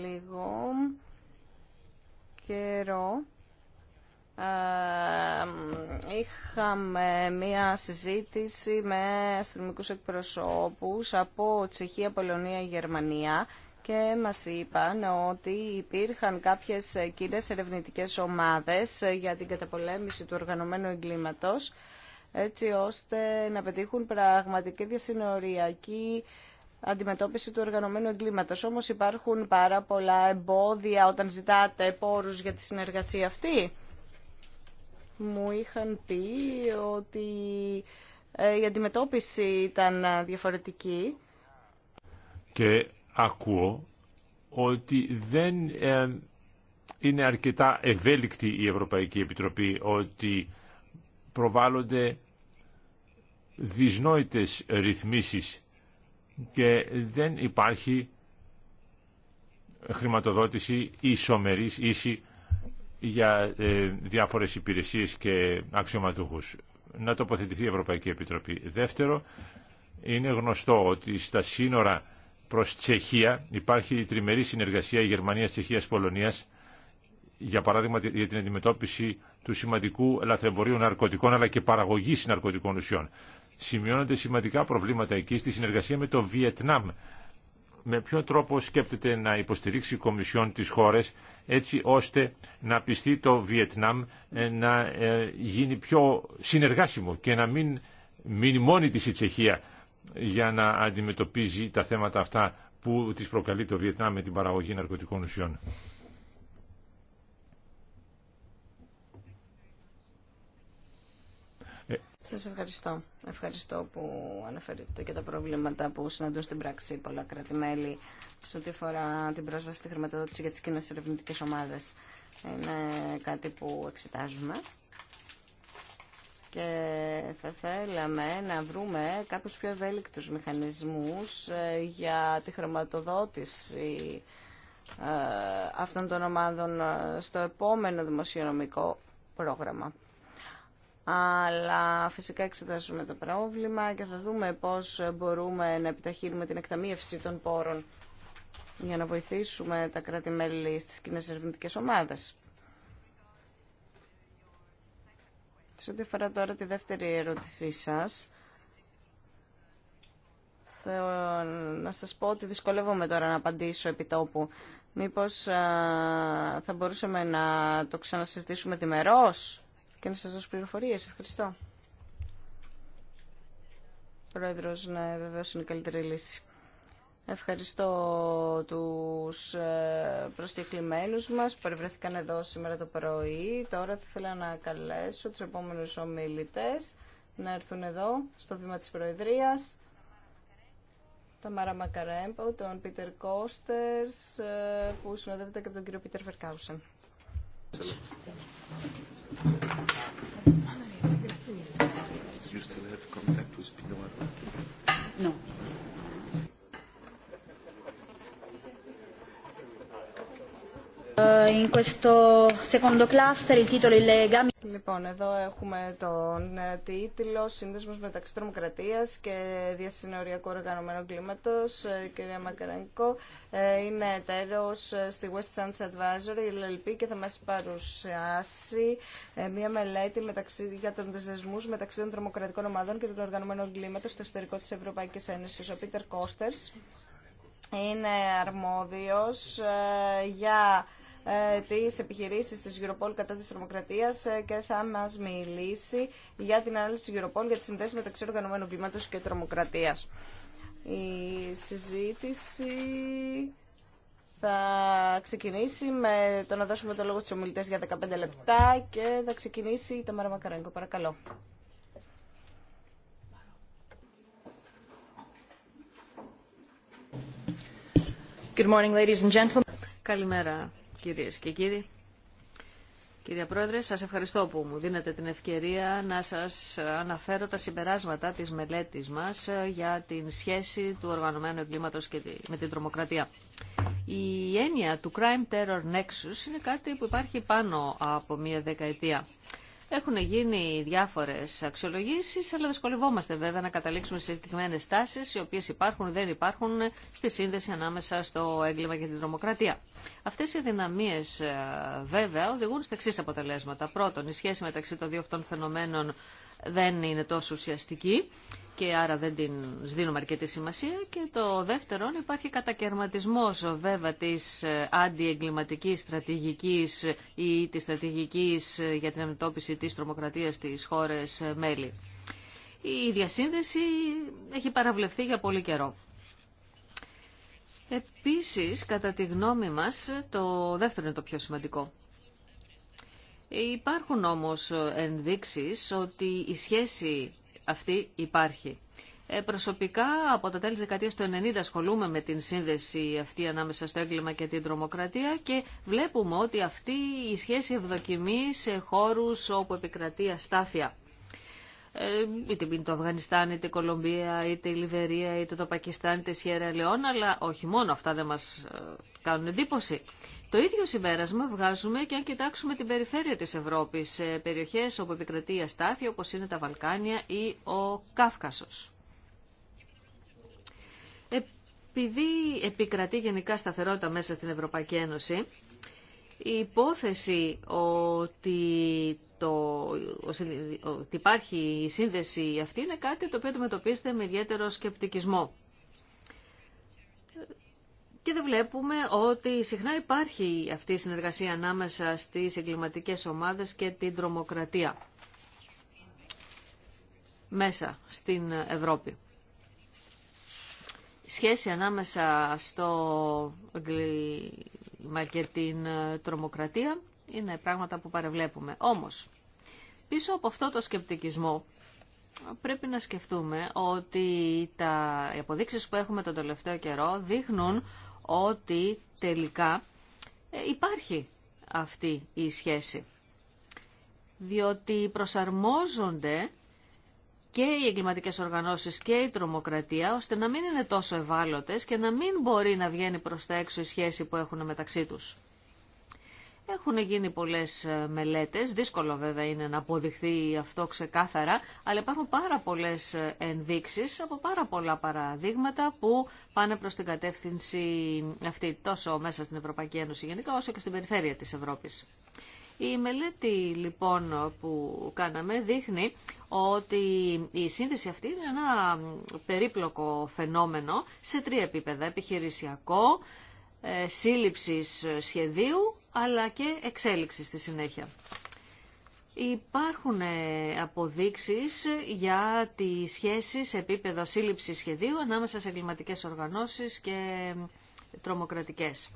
λίγο καιρό είχαμε μία συζήτηση με αστυνομικούς εκπροσώπους από Τσεχία, Πολωνία, Γερμανία και μας είπαν ότι υπήρχαν κάποιες κοινές ερευνητικές ομάδες για την καταπολέμηση του οργανωμένου εγκλήματος έτσι ώστε να πετύχουν πραγματική διασυνοριακή αντιμετώπιση του οργανωμένου εγκλήματος. Όμως υπάρχουν πάρα πολλά εμπόδια όταν ζητάτε πόρους για τη συνεργασία αυτή. Μου είχαν πει ότι ε, η αντιμετώπιση ήταν διαφορετική. Και ακούω ότι δεν ε, είναι αρκετά ευέλικτη η Ευρωπαϊκή Επιτροπή ότι προβάλλονται δυσνόητες ρυθμίσεις και δεν υπάρχει χρηματοδότηση ισομερής ίση για ε, διάφορες υπηρεσίες και αξιωματούχους. Να τοποθετηθεί η Ευρωπαϊκή Επιτροπή. Δεύτερο, είναι γνωστό ότι στα σύνορα προς Τσεχία υπάρχει η τριμερή συνεργασία Γερμανίας, Τσεχίας, Πολωνίας για παράδειγμα για την αντιμετώπιση του σημαντικού λαθρεμπορίου ναρκωτικών αλλά και παραγωγή ναρκωτικών ουσιών. Σημειώνονται σημαντικά προβλήματα εκεί στη συνεργασία με το Βιετνάμ. Με ποιο τρόπο σκέπτεται να υποστηρίξει η Κομισιόν τι χώρε, έτσι ώστε να πιστεί το Βιετνάμ ε, να ε, γίνει πιο συνεργάσιμο και να μην μείνει μόνη της η Τσεχία για να αντιμετωπίζει τα θέματα αυτά που της προκαλεί το Βιετνάμ με την παραγωγή ναρκωτικών ουσιών. Σας ευχαριστώ. Ευχαριστώ που αναφέρετε και τα προβλήματα που συναντούν στην πράξη πολλά κράτη-μέλη σε ό,τι αφορά την πρόσβαση στη χρηματοδότηση για τις κοινέ ερευνητικέ ομάδες. Είναι κάτι που εξετάζουμε και θα θέλαμε να βρούμε κάποιους πιο ευέλικτους μηχανισμούς ε, για τη χρηματοδότηση ε, αυτών των ομάδων ε, στο επόμενο δημοσιονομικό πρόγραμμα αλλά φυσικά εξετάζουμε το πρόβλημα και θα δούμε πώς μπορούμε να επιταχύνουμε την εκταμείευση των πόρων για να βοηθήσουμε τα κράτη-μέλη στις κοινές ερευνητικές ομάδες. Σε ό,τι αφορά τώρα τη δεύτερη ερώτησή σας, Θέλω να σας πω ότι δυσκολεύομαι τώρα να απαντήσω επί τόπου. Μήπως θα μπορούσαμε να το ξανασυζητήσουμε διμερώς και να σας δώσω πληροφορίες. Ευχαριστώ. Πρόεδρος, ναι, βεβαίω είναι η καλύτερη λύση. Ευχαριστώ τους ε, προσκεκλημένους μας που παρευρέθηκαν εδώ σήμερα το πρωί. Τώρα θα ήθελα να καλέσω τους επόμενους ομιλητές να έρθουν εδώ στο βήμα της Προεδρίας. Τα Μάρα Μακαρέμπο, τον Πίτερ Κώστερς ε, που συνοδεύεται και από τον κύριο Πίτερ Φερκάουσεν. No. Ε, λοιπόν, εδώ έχουμε τον ε, τίτλο Σύνδεσμο μεταξύ τρομοκρατία και διασυνοριακού οργανωμένου κλίματο. Ε, κυρία Μακαρένκο, είναι εταίρο στη West Sands Advisory, η LLP, και θα μα παρουσιάσει μία μελέτη μεταξύ, για τον δεσμού μεταξύ των τρομοκρατικών ομάδων και των οργανωμένων κλίματο στο εσωτερικό τη Ευρωπαϊκή Ένωση. Ο Πίτερ Κώστερ είναι αρμόδιο για ε, τη επιχειρήσεις της Europol κατά της τρομοκρατίας ε, και θα μας μιλήσει για την ανάλυση της Europol για τη συνδέσεις μεταξύ οργανωμένου κλίματος και τρομοκρατίας. Η συζήτηση θα ξεκινήσει με το να δώσουμε το λόγο στους ομιλητές για 15 λεπτά και θα ξεκινήσει η Ταμάρα Μακαρέγκο. Παρακαλώ. Good morning, ladies and gentlemen. Καλημέρα κυρίες και κύριοι. Κύριε Πρόεδρε, σας ευχαριστώ που μου δίνετε την ευκαιρία να σας αναφέρω τα συμπεράσματα της μελέτης μας για την σχέση του οργανωμένου εγκλήματος και με την τρομοκρατία. Η έννοια του Crime Terror Nexus είναι κάτι που υπάρχει πάνω από μία δεκαετία. Έχουν γίνει διάφορες αξιολογήσεις, αλλά δυσκολευόμαστε βέβαια να καταλήξουμε σε συγκεκριμένε τάσει, οι οποίες υπάρχουν, δεν υπάρχουν, στη σύνδεση ανάμεσα στο έγκλημα και την τρομοκρατία. Αυτές οι δυναμίε ε, βέβαια οδηγούν στα εξή αποτελέσματα. Πρώτον, η σχέση μεταξύ των δύο αυτών φαινομένων δεν είναι τόσο ουσιαστική και άρα δεν την δίνουμε αρκετή σημασία. Και το δεύτερο, υπάρχει κατακαιρματισμός βέβαια της ε, αντιεγκληματικής στρατηγικής ή της στρατηγικής ε, για την αντιμετώπιση της τρομοκρατίας στις χώρες ε, μέλη. Η διασύνδεση έχει παραβλεφθεί για πολύ καιρό. Επίσης, κατά τη γνώμη μας, το δεύτερο είναι το πιο σημαντικό. Υπάρχουν όμως ενδείξεις ότι η σχέση αυτή υπάρχει. Ε, προσωπικά από τα τέλη της δεκαετίας του 90 ασχολούμαι με την σύνδεση αυτή ανάμεσα στο έγκλημα και την τρομοκρατία και βλέπουμε ότι αυτή η σχέση ευδοκιμεί σε χώρους όπου επικρατεί αστάθεια. Ε, είτε είναι το Αφγανιστάν, είτε η Κολομπία, είτε η Λιβερία, είτε το Πακιστάν, είτε η Σιέρα Λεόν, αλλά όχι μόνο αυτά δεν μας ε, κάνουν εντύπωση. Το ίδιο συμπέρασμα βγάζουμε και αν κοιτάξουμε την περιφέρεια της Ευρώπης, σε περιοχές όπου επικρατεί η αστάθεια, όπως είναι τα Βαλκάνια ή ο Κάφκασος. Επειδή επικρατεί γενικά σταθερότητα μέσα στην Ευρωπαϊκή Ένωση, η υπόθεση ότι, το, ότι υπάρχει η σύνδεση αυτή είναι κάτι το υπαρχει η συνδεση αυτη αντιμετωπίζεται με ιδιαίτερο σκεπτικισμό και δεν βλέπουμε ότι συχνά υπάρχει αυτή η συνεργασία ανάμεσα στις εγκληματικέ ομάδες και την τρομοκρατία μέσα στην Ευρώπη. Σχέση ανάμεσα στο εγκλήμα και την τρομοκρατία είναι πράγματα που παρεβλέπουμε. Όμως, πίσω από αυτό το σκεπτικισμό πρέπει να σκεφτούμε ότι τα, οι αποδείξεις που έχουμε τον τελευταίο καιρό δείχνουν ότι τελικά ε, υπάρχει αυτή η σχέση. Διότι προσαρμόζονται και οι εγκληματικές οργανώσεις και η τρομοκρατία, ώστε να μην είναι τόσο ευάλωτες και να μην μπορεί να βγαίνει προς τα έξω η σχέση που έχουν μεταξύ τους. Έχουν γίνει πολλές ε, μελέτες, δύσκολο βέβαια είναι να αποδειχθεί αυτό ξεκάθαρα, αλλά υπάρχουν πάρα πολλές ε, ενδείξεις από πάρα πολλά παραδείγματα που πάνε προς την κατεύθυνση αυτή τόσο μέσα στην Ευρωπαϊκή Ένωση γενικά όσο και στην περιφέρεια της Ευρώπης. Η μελέτη λοιπόν που κάναμε δείχνει ότι η σύνδεση αυτή είναι ένα περίπλοκο φαινόμενο σε τρία επίπεδα, επιχειρησιακό, ε, σύλληψης σχεδίου αλλά και εξέλιξη στη συνέχεια. Υπάρχουν ε, αποδείξεις για τη σχέση σε επίπεδο σύλληψης σχεδίου ανάμεσα σε εγκληματικές οργανώσεις και τρομοκρατικές.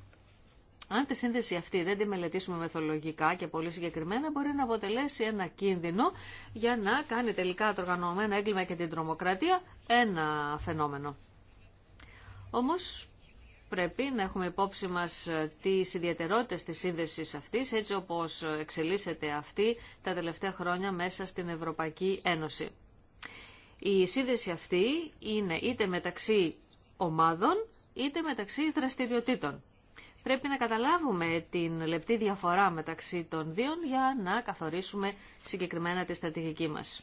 Αν τη σύνδεση αυτή δεν τη μελετήσουμε μεθολογικά και πολύ συγκεκριμένα, μπορεί να αποτελέσει ένα κίνδυνο για να κάνει τελικά το οργανωμένο έγκλημα και την τρομοκρατία ένα φαινόμενο. Όμως πρέπει να έχουμε υπόψη μας ε, τις ιδιαιτερότητες της σύνδεσης αυτής, έτσι όπως εξελίσσεται αυτή τα τελευταία χρόνια μέσα στην Ευρωπαϊκή Ένωση. Η σύνδεση αυτή είναι είτε μεταξύ ομάδων, είτε μεταξύ δραστηριοτήτων. Πρέπει να καταλάβουμε την λεπτή διαφορά μεταξύ των δύο για να καθορίσουμε συγκεκριμένα τη στρατηγική μας.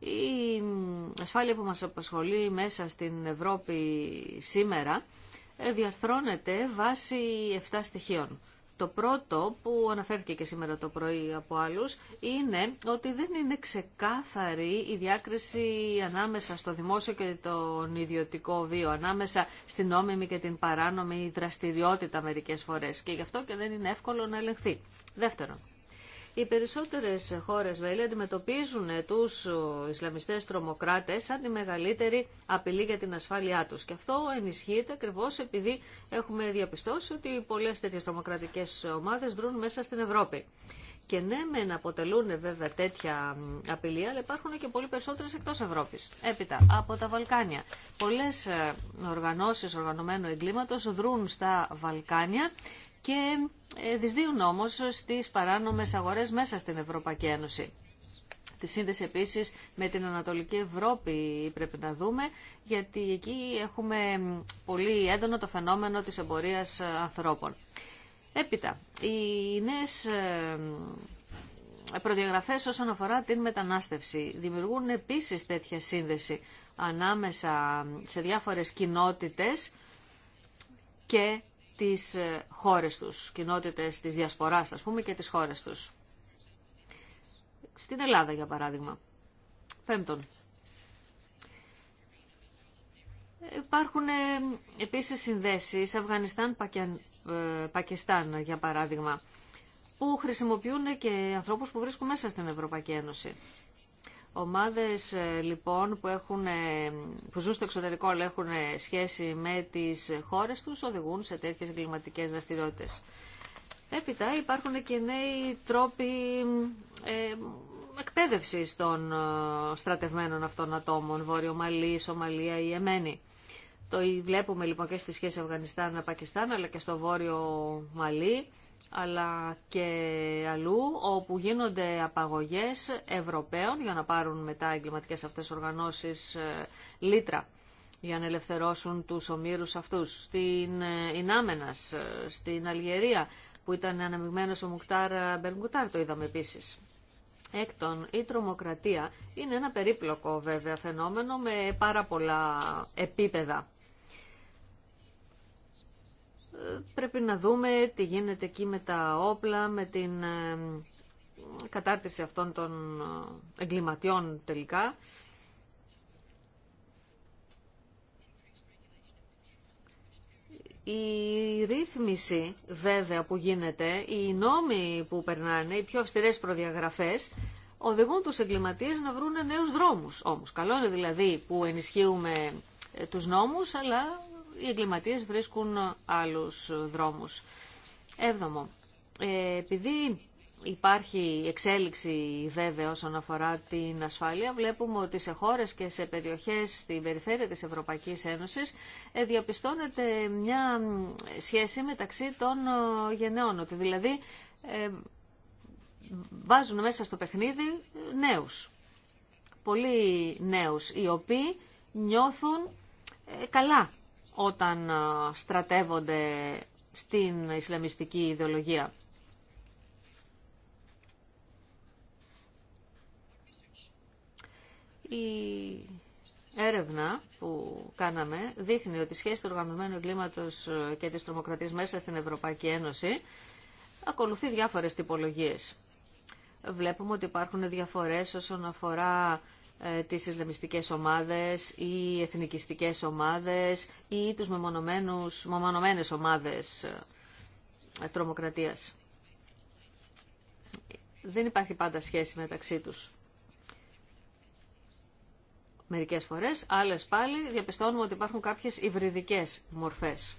Η ασφάλεια που μας απασχολεί μέσα στην Ευρώπη σήμερα διαρθρώνεται βάσει 7 στοιχείων. Το πρώτο που αναφέρθηκε και σήμερα το πρωί από άλλους είναι ότι δεν είναι ξεκάθαρη η διάκριση ανάμεσα στο δημόσιο και τον ιδιωτικό βίο, ανάμεσα στην νόμιμη και την παράνομη δραστηριότητα μερικές φορές και γι' αυτό και δεν είναι εύκολο να ελεγχθεί. Δεύτερον, οι περισσότερες χώρες βέβαια αντιμετωπίζουν τους Ισλαμιστές τρομοκράτες σαν τη μεγαλύτερη απειλή για την ασφάλειά τους. Και αυτό ενισχύεται ακριβώ επειδή έχουμε διαπιστώσει ότι πολλές τέτοιες τρομοκρατικές ομάδες δρούν μέσα στην Ευρώπη. Και ναι, μεν αποτελούν βέβαια τέτοια απειλή, αλλά υπάρχουν και πολύ περισσότερε εκτό Ευρώπη. Έπειτα, από τα Βαλκάνια. Πολλέ οργανώσει οργανωμένου εγκλήματο δρούν στα Βαλκάνια και ε, δυσδύουν όμω στι παράνομες αγορές μέσα στην Ευρωπαϊκή Ένωση. Τη σύνδεση επίσης με την Ανατολική Ευρώπη πρέπει να δούμε, γιατί εκεί έχουμε πολύ έντονο το φαινόμενο της εμπορίας ε, ανθρώπων. Έπειτα, οι νέες ε, προδιαγραφέ όσον αφορά την μετανάστευση δημιουργούν επίση τέτοια σύνδεση ανάμεσα σε διάφορες κοινότητε και τις ε, χώρες τους, κοινότητες της διασποράς ας πούμε και τις χώρες τους. Στην Ελλάδα για παράδειγμα. Πέμπτον. Υπάρχουν ε, επίσης συνδέσεις Αφγανιστάν, ε, Πακιστάν για παράδειγμα που χρησιμοποιούν και ανθρώπους που βρίσκουν μέσα στην Ευρωπαϊκή Ένωση. Ομάδες ε, λοιπόν που, έχουν, ε, που ζουν στο εξωτερικό αλλά έχουν ε, σχέση με τις χώρες τους οδηγούν σε τέτοιες εγκληματικέ δραστηριότητε. Έπειτα υπάρχουν και νέοι τρόποι ε, εκπαίδευση των στρατευμένων αυτών ατόμων, Βόρειο Μαλή, Σομαλία ή Εμένη. Το βλέπουμε λοιπόν και στη σχέση Αφγανιστάν-Πακιστάν αλλά και στο Βόρειο Μαλή αλλά και αλλού όπου γίνονται απαγωγές Ευρωπαίων για να πάρουν μετά εγκληματικές αυτές οργανώσεις ε, λίτρα για να ελευθερώσουν τους ομήρους αυτούς. Στην Ινάμενας, ε, στην Αλγερία που ήταν αναμειγμένος ο Μουκτάρ ε, Μπερνγκουτάρ το είδαμε επίσης. Έκτον, η τρομοκρατία είναι ένα περίπλοκο βέβαια φαινόμενο με πάρα πολλά επίπεδα πρέπει να δούμε τι γίνεται εκεί με τα όπλα, με την ε, κατάρτιση αυτών των ε, εγκληματιών τελικά. Η ρύθμιση βέβαια που γίνεται, οι νόμοι που περνάνε, οι πιο αυστηρές προδιαγραφές, οδηγούν τους εγκληματίες να βρουν νέους δρόμους όμως. Καλό είναι δηλαδή που ενισχύουμε ε, τους νόμους, αλλά οι εγκληματίες βρίσκουν άλλους δρόμους. Έβδομο, ε, επειδή υπάρχει εξέλιξη βέβαια όσον αφορά την ασφάλεια, βλέπουμε ότι σε χώρες και σε περιοχές στην περιφέρεια της Ευρωπαϊκής Ένωσης ε, διαπιστώνεται μια σχέση μεταξύ των ε, γενναιών, ότι δηλαδή βάζουν μέσα στο παιχνίδι νέους, πολύ νέους, οι οποίοι νιώθουν καλά όταν στρατεύονται στην Ισλαμιστική ιδεολογία. Η έρευνα που κάναμε δείχνει ότι η σχέση του οργανωμένου εγκλήματος και της τρομοκρατίας μέσα στην Ευρωπαϊκή Ένωση ακολουθεί διάφορες τυπολογίες. Βλέπουμε ότι υπάρχουν διαφορές όσον αφορά ε, τις Ισλαμιστικές ομάδες ή εθνικιστικές ομάδες ή τους μεμονωμένους, μεμονωμένες ομάδες ε, τρομοκρατίας. Δεν υπάρχει πάντα σχέση μεταξύ τους. Μερικές φορές, άλλες πάλι διαπιστώνουμε ότι υπάρχουν κάποιες υβριδικές μορφές.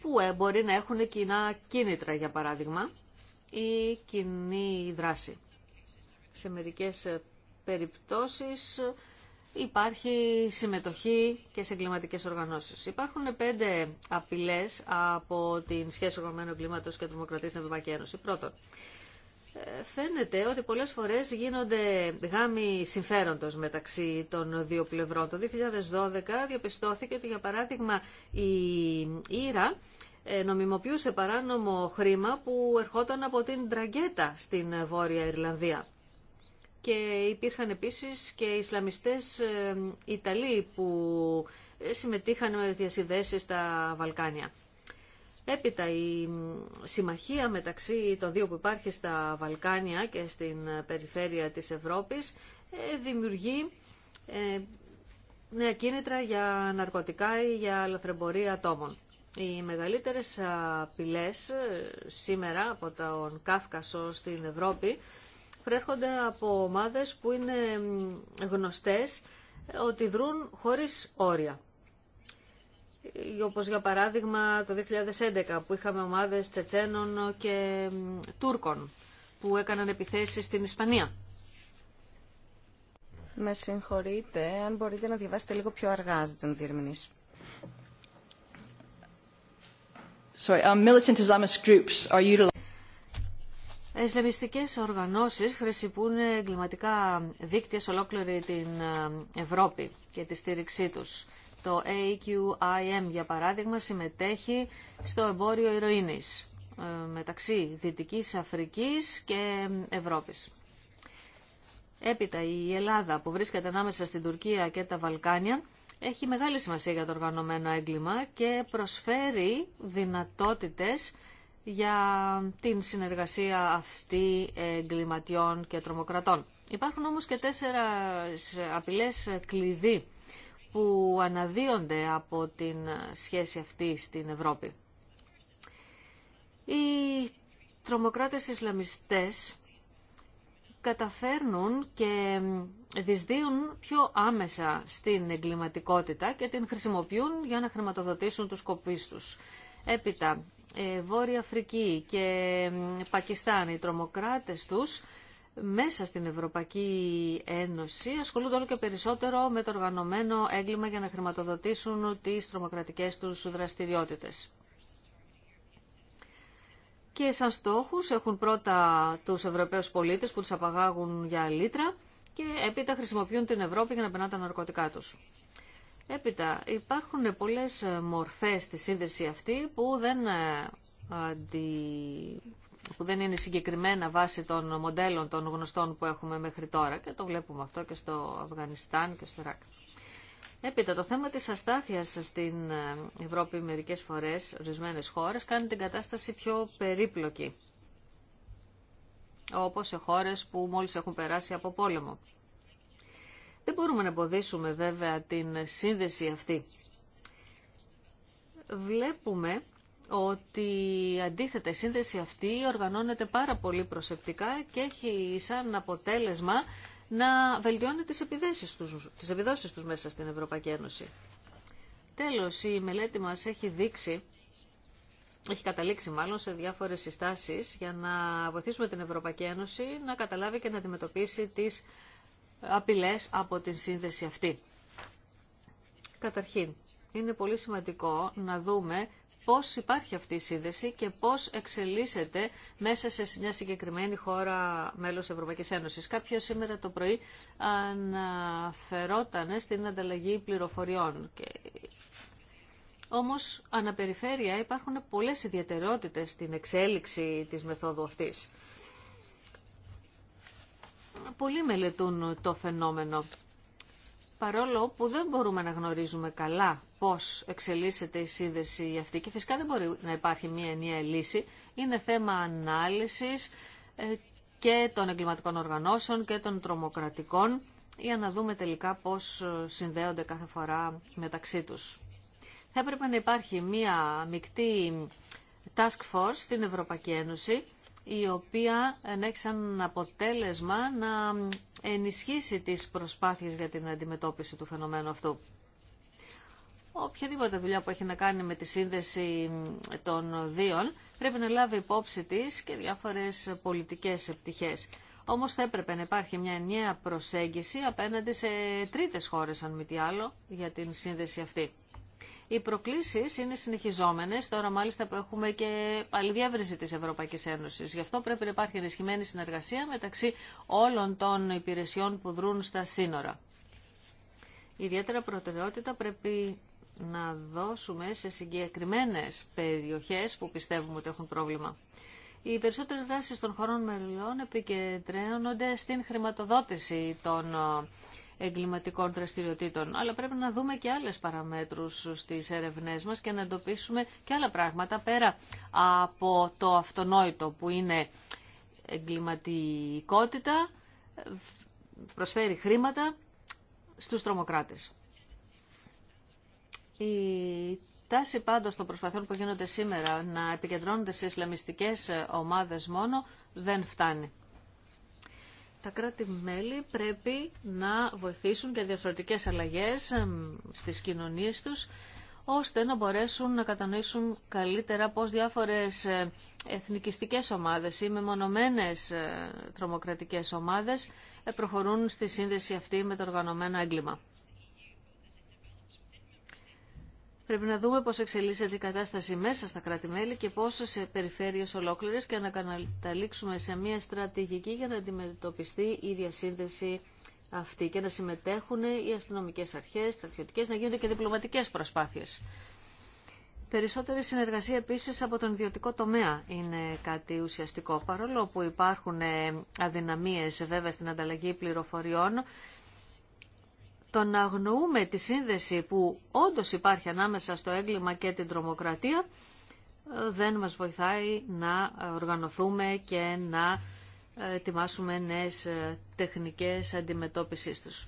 Που ε, μπορεί να έχουν κοινά κίνητρα, για παράδειγμα, ή κοινή δράση. Σε μερικές περιπτώσεις υπάρχει συμμετοχή και σε εγκληματικές οργανώσεις. Υπάρχουν πέντε απειλές από την σχέση οργανωμένου εγκλήματος και τρομοκρατίας στην Ευρωπαϊκή Ένωση. Πρώτον, ε, φαίνεται ότι πολλές φορές γίνονται γάμοι συμφέροντος μεταξύ των δύο πλευρών. Το 2012 διαπιστώθηκε ότι, για παράδειγμα, η Ήρα ε, νομιμοποιούσε παράνομο χρήμα που ερχόταν από την Τραγκέτα στην Βόρεια Ιρλανδία. Και υπήρχαν επίσης και Ισλαμιστές ε, Ιταλοί που ε, συμμετείχαν με διασυνδέσεις στα Βαλκάνια. Έπειτα η συμμαχία μεταξύ των δύο που υπάρχει στα Βαλκάνια και στην περιφέρεια της Ευρώπης δημιουργεί νέα κίνητρα για ναρκωτικά ή για λαθρεμπορία ατόμων. Οι μεγαλύτερες απειλές ε, σήμερα από τον Κάφκασο στην Ευρώπη προέρχονται από ομάδες που είναι γνωστές ε, ότι δρούν χωρίς όρια. Ε, όπως για παράδειγμα το 2011 που είχαμε ομάδες Τσετσένων και Τούρκων που έκαναν επιθέσεις στην Ισπανία. Με συγχωρείτε, αν μπορείτε να διαβάσετε λίγο πιο αργά, τον διερμηνείς. Οι um, militant Islamist οργανώσεις χρησιμοποιούν εγκληματικά δίκτυα σε ολόκληρη την ε, Ευρώπη και τη στήριξή τους. Το AQIM, για παράδειγμα, συμμετέχει στο εμπόριο ηρωίνης ε, μεταξύ Δυτικής Αφρικής και Ευρώπης. Έπειτα η Ελλάδα που βρίσκεται ανάμεσα στην Τουρκία και τα Βαλκάνια έχει μεγάλη σημασία για το οργανωμένο έγκλημα και προσφέρει δυνατότητες για την συνεργασία αυτή εγκληματιών και τρομοκρατών. Υπάρχουν όμως και τέσσερα απειλές κλειδί που αναδύονται από την σχέση αυτή στην Ευρώπη. Οι τρομοκράτες Ισλαμιστές καταφέρνουν και δυσδύουν πιο άμεσα στην εγκληματικότητα και την χρησιμοποιούν για να χρηματοδοτήσουν τους σκοπείς τους. Έπειτα, ε, Βόρεια Αφρική και Πακιστάν, οι τρομοκράτες τους, μέσα στην Ευρωπαϊκή Ένωση ασχολούνται όλο και περισσότερο με το οργανωμένο έγκλημα για να χρηματοδοτήσουν τις τρομοκρατικές τους δραστηριότητες και σαν στόχους έχουν πρώτα τους Ευρωπαίους πολίτες που του απαγάγουν για λίτρα και έπειτα χρησιμοποιούν την Ευρώπη για να περνά τα ναρκωτικά τους. Έπειτα υπάρχουν πολλέ μορφές στη σύνδεση αυτή που δεν, ε, που δεν είναι συγκεκριμένα βάσει των μοντέλων των γνωστών που έχουμε μέχρι τώρα και το βλέπουμε αυτό και στο Αφγανιστάν και στο Ράκ. Έπειτα το θέμα της αστάθειας στην ε, Ευρώπη μερικές φορές, ορισμένε χώρες, κάνει την κατάσταση πιο περίπλοκη. Όπως σε χώρες που μόλις έχουν περάσει από πόλεμο. Δεν μπορούμε να εμποδίσουμε βέβαια την σύνδεση αυτή. Βλέπουμε ότι αντίθετα η σύνδεση αυτή οργανώνεται πάρα πολύ προσεκτικά και έχει σαν αποτέλεσμα να βελτιώνει τις, επιδόσεις τους, τις επιδόσεις τους μέσα στην Ευρωπαϊκή Ένωση. Τέλος, η μελέτη μας έχει δείξει, έχει καταλήξει μάλλον σε διάφορες συστάσεις για να βοηθήσουμε την Ευρωπαϊκή Ένωση να καταλάβει και να αντιμετωπίσει τις απειλές από την σύνδεση αυτή. Καταρχήν, είναι πολύ σημαντικό να δούμε πώς υπάρχει αυτή η σύνδεση και πώς εξελίσσεται μέσα σε μια συγκεκριμένη χώρα μέλος Ευρωπαϊκής Ένωσης. Κάποιος σήμερα το πρωί αναφερόταν στην ανταλλαγή πληροφοριών. Και... Όμως αναπεριφέρεια υπάρχουν πολλές ιδιαιτερότητες στην εξέλιξη της μεθόδου αυτής. Πολλοί μελετούν το φαινόμενο παρόλο που δεν μπορούμε να γνωρίζουμε καλά πώς εξελίσσεται η σύνδεση αυτή και φυσικά δεν μπορεί να υπάρχει μία ενιαία λύση, είναι θέμα ανάλυσης ε, και των εγκληματικών οργανώσεων και των τρομοκρατικών για να δούμε τελικά πώς ε, συνδέονται κάθε φορά μεταξύ τους. Θα έπρεπε να υπάρχει μία μεικτή task force στην Ευρωπαϊκή Ένωση η οποία να έχει σαν αποτέλεσμα να ενισχύσει τις προσπάθειες για την αντιμετώπιση του φαινομένου αυτού. Οποιαδήποτε δουλειά που έχει να κάνει με τη σύνδεση των δύο πρέπει να λάβει υπόψη τη και διάφορες πολιτικές επιτυχίες. Όμως θα έπρεπε να υπάρχει μια νέα προσέγγιση απέναντι σε τρίτες χώρες, αν μη τι άλλο, για την σύνδεση αυτή. Οι προκλήσεις είναι συνεχιζόμενες, τώρα μάλιστα που έχουμε και διεύρυνση της Ευρωπαϊκής Ένωσης. Γι' αυτό πρέπει να υπάρχει ενισχυμένη συνεργασία μεταξύ όλων των υπηρεσιών που δρούν στα σύνορα. Ιδιαίτερα προτεραιότητα πρέπει να δώσουμε σε συγκεκριμένε περιοχές που πιστεύουμε ότι έχουν πρόβλημα. Οι περισσότερε δράσει των χωρών μελών επικεντρώνονται στην χρηματοδότηση των εγκληματικών δραστηριοτήτων. Αλλά πρέπει να δούμε και άλλες παραμέτρους στις ερευνές μας και να εντοπίσουμε και άλλα πράγματα πέρα από το αυτονόητο που είναι εγκληματικότητα, προσφέρει χρήματα στους τρομοκράτες. Η τάση πάντως των προσπαθών που γίνονται σήμερα να επικεντρώνονται σε ισλαμιστικές ομάδες μόνο δεν φτάνει τα κράτη-μέλη πρέπει να βοηθήσουν για διαφορετικές αλλαγές στις κοινωνίες τους, ώστε να μπορέσουν να κατανοήσουν καλύτερα πώς διάφορες ε, εθνικιστικές ομάδες ή μεμονωμένες ε, τρομοκρατικές ομάδες ε, προχωρούν στη σύνδεση αυτή με το οργανωμένο έγκλημα. Πρέπει να δούμε πώς εξελίσσεται η κατάσταση μέσα στα κράτη-μέλη και πόσο σε περιφέρειες ολόκληρες και να καταλήξουμε σε μια στρατηγική για να αντιμετωπιστεί η διασύνδεση αυτή και να συμμετέχουν οι αστυνομικές αρχές, στρατιωτικές, να γίνονται και διπλωματικές προσπάθειες. Περισσότερη συνεργασία επίσης από τον ιδιωτικό τομέα είναι κάτι ουσιαστικό. Παρόλο που υπάρχουν αδυναμίες βέβαια στην ανταλλαγή πληροφοριών, το να αγνοούμε τη σύνδεση που όντως υπάρχει ανάμεσα στο έγκλημα και την τρομοκρατία ε, δεν μας βοηθάει να οργανωθούμε και να ε, ετοιμάσουμε νέες ε, τεχνικές αντιμετώπισης τους.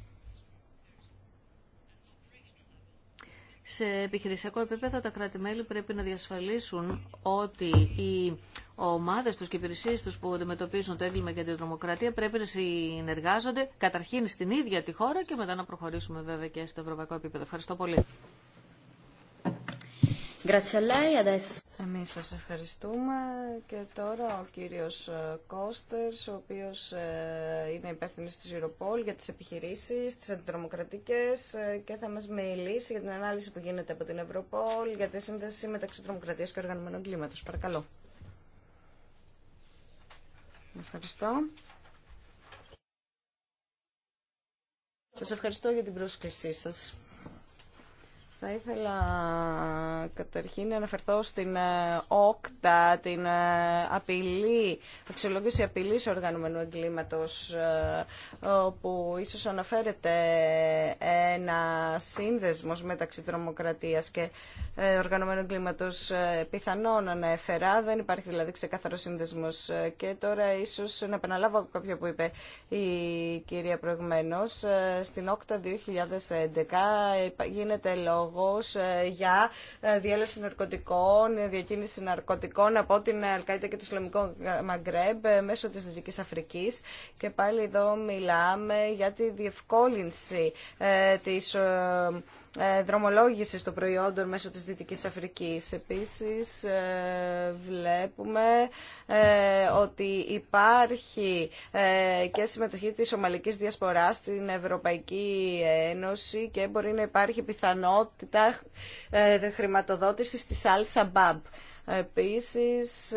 Σε επιχειρησιακό επίπεδο τα κράτη-μέλη πρέπει να διασφαλίσουν ότι οι ομάδες τους και οι υπηρεσίες τους που αντιμετωπίζουν το έγκλημα για την τρομοκρατία πρέπει να συνεργάζονται καταρχήν στην ίδια τη χώρα και μετά να προχωρήσουμε βέβαια και στο ευρωπαϊκό επίπεδο. Ευχαριστώ πολύ. Εμείς σας ευχαριστούμε και τώρα ο κύριος ε, Κώστερς, ο οποίος ε, είναι υπεύθυνος της Europol για τις επιχειρήσεις, τις αντιτρομοκρατικές ε, και θα μας μιλήσει για την ανάλυση που γίνεται από την Europol για τη σύνδεση μεταξύ τρομοκρατίας και οργανωμένων κλίματος. Παρακαλώ. Ευχαριστώ. Σας ευχαριστώ για την πρόσκλησή σας. Θα ήθελα καταρχήν να αναφερθώ στην ΟΚΤΑ, ε, την ε, απειλή, αξιολόγηση απειλής οργανωμένου εγκλήματος, ε, όπου ίσως αναφέρεται ένα σύνδεσμος μεταξύ τρομοκρατίας και οργανωμένου εγκλήματος πιθανόν αναφερά. δεν υπάρχει δηλαδή ξεκάθαρο σύνδεσμος και τώρα ίσως να επαναλάβω κάποιο που είπε η κυρία προηγουμένως, στην ΟΚΤΑ 2011 γίνεται λόγο ε, για ε, διέλευση ναρκωτικών, ε, διακίνηση ναρκωτικών από την Αλκάιτα και το Ισλαμικό Μαγκρέμπ μέσω της Δυτικής Αφρικής. Και πάλι εδώ μιλάμε για τη διευκόλυνση της ε, δρομολόγησης των προϊόντων μέσω της Δυτικής Αφρικής. Επίσης ε, βλέπουμε ε, ότι υπάρχει και συμμετοχή της Ομαλικής Διασποράς στην Ευρωπαϊκή Ένωση και μπορεί να υπάρχει πιθανότητα χρηματοδότησης της Al Shabaab. Επίσης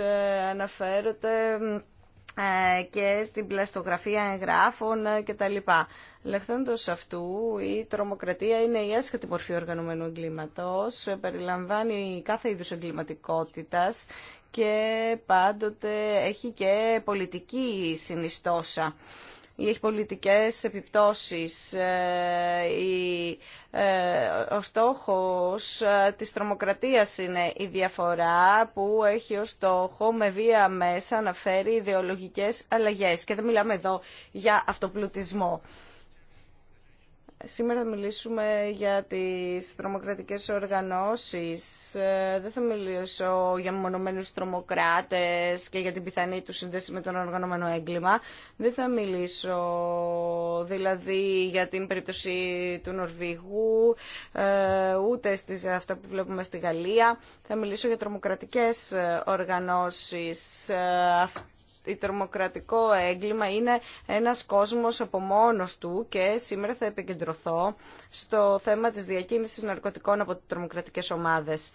αναφέρονται ε, και στην πλαστογραφία εγγράφων ε, κτλ. Λεχθέντος αυτού, η τρομοκρατία είναι η άσχατη μορφή οργανωμένου εγκλήματος, ε, περιλαμβάνει κάθε είδους εγκληματικότητας και πάντοτε έχει και πολιτική συνιστόσα ή έχει πολιτικές επιπτώσεις. Ε, ε, ο στόχος ε, της τρομοκρατίας είναι η διαφορά που έχει ως στόχο με βία μέσα να φέρει ιδεολογικές αλλαγές. Και δεν μιλάμε εδώ για αυτοπλουτισμό. Σήμερα θα μιλήσουμε για τις τρομοκρατικές οργανώσεις. Ε, δεν θα μιλήσω για μονομένους τρομοκράτες και για την πιθανή του σύνδεση με τον οργανωμένο έγκλημα. Δεν θα μιλήσω δηλαδή για την περίπτωση του Νορβηγού, ε, ούτε στις αυτά που βλέπουμε στη Γαλλία. Θα μιλήσω για τρομοκρατικές ε, οργανώσεις η τρομοκρατικό έγκλημα είναι ένας κόσμος από μόνος του και σήμερα θα επικεντρωθώ στο θέμα της διακίνησης ναρκωτικών από τρομοκρατικές ομάδες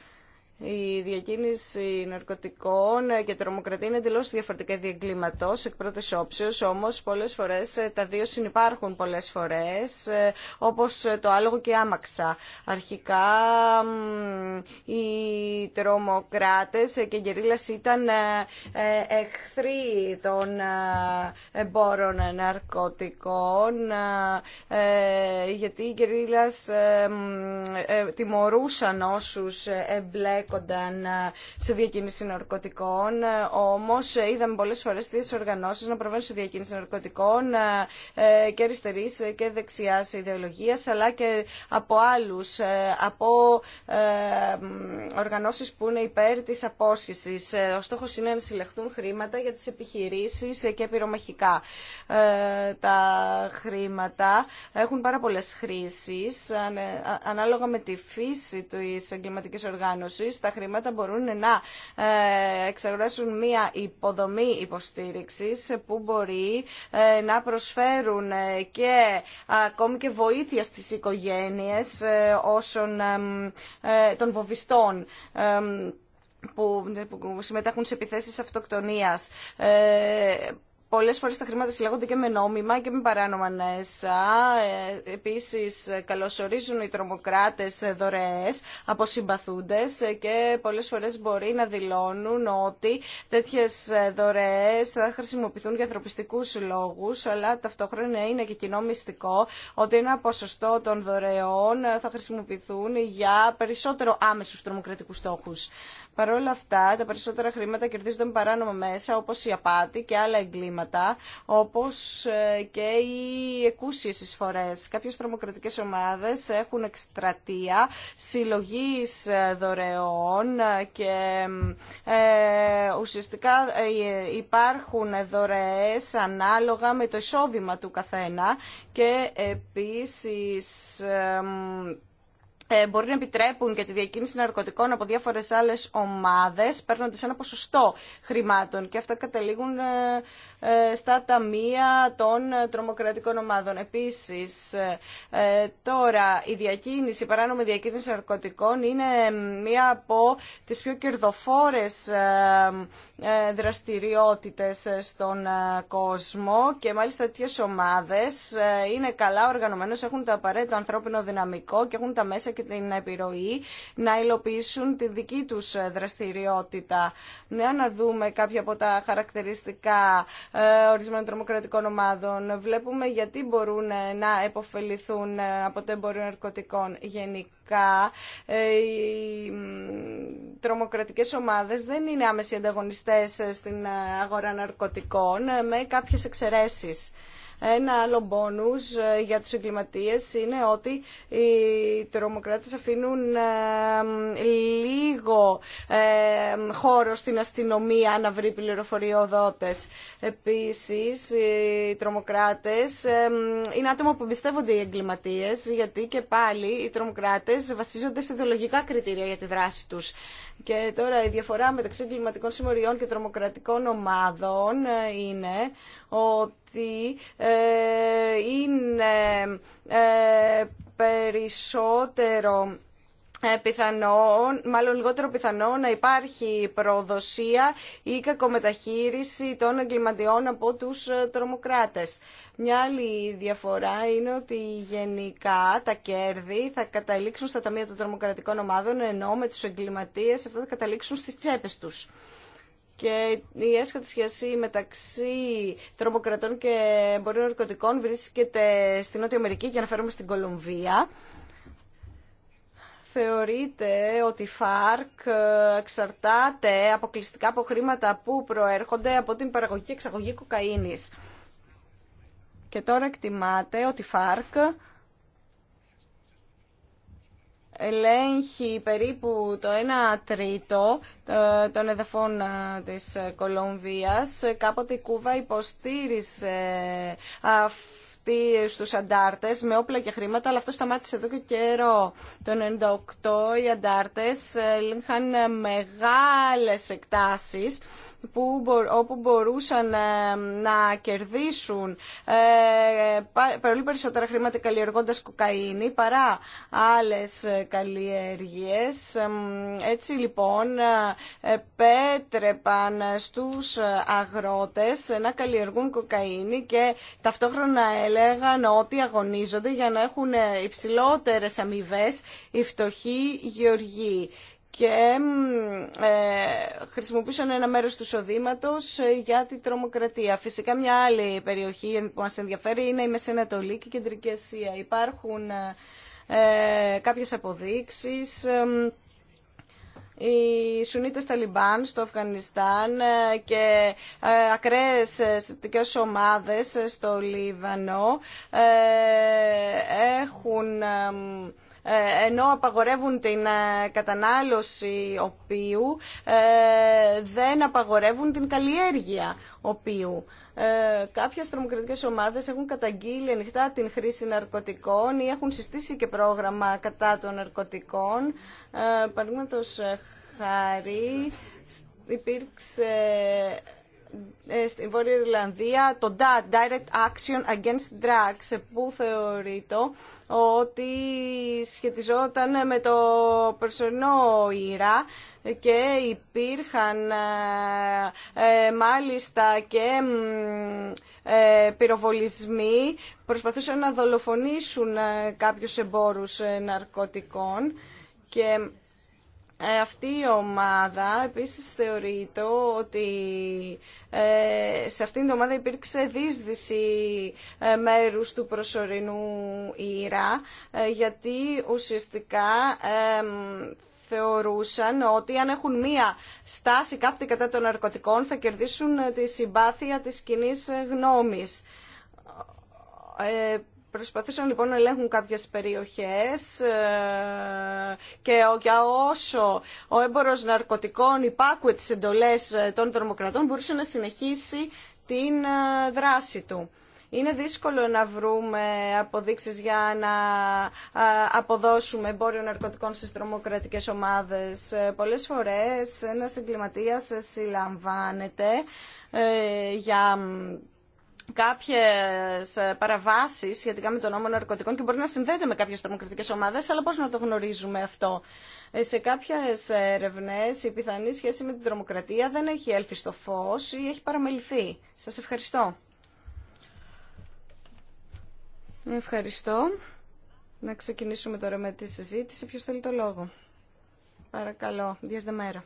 η διακίνηση ναρκωτικών και τρομοκρατία είναι εντελώ διαφορετικά διεγκλήματο εκ πρώτη όψεω. Όμω, πολλέ φορέ ε, τα δύο συνεπάρχουν πολλέ φορέ, ε, όπω ε, το άλογο και άμαξα. Αρχικά, οι τρομοκράτε και οι ήταν εχθροί των εμπόρων ναρκωτικών, γιατί οι γκερίλα τιμωρούσαν όσου εμπλέκουν εμπλέκονταν ε, σε διακίνηση ναρκωτικών. Ε, Όμω ε, είδαμε πολλέ φορέ τι οργανώσει να προβαίνουν σε διακίνηση ναρκωτικών και αριστερή και δεξιά ιδεολογία, αλλά και από άλλου, από οργανώσει που είναι υπέρ τη απόσχεση. Ο στόχο είναι να συλλεχθούν χρήματα για τι επιχειρήσει και πυρομαχικά. Τα χρήματα έχουν πάρα πολλέ χρήσει ανάλογα με τη φύση τη εγκληματική οργάνωση τα χρήματα μπορούν να ε, εξαγοράσουν μια υποδομή υποστήριξης που μπορεί ε, να προσφέρουν ε, και ακόμη και βοήθεια στις οικογένειες όσων των βοβιστών που συμμετέχουν σε επιθέσεις αυτοκτονίας. Πολλέ φορές τα χρήματα συλλέγονται και με νόμιμα και με παράνομα νέσα. Ε, επίσης καλωσορίζουν οι τρομοκράτες δωρεέ, από συμπαθούντες και πολλές φορές μπορεί να δηλώνουν ότι τέτοιε δωρεέ θα χρησιμοποιηθούν για ανθρωπιστικού λόγους, αλλά ταυτόχρονα είναι και κοινό μυστικό ότι ένα ποσοστό των δωρεών θα χρησιμοποιηθούν για περισσότερο άμεσου τρομοκρατικού στόχου. Παρ' όλα αυτά, τα περισσότερα χρήματα κερδίζονται με παράνομα μέσα, όπως η απάτη και άλλα εγκλήματα, όπως ε, και οι εκούσιες εισφορέ. κάποιε τρομοκρατικέ ομάδες έχουν εκστρατεία συλλογή ε, δωρεών ε, και ουσιαστικά υπάρχουν δωρεέ ανάλογα με το εισόδημα του καθένα και επίσης ε, μπορεί να επιτρέπουν και τη διακίνηση ναρκωτικών από διάφορε άλλε ομάδε, παίρνοντα ένα ποσοστό χρημάτων. Και αυτό καταλήγουν ε, ε, στα ταμεία των τρομοκρατικών ομάδων. Επίσης, ε, ε, τώρα η διακίνηση, παράνομη διακίνηση ναρκωτικών είναι μία από τις πιο κερδοφόρες δραστηριότητες στον κόσμο και μάλιστα τέτοιε ομάδες είναι καλά οργανωμένες, έχουν το απαραίτητο ανθρώπινο δυναμικό και έχουν τα μέσα και την επιρροή να υλοποιήσουν τη δική τους δραστηριότητα. Ναι, να δούμε κάποια από τα χαρακτηριστικά ε, ορισμένων τρομοκρατικών ομάδων. Βλέπουμε γιατί μπορούν να επωφεληθούν ε, από το εμπόριο ναρκωτικών γενικά. Ε, οι τρομοκρατικές ομάδες δεν είναι άμεση ανταγωνιστές στην αγορά ναρκωτικών με κάποιες εξαιρέσεις. Ένα άλλο μπόνους ε, για τους εγκληματίες είναι ότι οι τρομοκράτες αφήνουν λίγο χώρο στην αστυνομία να βρει πληροφοριοδότες. Επίσης, οι τρομοκράτες είναι άτομα που εμπιστεύονται οι εγκληματίες, γιατί και πάλι οι τρομοκράτες βασίζονται σε ιδεολογικά κριτήρια για τη δράση τους. Και τώρα η διαφορά μεταξύ εγκληματικών συμμοριών και τρομοκρατικών ομάδων ε, είναι ότι ε, είναι ε, περισσότερο ε, πιθανό, μάλλον λιγότερο πιθανό να υπάρχει προδοσία ή κακομεταχείριση των εγκληματιών από τους τρομοκράτες. Μια άλλη διαφορά είναι ότι γενικά τα κέρδη θα καταλήξουν στα ταμεία των τρομοκρατικών ομάδων ενώ με τους εγκληματίες αυτά θα καταλήξουν στις τσέπες τους και η έσχατη σχέση μεταξύ τρομοκρατών και εμπορίων ναρκωτικών βρίσκεται στην Νότια Αμερική και αναφέρομαι στην Κολομβία. Θεωρείται ότι η ΦΑΡΚ ε, εξαρτάται αποκλειστικά από χρήματα που προέρχονται από την παραγωγή και εξαγωγή κοκαίνης. Και τώρα εκτιμάται ότι η ΦΑΡΚ ελέγχει περίπου το 1 τρίτο ε, των εδαφών ε, της Κολομβίας. Κάποτε η Κούβα υποστήριζε στους αντάρτες με όπλα και χρήματα, αλλά αυτό σταμάτησε εδώ και καιρό. Το 98 οι αντάρτες είχαν ε, μεγάλες εκτάσεις που, όπου μπορούσαν ε, να κερδίσουν ε, πολύ περισσότερα χρήματα καλλιεργώντας κοκαίνη παρά άλλες καλλιέργειες. Έτσι λοιπόν πέτρεπαν στους αγρότες να καλλιεργούν κοκαίνη και ταυτόχρονα έλεγαν ότι αγωνίζονται για να έχουν ε, υψηλότερες αμοιβέ οι φτωχοί γεωργοί και ε, χρησιμοποιούσαν ένα μέρος του εισοδήματο ε, για την τρομοκρατία. Φυσικά μια άλλη περιοχή που μας ενδιαφέρει είναι η Μεσανατολή και η Κεντρική Ασία. Υπάρχουν ε, ε κάποιες αποδείξεις οι Σουνίτες Ταλιμπάν στο Αφγανιστάν ε, και ε, ακραίες ε, και ομάδες στο Λίβανο έχουν ενώ απαγορεύουν την ε, κατανάλωση οποίου ε, δεν απαγορεύουν την καλλιέργεια οποίου. Ε, Κάποιε τρομοκρατικέ ομάδες έχουν καταγγείλει ανοιχτά την χρήση ναρκωτικών ή έχουν συστήσει και πρόγραμμα κατά των ναρκωτικών. Παραδείγματο χάρη υπήρξε ε, στην Βόρεια Ιρλανδία το DAD, Direct Action Against Drugs, που θεωρείται ότι σχετιζόταν με το προσωρινό Ήρα και υπήρχαν ε, ε, μάλιστα και πυροβολισμοί, προσπαθούσαν να δολοφονήσουν κάποιους εμπόρους ναρκωτικών και ε, αυτή η ομάδα επίσης θεωρείται ότι ε, σε αυτήν την ομάδα υπήρξε δίσδυση ε, μέρους του προσωρινού Ήρα γιατί ουσιαστικά θεωρούσαν ότι αν έχουν μία στάση κάθε κατά των ναρκωτικών θα κερδίσουν τη συμπάθεια της κοινή γνώμης Προσπαθούσαν λοιπόν να ελέγχουν κάποιες περιοχές ε, και για όσο ο έμπορος ναρκωτικών υπάκουε τις εντολές ε, των τρομοκρατών μπορούσε να συνεχίσει την ε, δράση του. Είναι δύσκολο να βρούμε αποδείξεις για να αποδώσουμε εμπόριο ναρκωτικών στις τρομοκρατικές ομάδες. Πολλές φορές ένας εγκληματίας συλλαμβάνεται για Κάποιε ε, παραβάσεις σχετικά με τον νόμο ναρκωτικών και μπορεί να συνδέεται με κάποιες τρομοκρατικέ ομάδες, αλλά πώς να το γνωρίζουμε αυτό. Ε, σε κάποιε έρευνε, η πιθανή σχέση με την τρομοκρατία δεν έχει έλθει στο φως ή έχει παραμεληθεί. Σας ευχαριστώ. Ευχαριστώ. Να ξεκινήσουμε τώρα με τη συζήτηση. Ποιος θέλει το λόγο. Παρακαλώ. Διασδεμέρα.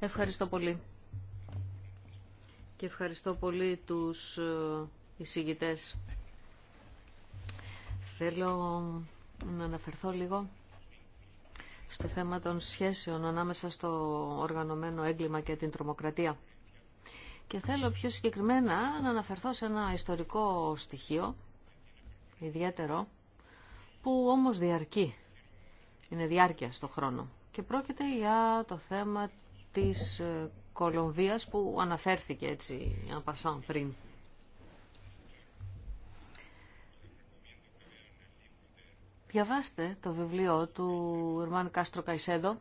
Ευχαριστώ πολύ. Και ευχαριστώ πολύ τους ε, εισηγητές. Θέλω να αναφερθώ λίγο στο θέμα των σχέσεων ανάμεσα στο οργανωμένο έγκλημα και την τρομοκρατία. Και θέλω πιο συγκεκριμένα να αναφερθώ σε ένα ιστορικό στοιχείο, ιδιαίτερο, που όμως διαρκεί. Είναι διάρκεια στο χρόνο. Και πρόκειται για το θέμα της ε, Κολομβίας που αναφέρθηκε έτσι αν πριν. Διαβάστε το βιβλίο του Ερμάν Κάστρο Καϊσέδο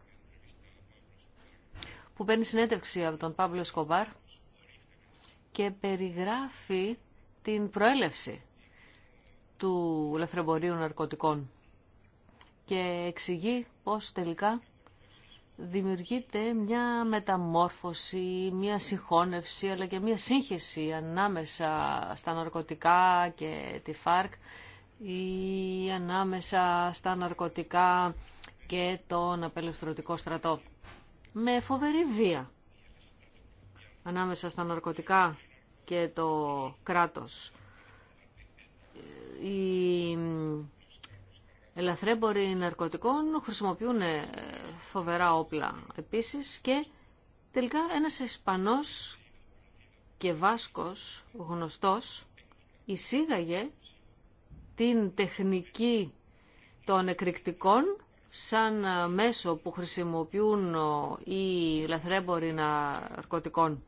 που παίρνει συνέντευξη από τον Παύλο Σκομπάρ και περιγράφει την προέλευση του λεφρεμπορίου ναρκωτικών και εξηγεί πώς τελικά δημιουργείται μια μεταμόρφωση, μια συγχώνευση αλλά και μια σύγχυση ανάμεσα στα ναρκωτικά και τη ΦΑΡΚ ή ανάμεσα στα ναρκωτικά και τον απελευθερωτικό στρατό. Με φοβερή βία ανάμεσα στα ναρκωτικά και το κράτος. Η ελαθρέμποροι ναρκωτικών χρησιμοποιούν ε, φοβερά όπλα επίσης και τελικά ένας Ισπανός και Βάσκος γνωστός εισήγαγε την τεχνική των εκρηκτικών σαν ε, μέσο που χρησιμοποιούν ε, οι λαθρέμποροι ναρκωτικών.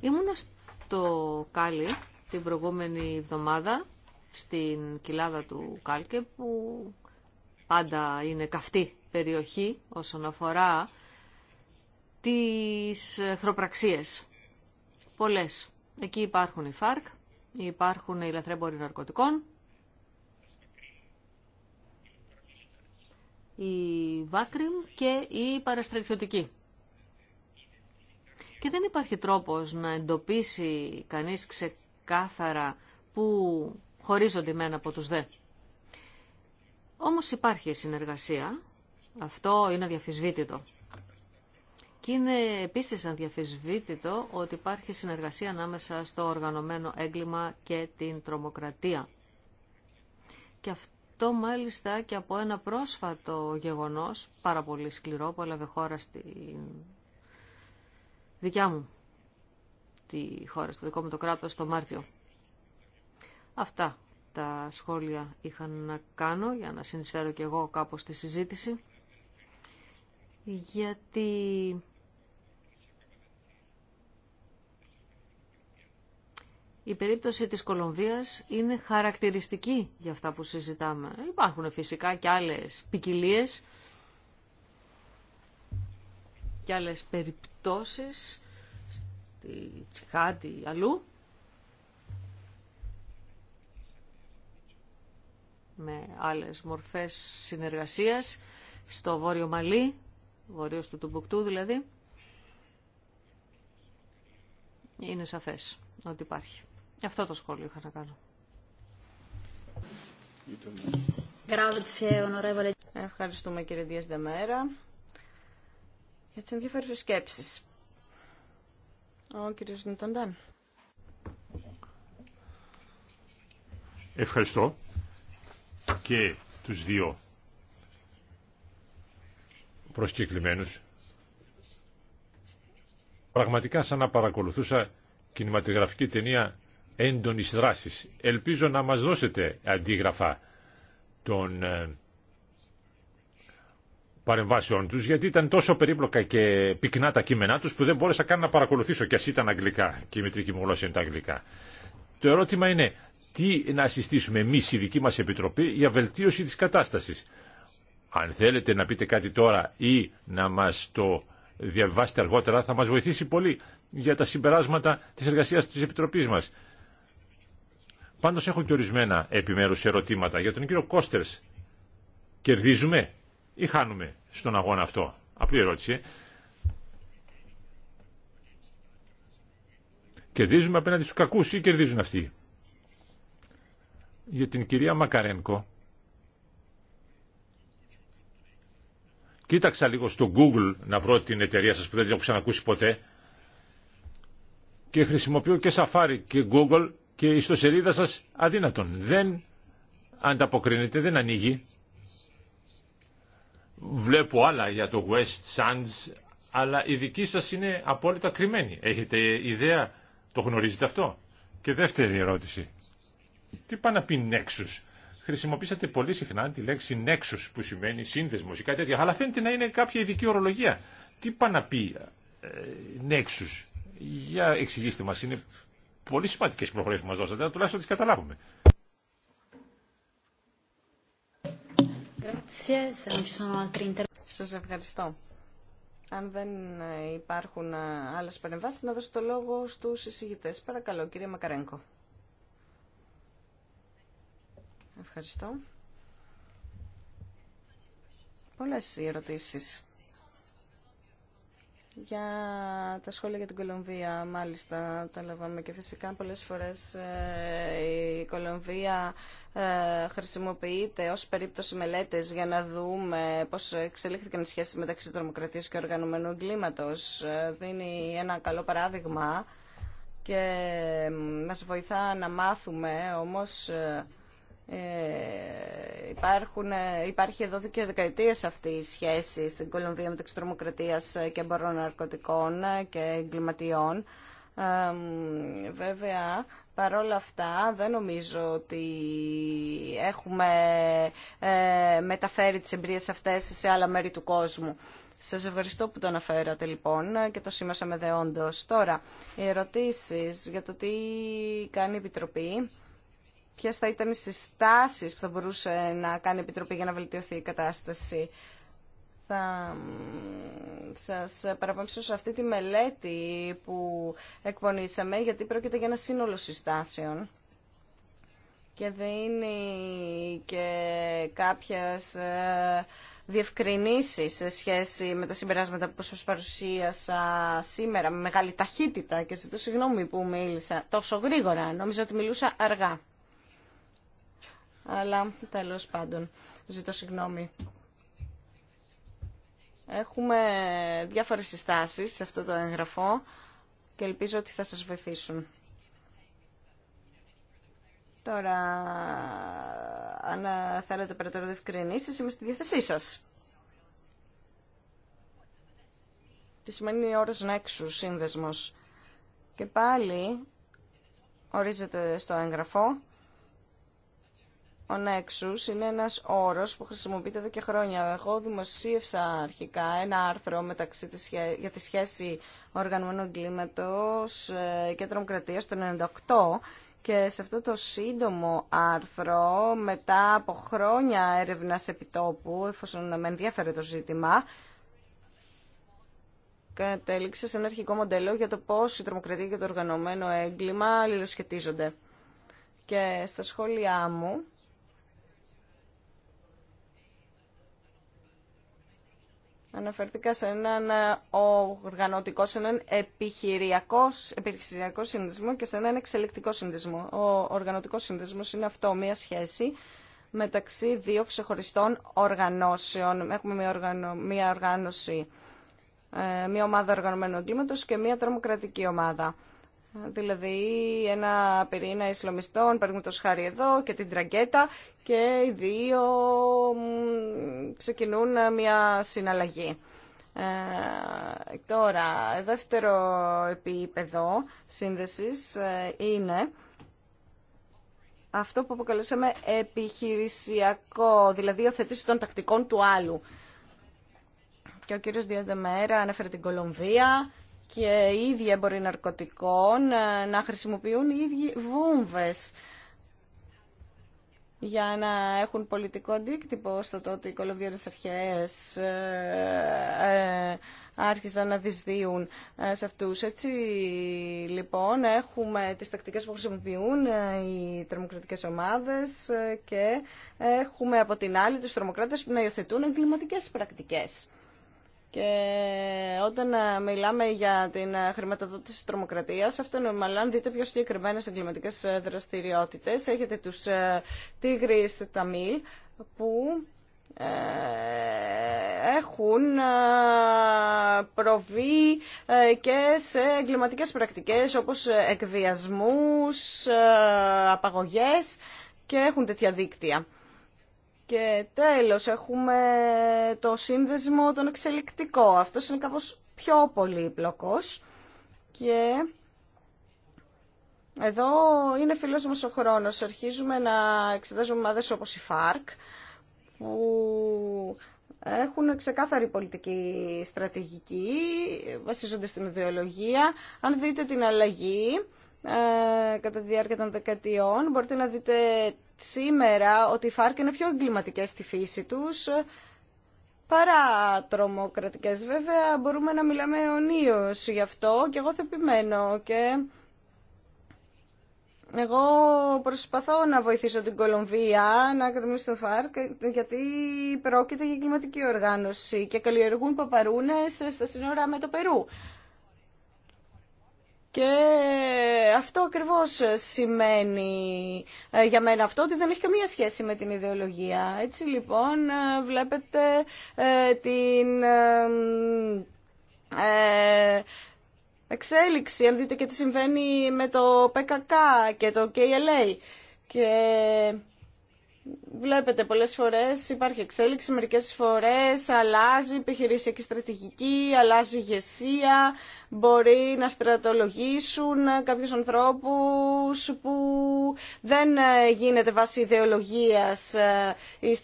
Ήμουνα στο Κάλι την προηγούμενη εβδομάδα στην κοιλάδα του Κάλκε που πάντα είναι καυτή περιοχή όσον αφορά τις θροπραξίες. Πολλές. Εκεί υπάρχουν οι ΦΑΡΚ, υπάρχουν οι λαθρέμποροι ναρκωτικών, η Βάκριμ και η παραστρατιωτική. Και δεν υπάρχει τρόπος να εντοπίσει κανείς ξεκάθαρα που χωρίζονται μένα από τους δε. Όμως υπάρχει συνεργασία, αυτό είναι αδιαφυσβήτητο. Και είναι επίσης αδιαφυσβήτητο ότι υπάρχει συνεργασία ανάμεσα στο οργανωμένο έγκλημα και την τρομοκρατία. Και αυτό μάλιστα και από ένα πρόσφατο γεγονός, πάρα πολύ σκληρό, που έλαβε χώρα στη δικιά μου, τη χώρα, στο δικό μου το κράτος, το Μάρτιο. Αυτά τα σχόλια είχα να κάνω για να συνεισφέρω και εγώ κάπως στη συζήτηση. Γιατί Η περίπτωση της Κολομβίας είναι χαρακτηριστική για αυτά που συζητάμε. Υπάρχουν φυσικά και άλλες ποικιλίε και άλλες περιπτώσεις στη Τσιχάτη αλλού με άλλες μορφές συνεργασίας στο Βόρειο Μαλί, βορείος του Τουμπουκτού δηλαδή. Είναι σαφές ότι υπάρχει. Αυτό το σχόλιο είχα να κάνω. Ευχαριστούμε κύριε Δίας Δεμέρα για τις ενδιαφέρουσες σκέψεις. Ο κύριος Νιτοντάν. Ευχαριστώ και τους δύο προσκεκλημένους πραγματικά σαν να παρακολουθούσα κινηματογραφική ταινία έντονης δράσης. Ελπίζω να μας δώσετε αντίγραφα των ε, παρεμβάσεων τους, γιατί ήταν τόσο περίπλοκα και πυκνά τα κείμενά τους που δεν μπόρεσα καν να παρακολουθήσω, κι ας ήταν αγγλικά και η μητρική μου γλώσσα είναι τα αγγλικά. Το ερώτημα είναι, τι να συστήσουμε εμείς η δική μας Επιτροπή για βελτίωση της κατάστασης. Αν θέλετε να πείτε κάτι τώρα ή να μας το διαβάσετε αργότερα θα μας βοηθήσει πολύ για τα συμπεράσματα της εργασίας της Επιτροπής μας. Πάντως έχω και ορισμένα επιμέρους ερωτήματα για τον κύριο Κώστερς. Κερδίζουμε ή χάνουμε στον αγώνα αυτό. Απλή ερώτηση. Κερδίζουμε απέναντι στους κακούς ή κερδίζουν αυτοί για την κυρία Μακαρένκο. Κοίταξα λίγο στο Google να βρω την εταιρεία σας που δεν την έχω ξανακούσει ποτέ και χρησιμοποιώ και Safari και Google και η ιστοσελίδα σας αδύνατον. Δεν ανταποκρίνεται, δεν ανοίγει. Βλέπω άλλα για το West Sands, αλλά η δική σας είναι απόλυτα κρυμμένη. Έχετε ιδέα, το γνωρίζετε αυτό. Και δεύτερη ερώτηση. Τι πάει να πει nexus. Χρησιμοποίησατε πολύ συχνά τη λέξη νέξους που σημαίνει σύνδεσμος ή κάτι τέτοιο, αλλά φαίνεται να είναι κάποια ειδική ορολογία. Τι πάει να πει νέξους. Ε, Για εξηγήστε μας, είναι πολύ σημαντικές προχωρήσεις που μας δώσατε, αλλά τουλάχιστον τις καταλάβουμε. Σας ευχαριστώ. Αν δεν υπάρχουν άλλες παρεμβάσεις, να δώσω το λόγο στους εισηγητές. Παρακαλώ, κύριε Μακαρένκο. Ευχαριστώ. Πολλές οι ερωτήσεις. Για τα σχόλια για την Κολομβία, μάλιστα, τα λάβαμε και φυσικά πολλές φορές ε, η Κολομβία ε, χρησιμοποιείται ως περίπτωση μελέτες για να δούμε πώς εξελίχθηκαν οι σχέσεις μεταξύ τρομοκρατίας και οργανωμένου εγκλήματος. Ε, δίνει ένα καλό παράδειγμα και μας βοηθά να μάθουμε όμως ε, υπάρχουν, ε, υπάρχει εδώ και δεκαετίε αυτή η σχέση στην Κολομβία μεταξύ τρομοκρατία και εμπορών ναρκωτικών και εγκληματιών. βέβαια, παρόλα αυτά δεν νομίζω ότι έχουμε ε, μεταφέρει τις εμπειρίες αυτές σε άλλα μέρη του κόσμου. Σας ευχαριστώ που το αναφέρατε λοιπόν και το σήμασα με Τώρα, οι ερωτήσεις για το τι κάνει η Επιτροπή ποιες θα ήταν οι συστάσεις που θα μπορούσε να κάνει η Επιτροπή για να βελτιωθεί η κατάσταση. Θα σας παραπέμψω σε αυτή τη μελέτη που εκπονήσαμε, γιατί πρόκειται για ένα σύνολο συστάσεων και δίνει και κάποιες ε, διευκρινήσει σε σχέση με τα συμπεράσματα που σας παρουσίασα σήμερα με μεγάλη ταχύτητα και ζητώ συγγνώμη που μίλησα τόσο γρήγορα. νομίζω ότι μιλούσα αργά αλλά τέλος πάντων ζητώ συγγνώμη. Έχουμε διάφορες συστάσεις σε αυτό το έγγραφο και ελπίζω ότι θα σας βοηθήσουν. Τώρα, αν θέλετε περαιτέρω διευκρινήσεις, είμαι στη διάθεσή σας. Τι σημαίνει η ώρας νέξου, σύνδεσμος. Και πάλι ορίζεται στο έγγραφο ο Nexus είναι ένας όρος που χρησιμοποιείται εδώ και χρόνια. Εγώ δημοσίευσα αρχικά ένα άρθρο μεταξύ της, για τη σχέση οργανωμένου εγκλήματος ε, και τρομοκρατίας το 1998 και σε αυτό το σύντομο άρθρο, μετά από χρόνια έρευνας επιτόπου, εφόσον με ενδιαφέρε το ζήτημα, κατέληξε σε ένα αρχικό μοντέλο για το πώς η τρομοκρατία και το οργανωμένο έγκλημα αλληλοσχετίζονται. Και στα σχόλιά μου Αναφερθήκα σε έναν ε, οργανωτικό, σε έναν επιχειριακό, επιχειριακό συνδυσμό και σε έναν εξελικτικό συνδυσμό. Ο οργανωτικός συνδυσμός είναι αυτό, μία σχέση μεταξύ δύο ξεχωριστών οργανώσεων. Έχουμε μία, οργάνωση, ε, μία ομάδα οργανωμένου εγκλήματο και μία τρομοκρατική ομάδα. Δηλαδή ένα πυρήνα ισλομιστών, παίρνουμε το εδώ και την τραγκέτα και οι δύο ξεκινούν μια συναλλαγή. Ε, τώρα, δεύτερο επίπεδο σύνδεσης ε, είναι αυτό που αποκαλούσαμε επιχειρησιακό, δηλαδή οθετήση των τακτικών του άλλου. Και ο κύριος Διαδεμέρα ανέφερε την Κολομβία και οι ίδιοι έμποροι ναρκωτικών ε, να χρησιμοποιούν οι ίδιοι βόμβες για να έχουν πολιτικό αντίκτυπο στο τότε οι ε, αρχές ε, άρχισαν να δυσδύουν ε, σε αυτούς. Έτσι λοιπόν έχουμε τις τακτικές που χρησιμοποιούν ε, οι τρομοκρατικές ομάδες και έχουμε από την άλλη τους τρομοκράτες που να υιοθετούν εγκληματικές πρακτικές. Και όταν ε, μιλάμε για την ε, χρηματοδότηση τρομοκρατία, τρομοκρατίας, αυτό είναι μαλά, δείτε πιο συγκεκριμένε εγκληματικέ ε, δραστηριότητες. Έχετε τους Τίγρη Ταμίλ, που έχουν προβεί και σε εγκληματικές πρακτικές όπως εκβιασμούς, απαγωγές και έχουν τέτοια δίκτυα. Και τέλος έχουμε το σύνδεσμο τον εξελικτικό. Αυτός είναι κάπως πιο πολύπλοκος και εδώ είναι φιλός μας ο χρόνος. Αρχίζουμε να εξετάζουμε ομάδες όπως η ΦΑΡΚ που έχουν ξεκάθαρη πολιτική στρατηγική, βασίζονται στην ιδεολογία. Αν δείτε την αλλαγή ε, κατά τη διάρκεια των δεκαετιών, μπορείτε να δείτε σήμερα ότι οι ΦΑΡΚ είναι πιο εγκληματικέ στη φύση τους παρά τρομοκρατικές. Βέβαια μπορούμε να μιλάμε αιωνίω γι' αυτό και εγώ θα επιμένω και εγώ προσπαθώ να βοηθήσω την Κολομβία να κατανοήσει το ΦΑΡΚ γιατί πρόκειται για εγκληματική οργάνωση και καλλιεργούν παπαρούνες στα σύνορα με το Περού. Και αυτό ακριβώς σημαίνει ε, για μένα αυτό ότι δεν έχει καμία σχέση με την ιδεολογία. Έτσι λοιπόν ε, βλέπετε ε, την εξέλιξη, αν δείτε και τι συμβαίνει με το ΠΚΚ και το KLA. Και Βλέπετε, πολλές φορές υπάρχει εξέλιξη, μερικές φορές αλλάζει επιχειρησιακή στρατηγική, αλλάζει ηγεσία, μπορεί να στρατολογήσουν κάποιους ανθρώπους που δεν γίνεται βάση ιδεολογίας ε, η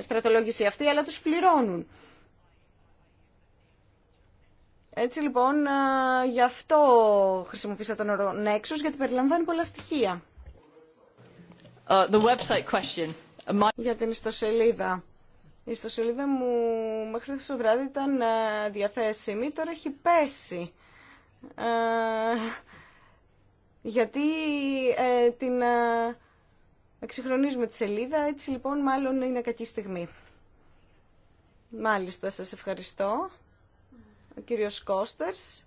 στρατολόγηση αυτή, αλλά τους πληρώνουν. Έτσι λοιπόν, ε, γι' αυτό χρησιμοποίησα τον όρο Nexus, γιατί περιλαμβάνει πολλά στοιχεία. Uh, Για την ιστοσελίδα. Η ιστοσελίδα μου μέχρι το βράδυ ήταν ε, διαθέσιμη, τώρα έχει πέσει. Ε, γιατί ε, την εξυγχρονίζουμε τη σελίδα, έτσι λοιπόν μάλλον είναι κακή στιγμή. Μάλιστα, σας ευχαριστώ. Ο κύριος Κώστερς.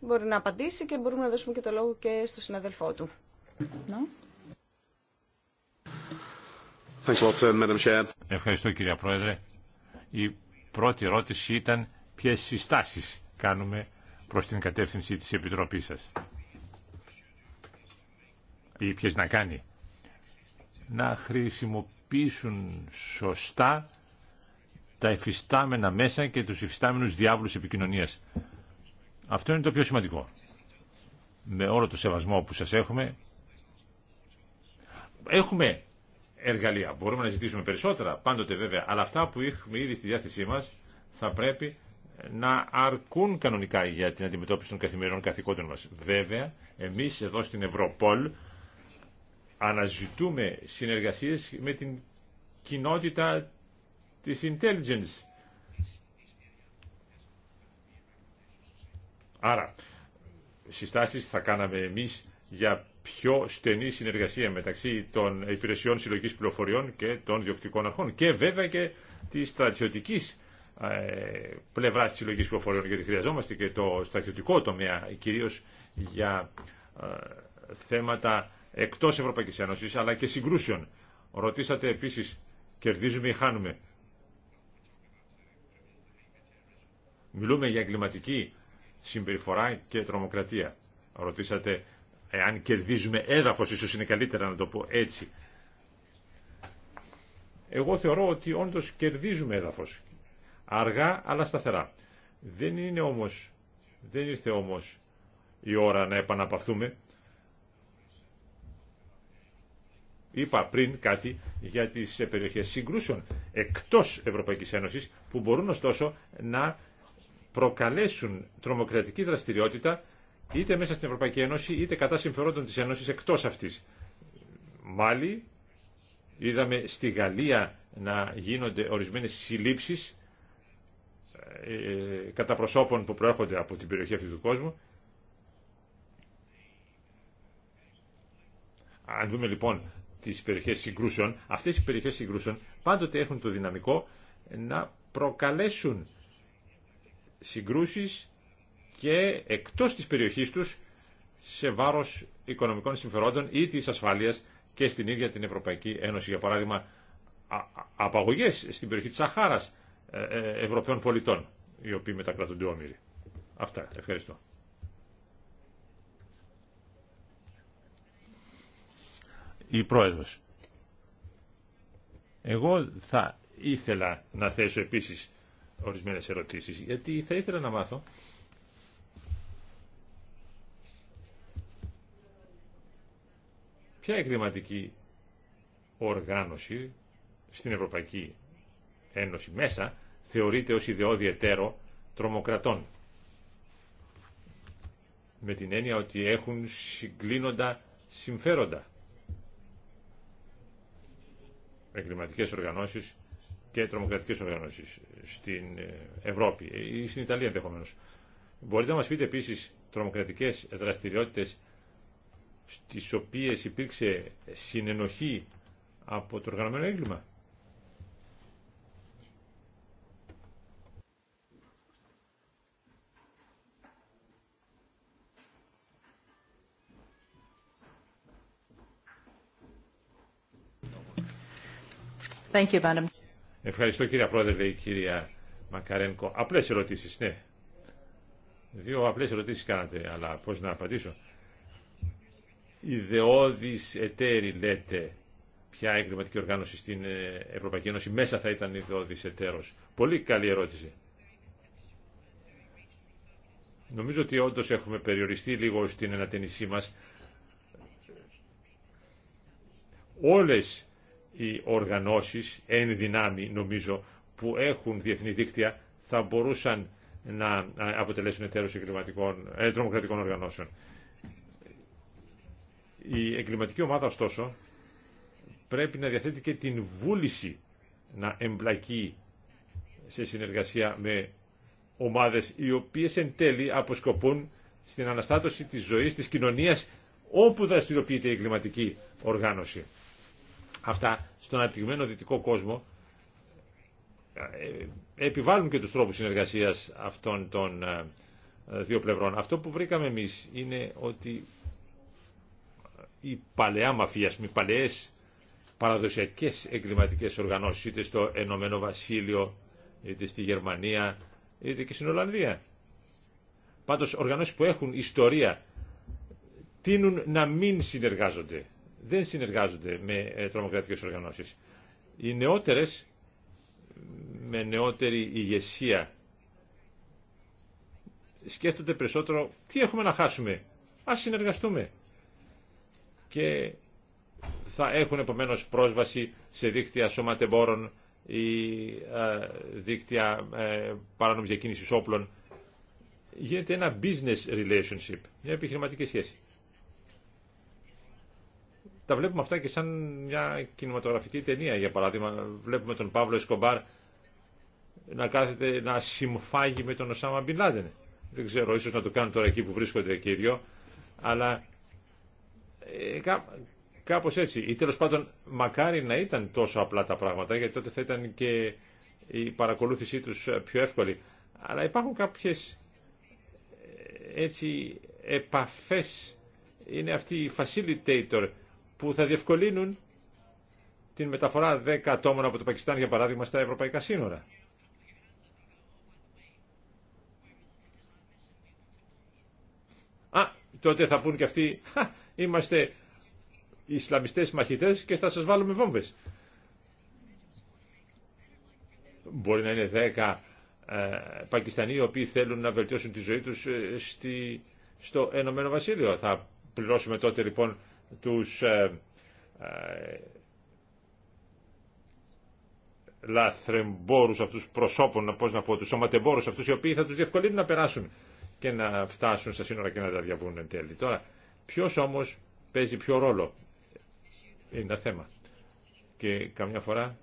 μπορεί να απαντήσει και μπορούμε να δώσουμε και το λόγο και στο συναδελφό του. Uh, Ευχαριστώ κυρία Πρόεδρε. Η πρώτη ερώτηση ήταν ποιες συστάσεις κάνουμε προς την κατεύθυνση της Επιτροπής σας ή ποιες να κάνει να χρησιμοποιήσουν σωστά τα εφιστάμενα μέσα και τους εφιστάμενους διάβλους επικοινωνίας αυτό είναι το πιο σημαντικό. Με όλο το σεβασμό που σας έχουμε, έχουμε εργαλεία. Μπορούμε να ζητήσουμε περισσότερα, πάντοτε βέβαια, αλλά αυτά που έχουμε ήδη στη διάθεσή μας θα πρέπει να αρκούν κανονικά για την αντιμετώπιση των καθημερινών καθηκόντων μας. Βέβαια, εμείς εδώ στην Ευρωπόλ αναζητούμε συνεργασίες με την κοινότητα της intelligence Άρα, συστάσεις θα κάναμε εμείς για πιο στενή συνεργασία μεταξύ των υπηρεσιών συλλογής πληροφοριών και των διοκτικών αρχών και βέβαια και της στρατιωτική ε, πλευρά της συλλογής πληροφοριών γιατί χρειαζόμαστε και το στρατιωτικό τομέα κυρίως για ε, θέματα εκτός Ευρωπαϊκής Ένωσης αλλά και συγκρούσεων. Ρωτήσατε επίσης κερδίζουμε ή χάνουμε. Μιλούμε για εγκληματική συμπεριφορά και τρομοκρατία. Ρωτήσατε εάν κερδίζουμε έδαφος, ίσως είναι καλύτερα να το πω έτσι. Εγώ θεωρώ ότι όντως κερδίζουμε έδαφος. Αργά αλλά σταθερά. Δεν είναι όμως, δεν ήρθε όμως η ώρα να επαναπαυθούμε. Είπα πριν κάτι για τις περιοχές συγκρούσεων εκτός Ευρωπαϊκής Ένωσης που μπορούν ωστόσο να προκαλέσουν τρομοκρατική δραστηριότητα είτε μέσα στην Ευρωπαϊκή Ένωση είτε κατά συμφερόντων της Ένωσης εκτός αυτής. Μάλι είδαμε στη Γαλλία να γίνονται ορισμένες συλλήψεις ε, ε, κατά προσώπων που προέρχονται από την περιοχή αυτή του κόσμου. Αν δούμε λοιπόν τις περιοχές συγκρούσεων, αυτές οι περιοχές συγκρούσεων πάντοτε έχουν το δυναμικό να προκαλέσουν συγκρούσεις και εκτός της περιοχής τους σε βάρος οικονομικών συμφερόντων ή της ασφάλειας και στην ίδια την Ευρωπαϊκή Ένωση. Για παράδειγμα, απαγωγές στην περιοχή της Σαχάρας ε, ε, Ευρωπαίων πολιτών, οι οποίοι μετακρατούνται όμοιροι. Αυτά. Ευχαριστώ. Η Πρόεδρος. Εγώ θα ήθελα να θέσω επίσης ορισμένες ερωτήσεις, γιατί θα ήθελα να μάθω ποια εγκληματική οργάνωση στην Ευρωπαϊκή Ένωση μέσα θεωρείται ως ιδεώδη εταίρο τρομοκρατών. Με την έννοια ότι έχουν συγκλίνοντα συμφέροντα. Εγκληματικές οργανώσεις και τρομοκρατικέ οργανώσει στην ε, Ευρώπη ε, ή στην Ιταλία ενδεχομένω. Μπορείτε να μα πείτε επίση τρομοκρατικές δραστηριότητε στις οποίες υπήρξε συνενοχή από το οργανωμένο έγκλημα. Thank you, Madam. Ευχαριστώ κυρία Πρόεδρε, λέει η κυρία Μακαρένκο. Απλές ερωτήσεις, ναι. Δύο απλές ερωτήσεις κάνατε, αλλά πώς να απαντήσω. Ιδεώδης εταίροι λέτε, ποια εγκληματική οργάνωση στην ε, Ευρωπαϊκή Ένωση μέσα θα ήταν ιδεώδης εταίρος. Πολύ καλή ερώτηση. Νομίζω ότι όντως έχουμε περιοριστεί λίγο στην ανατενισή μας. Όλες οι οργανώσεις εν δυνάμει νομίζω που έχουν διεθνή δίκτυα θα μπορούσαν να ε, αποτελέσουν εταίρους ε, τρομοκρατικών οργανώσεων. Η εγκληματική ομάδα ωστόσο πρέπει να διαθέτει και την βούληση να εμπλακεί σε συνεργασία με ομάδες οι οποίες εν τέλει αποσκοπούν στην αναστάτωση της ζωής της κοινωνίας όπου δραστηριοποιείται η εγκληματική οργάνωση αυτά στον αναπτυγμένο δυτικό κόσμο ε, επιβάλλουν και τους τρόπους συνεργασίας αυτών των ε, δύο πλευρών. Αυτό που βρήκαμε εμείς είναι ότι οι παλαιά μαφία, οι παλαιές παραδοσιακές εγκληματικές οργανώσεις είτε στο Ενωμένο Βασίλειο, είτε στη Γερμανία, είτε και στην Ολλανδία. Πάντως οργανώσεις που έχουν ιστορία τείνουν να μην συνεργάζονται δεν συνεργάζονται με ε, τρομοκρατικές οργανώσεις. Οι νεότερες με νεότερη ηγεσία σκέφτονται περισσότερο τι έχουμε να χάσουμε. Ας συνεργαστούμε. Και θα έχουν επομένω πρόσβαση σε δίκτυα σωματεμπόρων ή ε, δίκτυα ε, παράνομης διακίνησης όπλων. Γίνεται ένα business relationship, μια επιχειρηματική σχέση τα βλέπουμε αυτά και σαν μια κινηματογραφική ταινία. Για παράδειγμα, βλέπουμε τον Παύλο Εσκομπάρ να κάθεται να συμφάγει με τον Οσάμα Μπινλάδεν. Δεν ξέρω, ίσως να το κάνουν τώρα εκεί που βρίσκονται και οι δυο, αλλά ε, κάπως έτσι. Ή τέλος πάντων, μακάρι να ήταν τόσο απλά τα πράγματα, γιατί τότε θα ήταν και η παρακολούθησή τους πιο εύκολη. Αλλά υπάρχουν κάποιες ε, έτσι επαφές, είναι αυτή η facilitator, που θα διευκολύνουν την μεταφορά 10 ατόμων από το Πακιστάν, για παράδειγμα, στα ευρωπαϊκά σύνορα. Α, τότε θα πούν και αυτοί, είμαστε Ισλαμιστές μαχητές και θα σας βάλουμε βόμβες. Μπορεί να είναι 10 ε, Πακιστανοί οι οποίοι θέλουν να βελτιώσουν τη ζωή τους ε, στη, στο Ενωμένο Βασίλειο. Θα πληρώσουμε τότε λοιπόν τους ε, ε, λαθρεμπόρους αυτούς προσώπων, πώς να πω, τους σωματεμπόρους αυτούς οι οποίοι θα τους διευκολύνουν να περάσουν και να φτάσουν στα σύνορα και να τα διαβούν εν τέλει. Τώρα, ποιος όμως παίζει ποιο ρόλο είναι ένα θέμα. Και καμιά φορά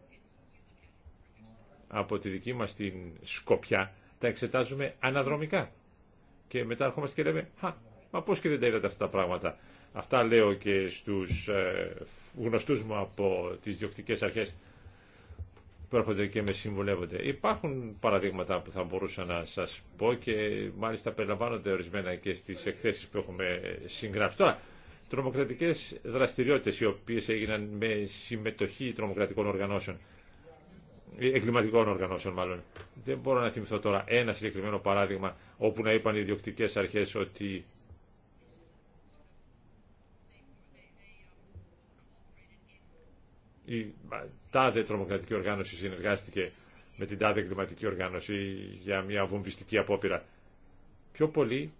από τη δική μας την σκοπιά τα εξετάζουμε αναδρομικά. Και μετά ερχόμαστε και λέμε, «Χα, μα πώς και δεν τα είδατε αυτά τα πράγματα» Αυτά λέω και στους ε, γνωστούς μου από τις διοκτικές αρχές που έρχονται και με συμβουλεύονται. Υπάρχουν παραδείγματα που θα μπορούσα να σας πω και μάλιστα περιλαμβάνονται ορισμένα και στις εκθέσεις που έχουμε συγγραφεί. Τώρα, τρομοκρατικές δραστηριότητες οι οποίες έγιναν με συμμετοχή τρομοκρατικών οργανώσεων ε, εγκληματικών οργανώσεων μάλλον. Δεν μπορώ να θυμηθώ τώρα ένα συγκεκριμένο παράδειγμα όπου να είπαν οι διοκτικές αρχές ότι η τάδε τρομοκρατική οργάνωση συνεργάστηκε με την τάδε εγκληματική οργάνωση για μια βομβιστική απόπειρα. Πιο πολύ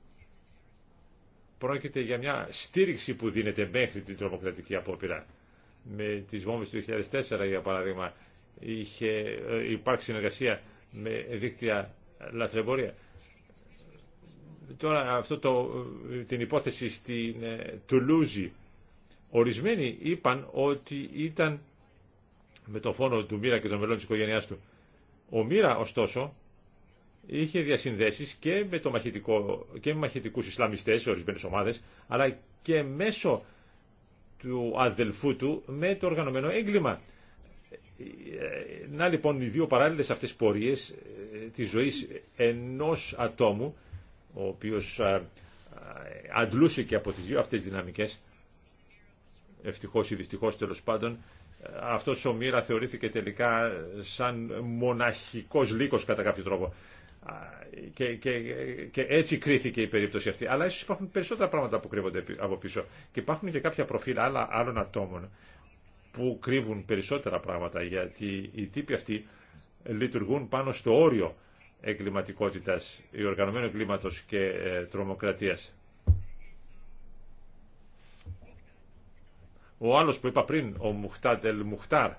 πρόκειται για μια στήριξη που δίνεται μέχρι την τρομοκρατική απόπειρα. Με τις βόμβες του 2004, για παράδειγμα, είχε ε, υπάρξει συνεργασία με δίκτυα λαθρεμπορία. Τώρα αυτό το, ε, την υπόθεση στην ε, Τουλούζη, ορισμένοι είπαν ότι ήταν με το φόνο του Μύρα και των μελών τη οικογένεια του. Ο Μύρα, ωστόσο, είχε διασυνδέσεις και με, το μαχητικό, και με μαχητικούς Ισλαμιστές σε ορισμένες ομάδες, αλλά και μέσω του αδελφού του με το οργανωμένο έγκλημα. Να λοιπόν οι δύο παράλληλες αυτές πορείε ε, της ζωής ενός ατόμου, ο οποίος αντλούσε και από τι δύο αυτέ δυναμικές, ευτυχώ ή δυστυχώ τέλος πάντων, ε, αυτός ο Μοίρα θεωρήθηκε τελικά σαν μοναχικός λύκος κατά κάποιο τρόπο. Και, και, και έτσι κρίθηκε η περίπτωση αυτή. Αλλά ίσως υπάρχουν περισσότερα πράγματα που κρύβονται από πίσω. Και υπάρχουν και κάποια προφίλ άλλα, άλλων ατόμων που κρύβουν περισσότερα πράγματα γιατί οι τύποι αυτοί λειτουργούν πάνω στο όριο εγκληματικότητας, οργανωμένου εγκλήματος και ε, τρομοκρατίας. Ο άλλος που είπα πριν, ο Μουχτάτελ Μουχτάρ,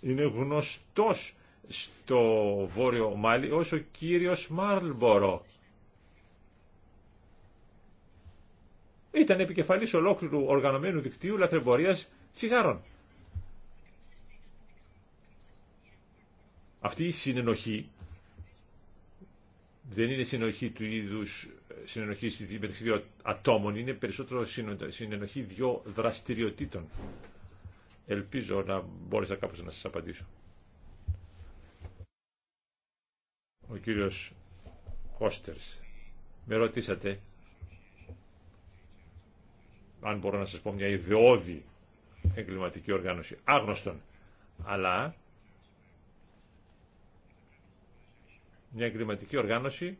είναι γνωστός στο Βόρειο Μάλι ως ο κύριος Μάρλμπορο. Ήταν επικεφαλής ολόκληρου οργανωμένου δικτύου λαθρεμπορίας τσιγάρων. Αυτή η συνενοχή δεν είναι συνοχή του είδου ε, συνενοχή μεταξύ δύο ατόμων, είναι περισσότερο συνενοχή δύο δραστηριοτήτων. Ελπίζω να μπόρεσα κάπως να σας απαντήσω. Ο κύριος Κώστερς, με ρωτήσατε αν μπορώ να σας πω μια ιδεώδη εγκληματική οργάνωση, άγνωστον, αλλά μια εγκληματική οργάνωση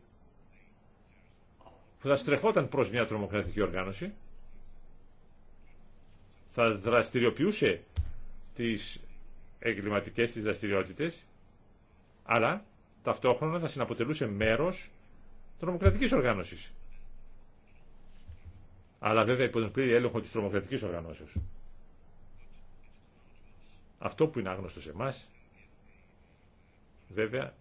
που θα στρεφόταν προς μια τρομοκρατική οργάνωση, θα δραστηριοποιούσε τις εγκληματικές τις δραστηριότητες, αλλά ταυτόχρονα θα συναποτελούσε μέρος τρομοκρατικής οργάνωσης. Αλλά βέβαια υπό τον πλήρη έλεγχο της τρομοκρατικής οργανώσεως. Αυτό που είναι άγνωστο σε εμάς, βέβαια,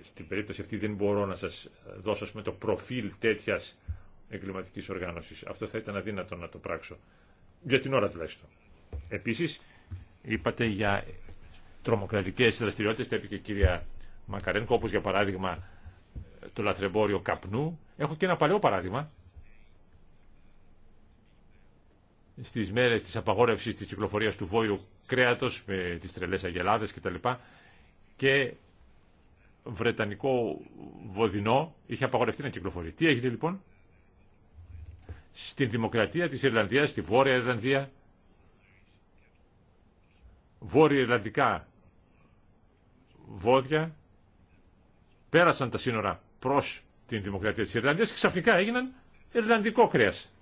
στην περίπτωση αυτή δεν μπορώ να σας δώσω με το προφίλ τέτοιας εγκληματικής οργάνωσης. Αυτό θα ήταν αδύνατο να το πράξω. Για την ώρα τουλάχιστον. Επίσης, είπατε για τρομοκρατικές δραστηριότητες, τα είπε και η κυρία Μακαρένκο, όπως για παράδειγμα ε, το λαθρεμπόριο καπνού. Έχω και ένα παλαιό παράδειγμα. Στις μέρες της απαγόρευσης της κυκλοφορίας του βόηου κρέατος, με τις τρελές αγελάδες κτλ. Και βρετανικό βοδινό είχε απαγορευτεί να κυκλοφορεί. Τι έγινε λοιπόν στην δημοκρατία της Ιρλανδίας, στη Βόρεια Ιρλανδία, Βόρεια Ιρλανδικά βόδια πέρασαν τα σύνορα προς την δημοκρατία της Ιρλανδίας και ξαφνικά έγιναν Ιρλανδικό κρέας.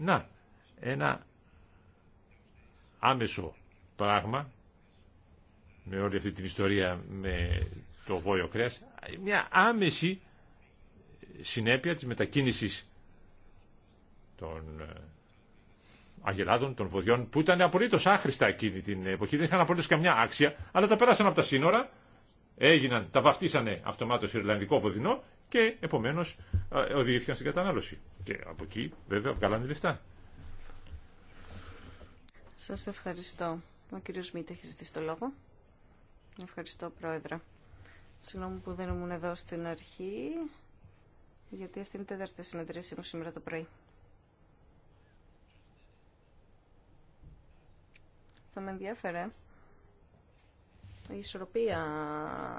Να, ένα άμεσο πράγμα με όλη αυτή την ιστορία με το βόλιο κρέα. μια άμεση συνέπεια της μετακίνησης των ε, αγελάδων, των βοδιών, που ήταν απολύτως άχρηστα εκείνη την εποχή, δεν είχαν απολύτω καμιά άξια, αλλά τα πέρασαν από τα σύνορα, έγιναν, τα βαφτίσανε αυτομάτως Ιρλανδικό βοδινό και επομένως ε, οδηγήθηκαν στην κατανάλωση. Και από εκεί βέβαια βγάλανε λεφτά. Σας ευχαριστώ. Ο κύριος Μήτα έχει ζητήσει το λόγο. Ευχαριστώ, Πρόεδρε. Συγγνώμη που δεν ήμουν εδώ στην αρχή, γιατί αυτή είναι η τέταρτη συνεδρίαση μου σήμερα το πρωί. Θα με ενδιαφέρε η ισορροπία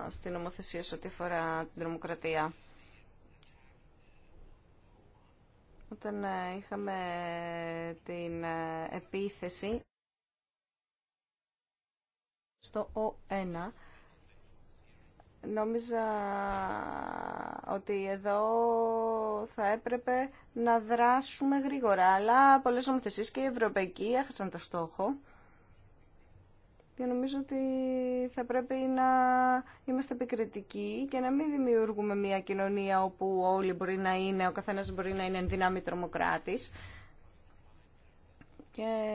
στην νομοθεσία σε ό,τι αφορά την τρομοκρατία. Όταν ε, είχαμε την ε, επίθεση στο Ο1. Νόμιζα ότι εδώ θα έπρεπε να δράσουμε γρήγορα, αλλά πολλές νομοθεσίες και οι ευρωπαϊκοί έχασαν το στόχο. Και νομίζω ότι θα πρέπει να είμαστε επικριτικοί και να μην δημιουργούμε μια κοινωνία όπου όλοι μπορεί να είναι, ο καθένας μπορεί να είναι ενδυνάμει τρομοκράτη. Και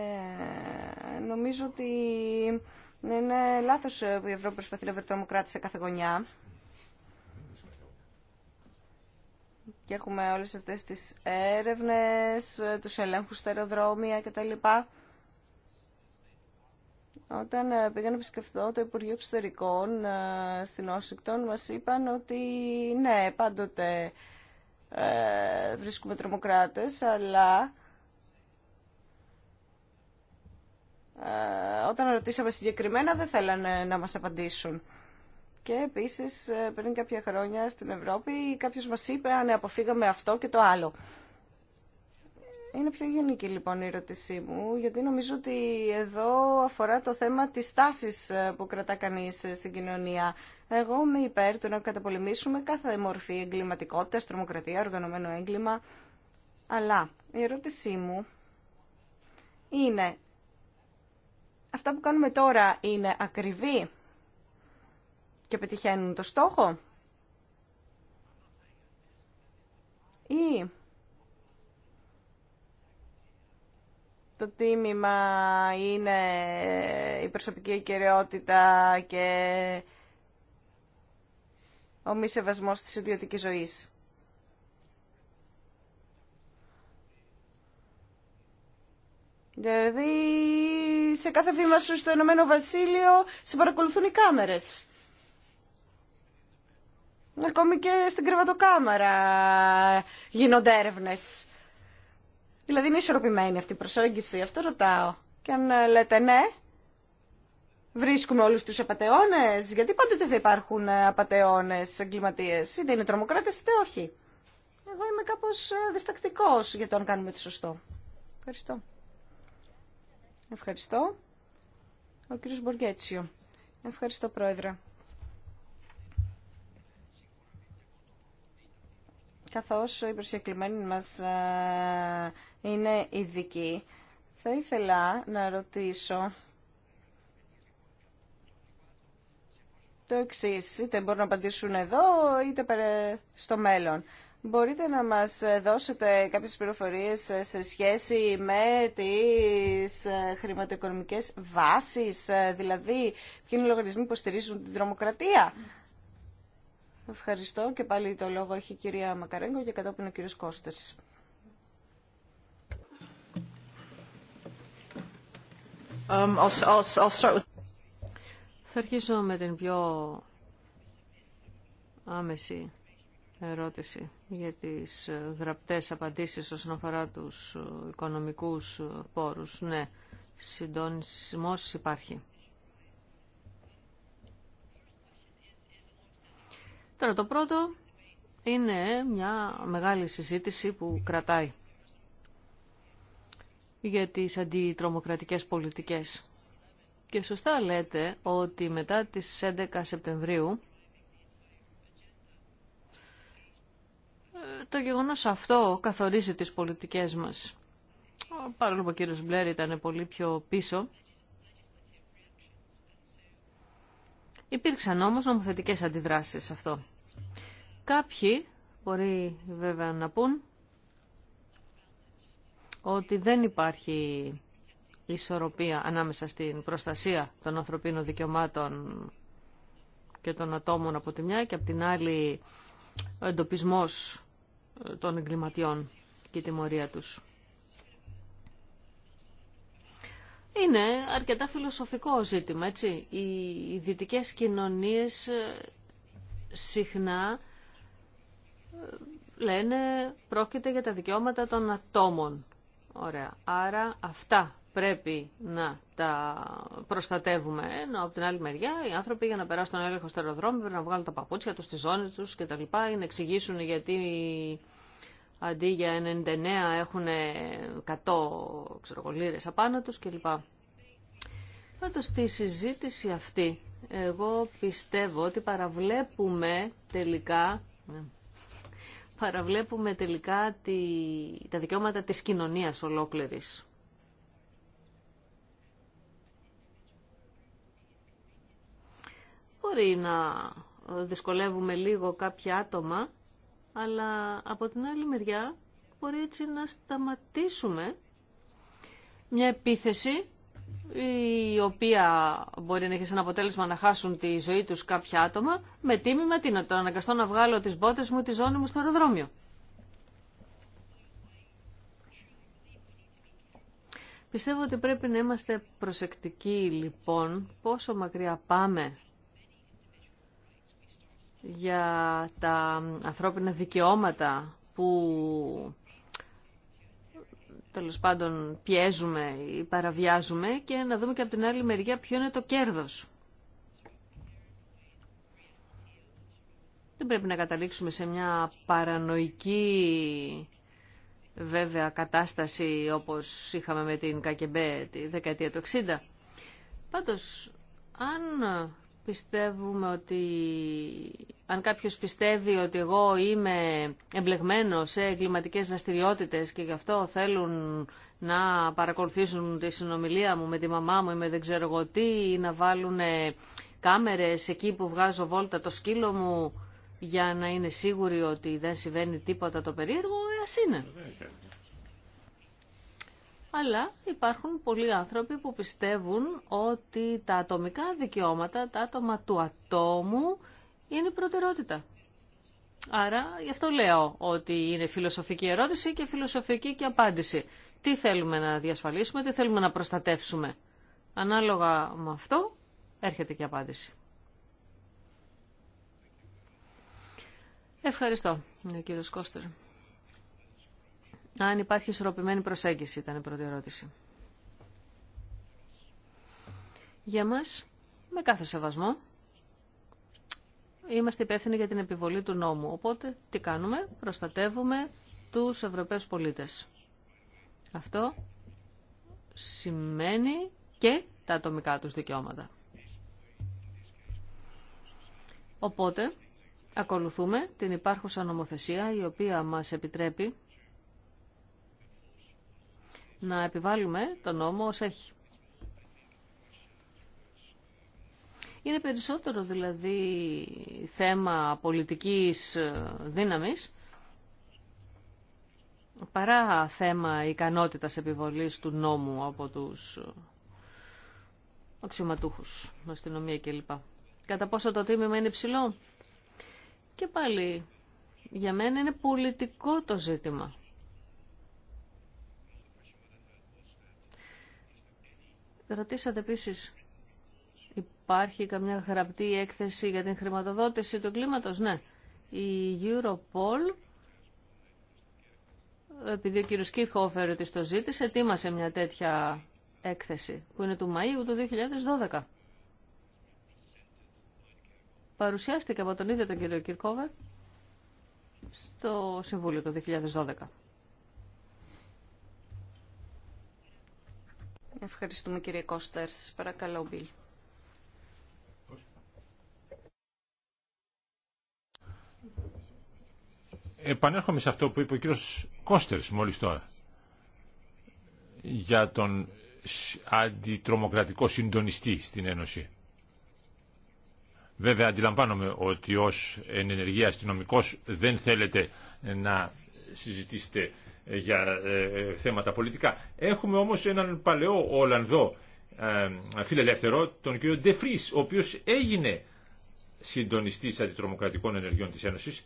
νομίζω ότι είναι λάθος που ε, η Ευρώπη προσπαθεί να βρει τρομοκράτη σε κάθε γωνιά. Και έχουμε όλες αυτές τις έρευνες, ε, τους ελέγχους στα αεροδρόμια κτλ. Όταν ε, πήγα να επισκεφθώ το Υπουργείο Εξωτερικών στην Όσικτον, μας είπαν ότι ναι, πάντοτε βρίσκουμε τρομοκράτες, αλλά Ε, όταν ρωτήσαμε συγκεκριμένα δεν θέλανε να μας απαντήσουν. Και επίσης ε, πριν κάποια χρόνια στην Ευρώπη κάποιος μας είπε αν ναι, αποφύγαμε αυτό και το άλλο. Είναι πιο γενική λοιπόν η ερώτησή μου, γιατί νομίζω ότι εδώ αφορά το θέμα της τάσης ε, που κρατά κανείς στην κοινωνία. Εγώ είμαι υπέρ του να καταπολεμήσουμε κάθε μορφή εγκληματικότητας, τρομοκρατία, οργανωμένο έγκλημα. Αλλά η ερώτησή μου είναι αυτά που κάνουμε τώρα είναι ακριβή και πετυχαίνουν το στόχο ή το τίμημα είναι η προσωπική κυριότητα και ο μη σεβασμός της ιδιωτικής ζωής. Δηλαδή, σε κάθε βήμα σου στο Ηνωμένο Βασίλειο σε παρακολουθούν οι κάμερες. Ακόμη και στην κρεβατοκάμαρα γίνονται έρευνε. Δηλαδή είναι ισορροπημένη αυτή η προσέγγιση, αυτό ρωτάω. Και αν ε, λέτε ναι, βρίσκουμε όλους τους απαταιώνες, γιατί πάντοτε θα υπάρχουν ε, απαταιώνες εγκληματίε, είτε είναι τρομοκράτες είτε όχι. Εγώ είμαι κάπως ε, διστακτικός για το αν κάνουμε το σωστό. Ευχαριστώ. Ευχαριστώ. Ο κύριος Μποργέτσιο. Ευχαριστώ, Πρόεδρε. Καθώς οι προσκεκλημένοι μας ε, είναι ειδικοί, θα ήθελα να ρωτήσω το εξή. Είτε μπορούν να απαντήσουν εδώ, είτε στο μέλλον. Μπορείτε να μας δώσετε κάποιες πληροφορίες σε σχέση με τις ε, χρηματοοικονομικές βάσεις, ε, δηλαδή ποιοι είναι οι λογαριασμοί που στηρίζουν την τρομοκρατία. Ευχαριστώ και πάλι το λόγο έχει η κυρία Μακαρέγκο και κατόπιν ο κύριος Κώστερς. Um, Θα αρχίσω με την πιο άμεση ερώτηση για τις γραπτές απαντήσεις όσον αφορά τους οικονομικούς πόρους. Ναι, σημός υπάρχει. Τώρα το πρώτο είναι μια μεγάλη συζήτηση που κρατάει για τις αντιτρομοκρατικές πολιτικές. Και σωστά λέτε ότι μετά τις 11 Σεπτεμβρίου το γεγονός αυτό καθορίζει τις πολιτικές μας. Παρόλο που ο κύριος Μπλερ ήταν πολύ πιο πίσω. Υπήρξαν όμως νομοθετικές αντιδράσεις σε αυτό. Κάποιοι μπορεί βέβαια να πούν ότι δεν υπάρχει ισορροπία ανάμεσα στην προστασία των ανθρωπίνων δικαιωμάτων και των ατόμων από τη μια και από την άλλη ο εντοπισμός των εγκληματιών και τη μορία τους. Είναι αρκετά φιλοσοφικό ζήτημα, έτσι. Οι δυτικές κοινωνίες ε, συχνά ε, λένε πρόκειται για τα δικαιώματα των ατόμων. Ωραία. Άρα αυτά πρέπει να τα προστατεύουμε. Ενώ από την άλλη μεριά οι άνθρωποι για να περάσουν τον έλεγχο στο αεροδρόμιο πρέπει να βγάλουν τα παπούτσια τους, τις ζώνες τους κτλ. Ή να εξηγήσουν γιατί αντί για 99 έχουν 100 λίρες απάνω τους κλπ. Πάντως στη συζήτηση αυτή εγώ πιστεύω ότι παραβλέπουμε τελικά παραβλέπουμε τελικά τη, τα δικαιώματα της κοινωνίας ολόκληρης Μπορεί να ε, δυσκολεύουμε λίγο κάποια άτομα, αλλά από την άλλη μεριά μπορεί έτσι να σταματήσουμε μια επίθεση η οποία μπορεί να έχει σαν αποτέλεσμα να χάσουν τη ζωή τους κάποια άτομα με τίμημα τι να το αναγκαστώ να βγάλω τις μπότες μου, τη ζώνη μου στο αεροδρόμιο. Πιστεύω ότι πρέπει να είμαστε προσεκτικοί λοιπόν πόσο μακριά πάμε για τα ανθρώπινα δικαιώματα που τέλος πάντων πιέζουμε ή παραβιάζουμε και να δούμε και από την άλλη μεριά ποιο είναι το κέρδος. Δεν πρέπει να καταλήξουμε σε μια παρανοϊκή βέβαια κατάσταση όπως είχαμε με την ΚΑΚΕΜΠΕ τη δεκαετία του 60. Πάντως, αν πιστεύουμε ότι αν κάποιος πιστεύει ότι εγώ είμαι εμπλεγμένο σε εγκληματικές δραστηριότητε και γι' αυτό θέλουν να παρακολουθήσουν τη συνομιλία μου με τη μαμά μου ή με δεν ξέρω εγώ τι ή να βάλουν κάμερες εκεί που βγάζω βόλτα το σκύλο μου για να είναι σίγουροι ότι δεν συμβαίνει τίποτα το περίεργο, ε, ας είναι αλλά υπάρχουν πολλοί άνθρωποι που πιστεύουν ότι τα ατομικά δικαιώματα, τα άτομα του ατόμου είναι η προτεραιότητα. Άρα γι' αυτό λέω ότι είναι φιλοσοφική ερώτηση και φιλοσοφική και απάντηση. Τι θέλουμε να διασφαλίσουμε, τι θέλουμε να προστατεύσουμε. Ανάλογα με αυτό έρχεται και απάντηση. Ευχαριστώ, κύριος Κώστερ. Αν υπάρχει ισορροπημένη προσέγγιση ήταν η πρώτη ερώτηση. Για μας, με κάθε σεβασμό, είμαστε υπεύθυνοι για την επιβολή του νόμου. Οπότε, τι κάνουμε, προστατεύουμε τους Ευρωπαίους πολίτες. Αυτό σημαίνει και τα ατομικά τους δικαιώματα. Οπότε, ακολουθούμε την υπάρχουσα νομοθεσία η οποία μας επιτρέπει να επιβάλλουμε τον νόμο ως έχει. Είναι περισσότερο δηλαδή θέμα πολιτικής ε, δύναμης παρά θέμα ικανότητας επιβολής του νόμου από τους ε, αξιωματούχους, αστυνομία κλπ. Κατά πόσο το τίμημα είναι υψηλό. Και πάλι για μένα είναι πολιτικό το ζήτημα. Ρωτήσατε επίσης, υπάρχει καμιά γραπτή έκθεση για την χρηματοδότηση του κλίματος. Ναι, η Europol, επειδή ο κύριος Κίρχοφερ της το ζήτησε, ετοίμασε μια τέτοια έκθεση που είναι του Μαΐου του 2012. Παρουσιάστηκε από τον ίδιο τον κύριο Κίρκοβερ στο Συμβούλιο του 2012. Ευχαριστούμε κύριε Κώστερς. Παρακαλώ, Μπιλ. Επανέρχομαι σε αυτό που είπε ο κύριος Κώστερς μόλις τώρα για τον αντιτρομοκρατικό συντονιστή στην Ένωση. Βέβαια αντιλαμβάνομαι ότι ως ενεργεία αστυνομικός δεν θέλετε να συζητήσετε για ε, ε, θέματα πολιτικά. Έχουμε όμως έναν παλαιό Ολλανδό ε, φιλελεύθερο, τον κύριο Ντεφρίς, ο οποίος έγινε συντονιστής αντιτρομοκρατικών ενεργειών της Ένωσης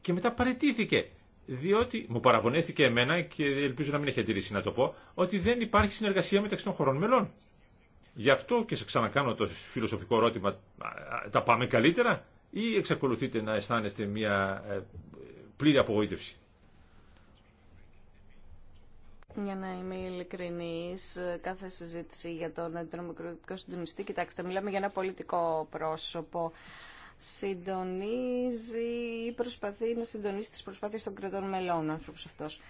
και μετά παρετήθηκε διότι μου παραπονέθηκε εμένα και ελπίζω να μην έχει αντιρρήσει να το πω, ότι δεν υπάρχει συνεργασία μεταξύ των χωρών μελών. Γι' αυτό και σε ξανακάνω το φιλοσοφικό ερώτημα, τα πάμε καλύτερα ή εξακολουθείτε να αισθάνεστε μια πλήρη απογοήτευση. Για να είμαι ειλικρινή, κάθε συζήτηση για τον αντιτρομοκρατικό συντονιστή, κοιτάξτε, μιλάμε για ένα πολιτικό πρόσωπο. Συντονίζει ή προσπαθεί να συντονίσει τι προσπάθειε των κρατών μελών ο άνθρωπο αυτό.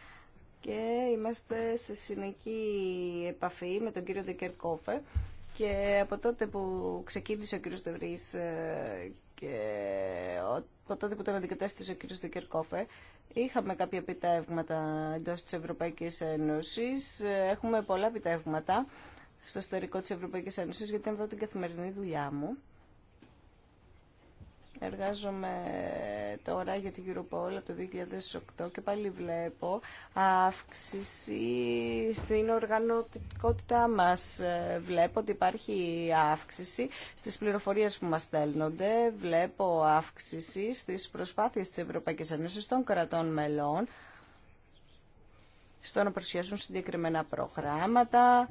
Και είμαστε σε συνεχή επαφή με τον κύριο Ντεκερκόφε. Και από τότε που ξεκίνησε ο κύριος Δευρή ε, και από τότε που τον αντικατέστησε ο κ. Δικερκόπε, είχαμε κάποια επιτεύγματα εντό τη Ευρωπαϊκή Ένωση. Έχουμε πολλά επιτεύγματα στο ιστορικό τη Ευρωπαϊκή Ένωση, γιατί είναι εδώ την καθημερινή δουλειά μου, Εργάζομαι τώρα για την Europol από το 2008 και πάλι βλέπω αύξηση στην οργανωτικότητά μας. Βλέπω ότι υπάρχει αύξηση στις πληροφορίες που μας στέλνονται. Βλέπω αύξηση στις προσπάθειες της Ευρωπαϊκής Ένωσης των κρατών μελών στο να παρουσιάσουν συγκεκριμένα προγράμματα,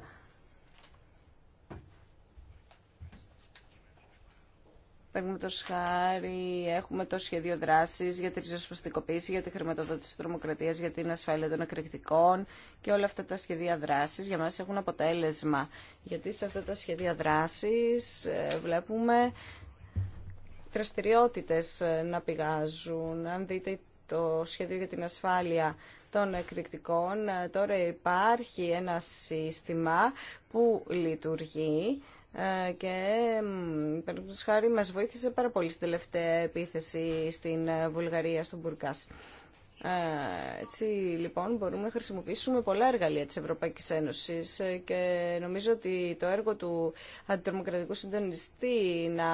Παίρνουμε το σχάρι, έχουμε το σχέδιο δράση για τη ριζοσπαστικοποίηση, για τη χρηματοδότηση τη τρομοκρατία, για την ασφάλεια των εκρηκτικών και όλα αυτά τα σχέδια δράση για μα έχουν αποτέλεσμα. Γιατί σε αυτά τα σχέδια δράση ε, βλέπουμε δραστηριότητε ε, να πηγάζουν. Αν δείτε το σχέδιο για την ασφάλεια των εκρηκτικών, ε, τώρα υπάρχει ένα σύστημα που λειτουργεί ε, και παραδείγματος χάρη μας βοήθησε πάρα πολύ στην τελευταία επίθεση στην ε, Βουλγαρία, στον Μπουρκάς. Ε, έτσι λοιπόν μπορούμε να χρησιμοποιήσουμε πολλά εργαλεία της Ευρωπαϊκής Ένωσης και νομίζω ότι το έργο του αντιτρομοκρατικού συντονιστή να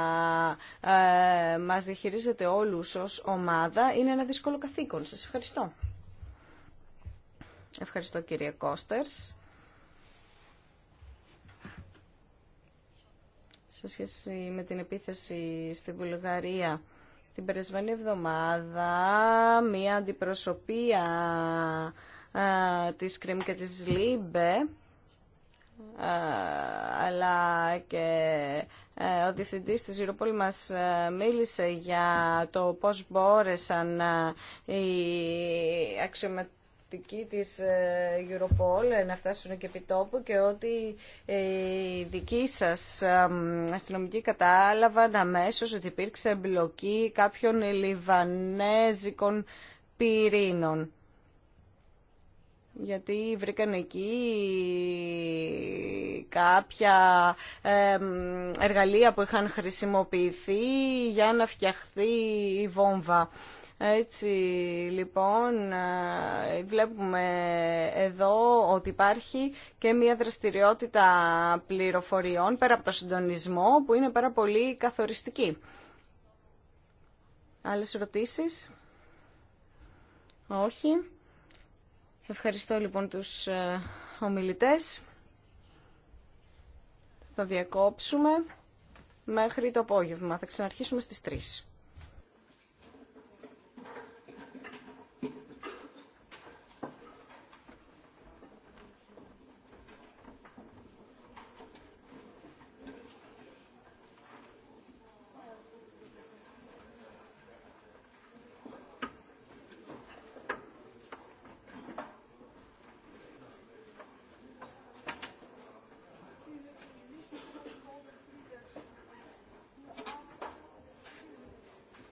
μας διαχειρίζεται όλους ως ομάδα είναι ένα δύσκολο καθήκον. Σας ευχαριστώ. Ευχαριστώ κύριε Κώστερς. σε σχέση με την επίθεση στη Βουλγαρία την περασμένη εβδομάδα μία αντιπροσωπεία α, της ΚΡΙΜ και της ΛΥΜΠΕ αλλά και ε, ο διευθυντής της Ιεροπόλη μας ε, μίλησε για το πώς μπόρεσαν ε, οι αξιωματικοί της ε, Europol ε, να φτάσουν και επί και ότι ε, οι δικοί σας αστυνομικοί κατάλαβαν αμέσω ότι υπήρξε εμπλοκή κάποιων λιβανέζικων πυρήνων γιατί βρήκαν εκεί κάποια εργαλεία που είχαν χρησιμοποιηθεί για να φτιαχθεί η βόμβα έτσι λοιπόν ε, βλέπουμε εδώ ότι υπάρχει και μια δραστηριότητα πληροφοριών πέρα από το συντονισμό που είναι πάρα πολύ καθοριστική. Άλλες ερωτήσεις? Όχι. Ευχαριστώ λοιπόν τους ε, ομιλητές. Θα διακόψουμε μέχρι το απόγευμα. Θα ξαναρχίσουμε στις 3.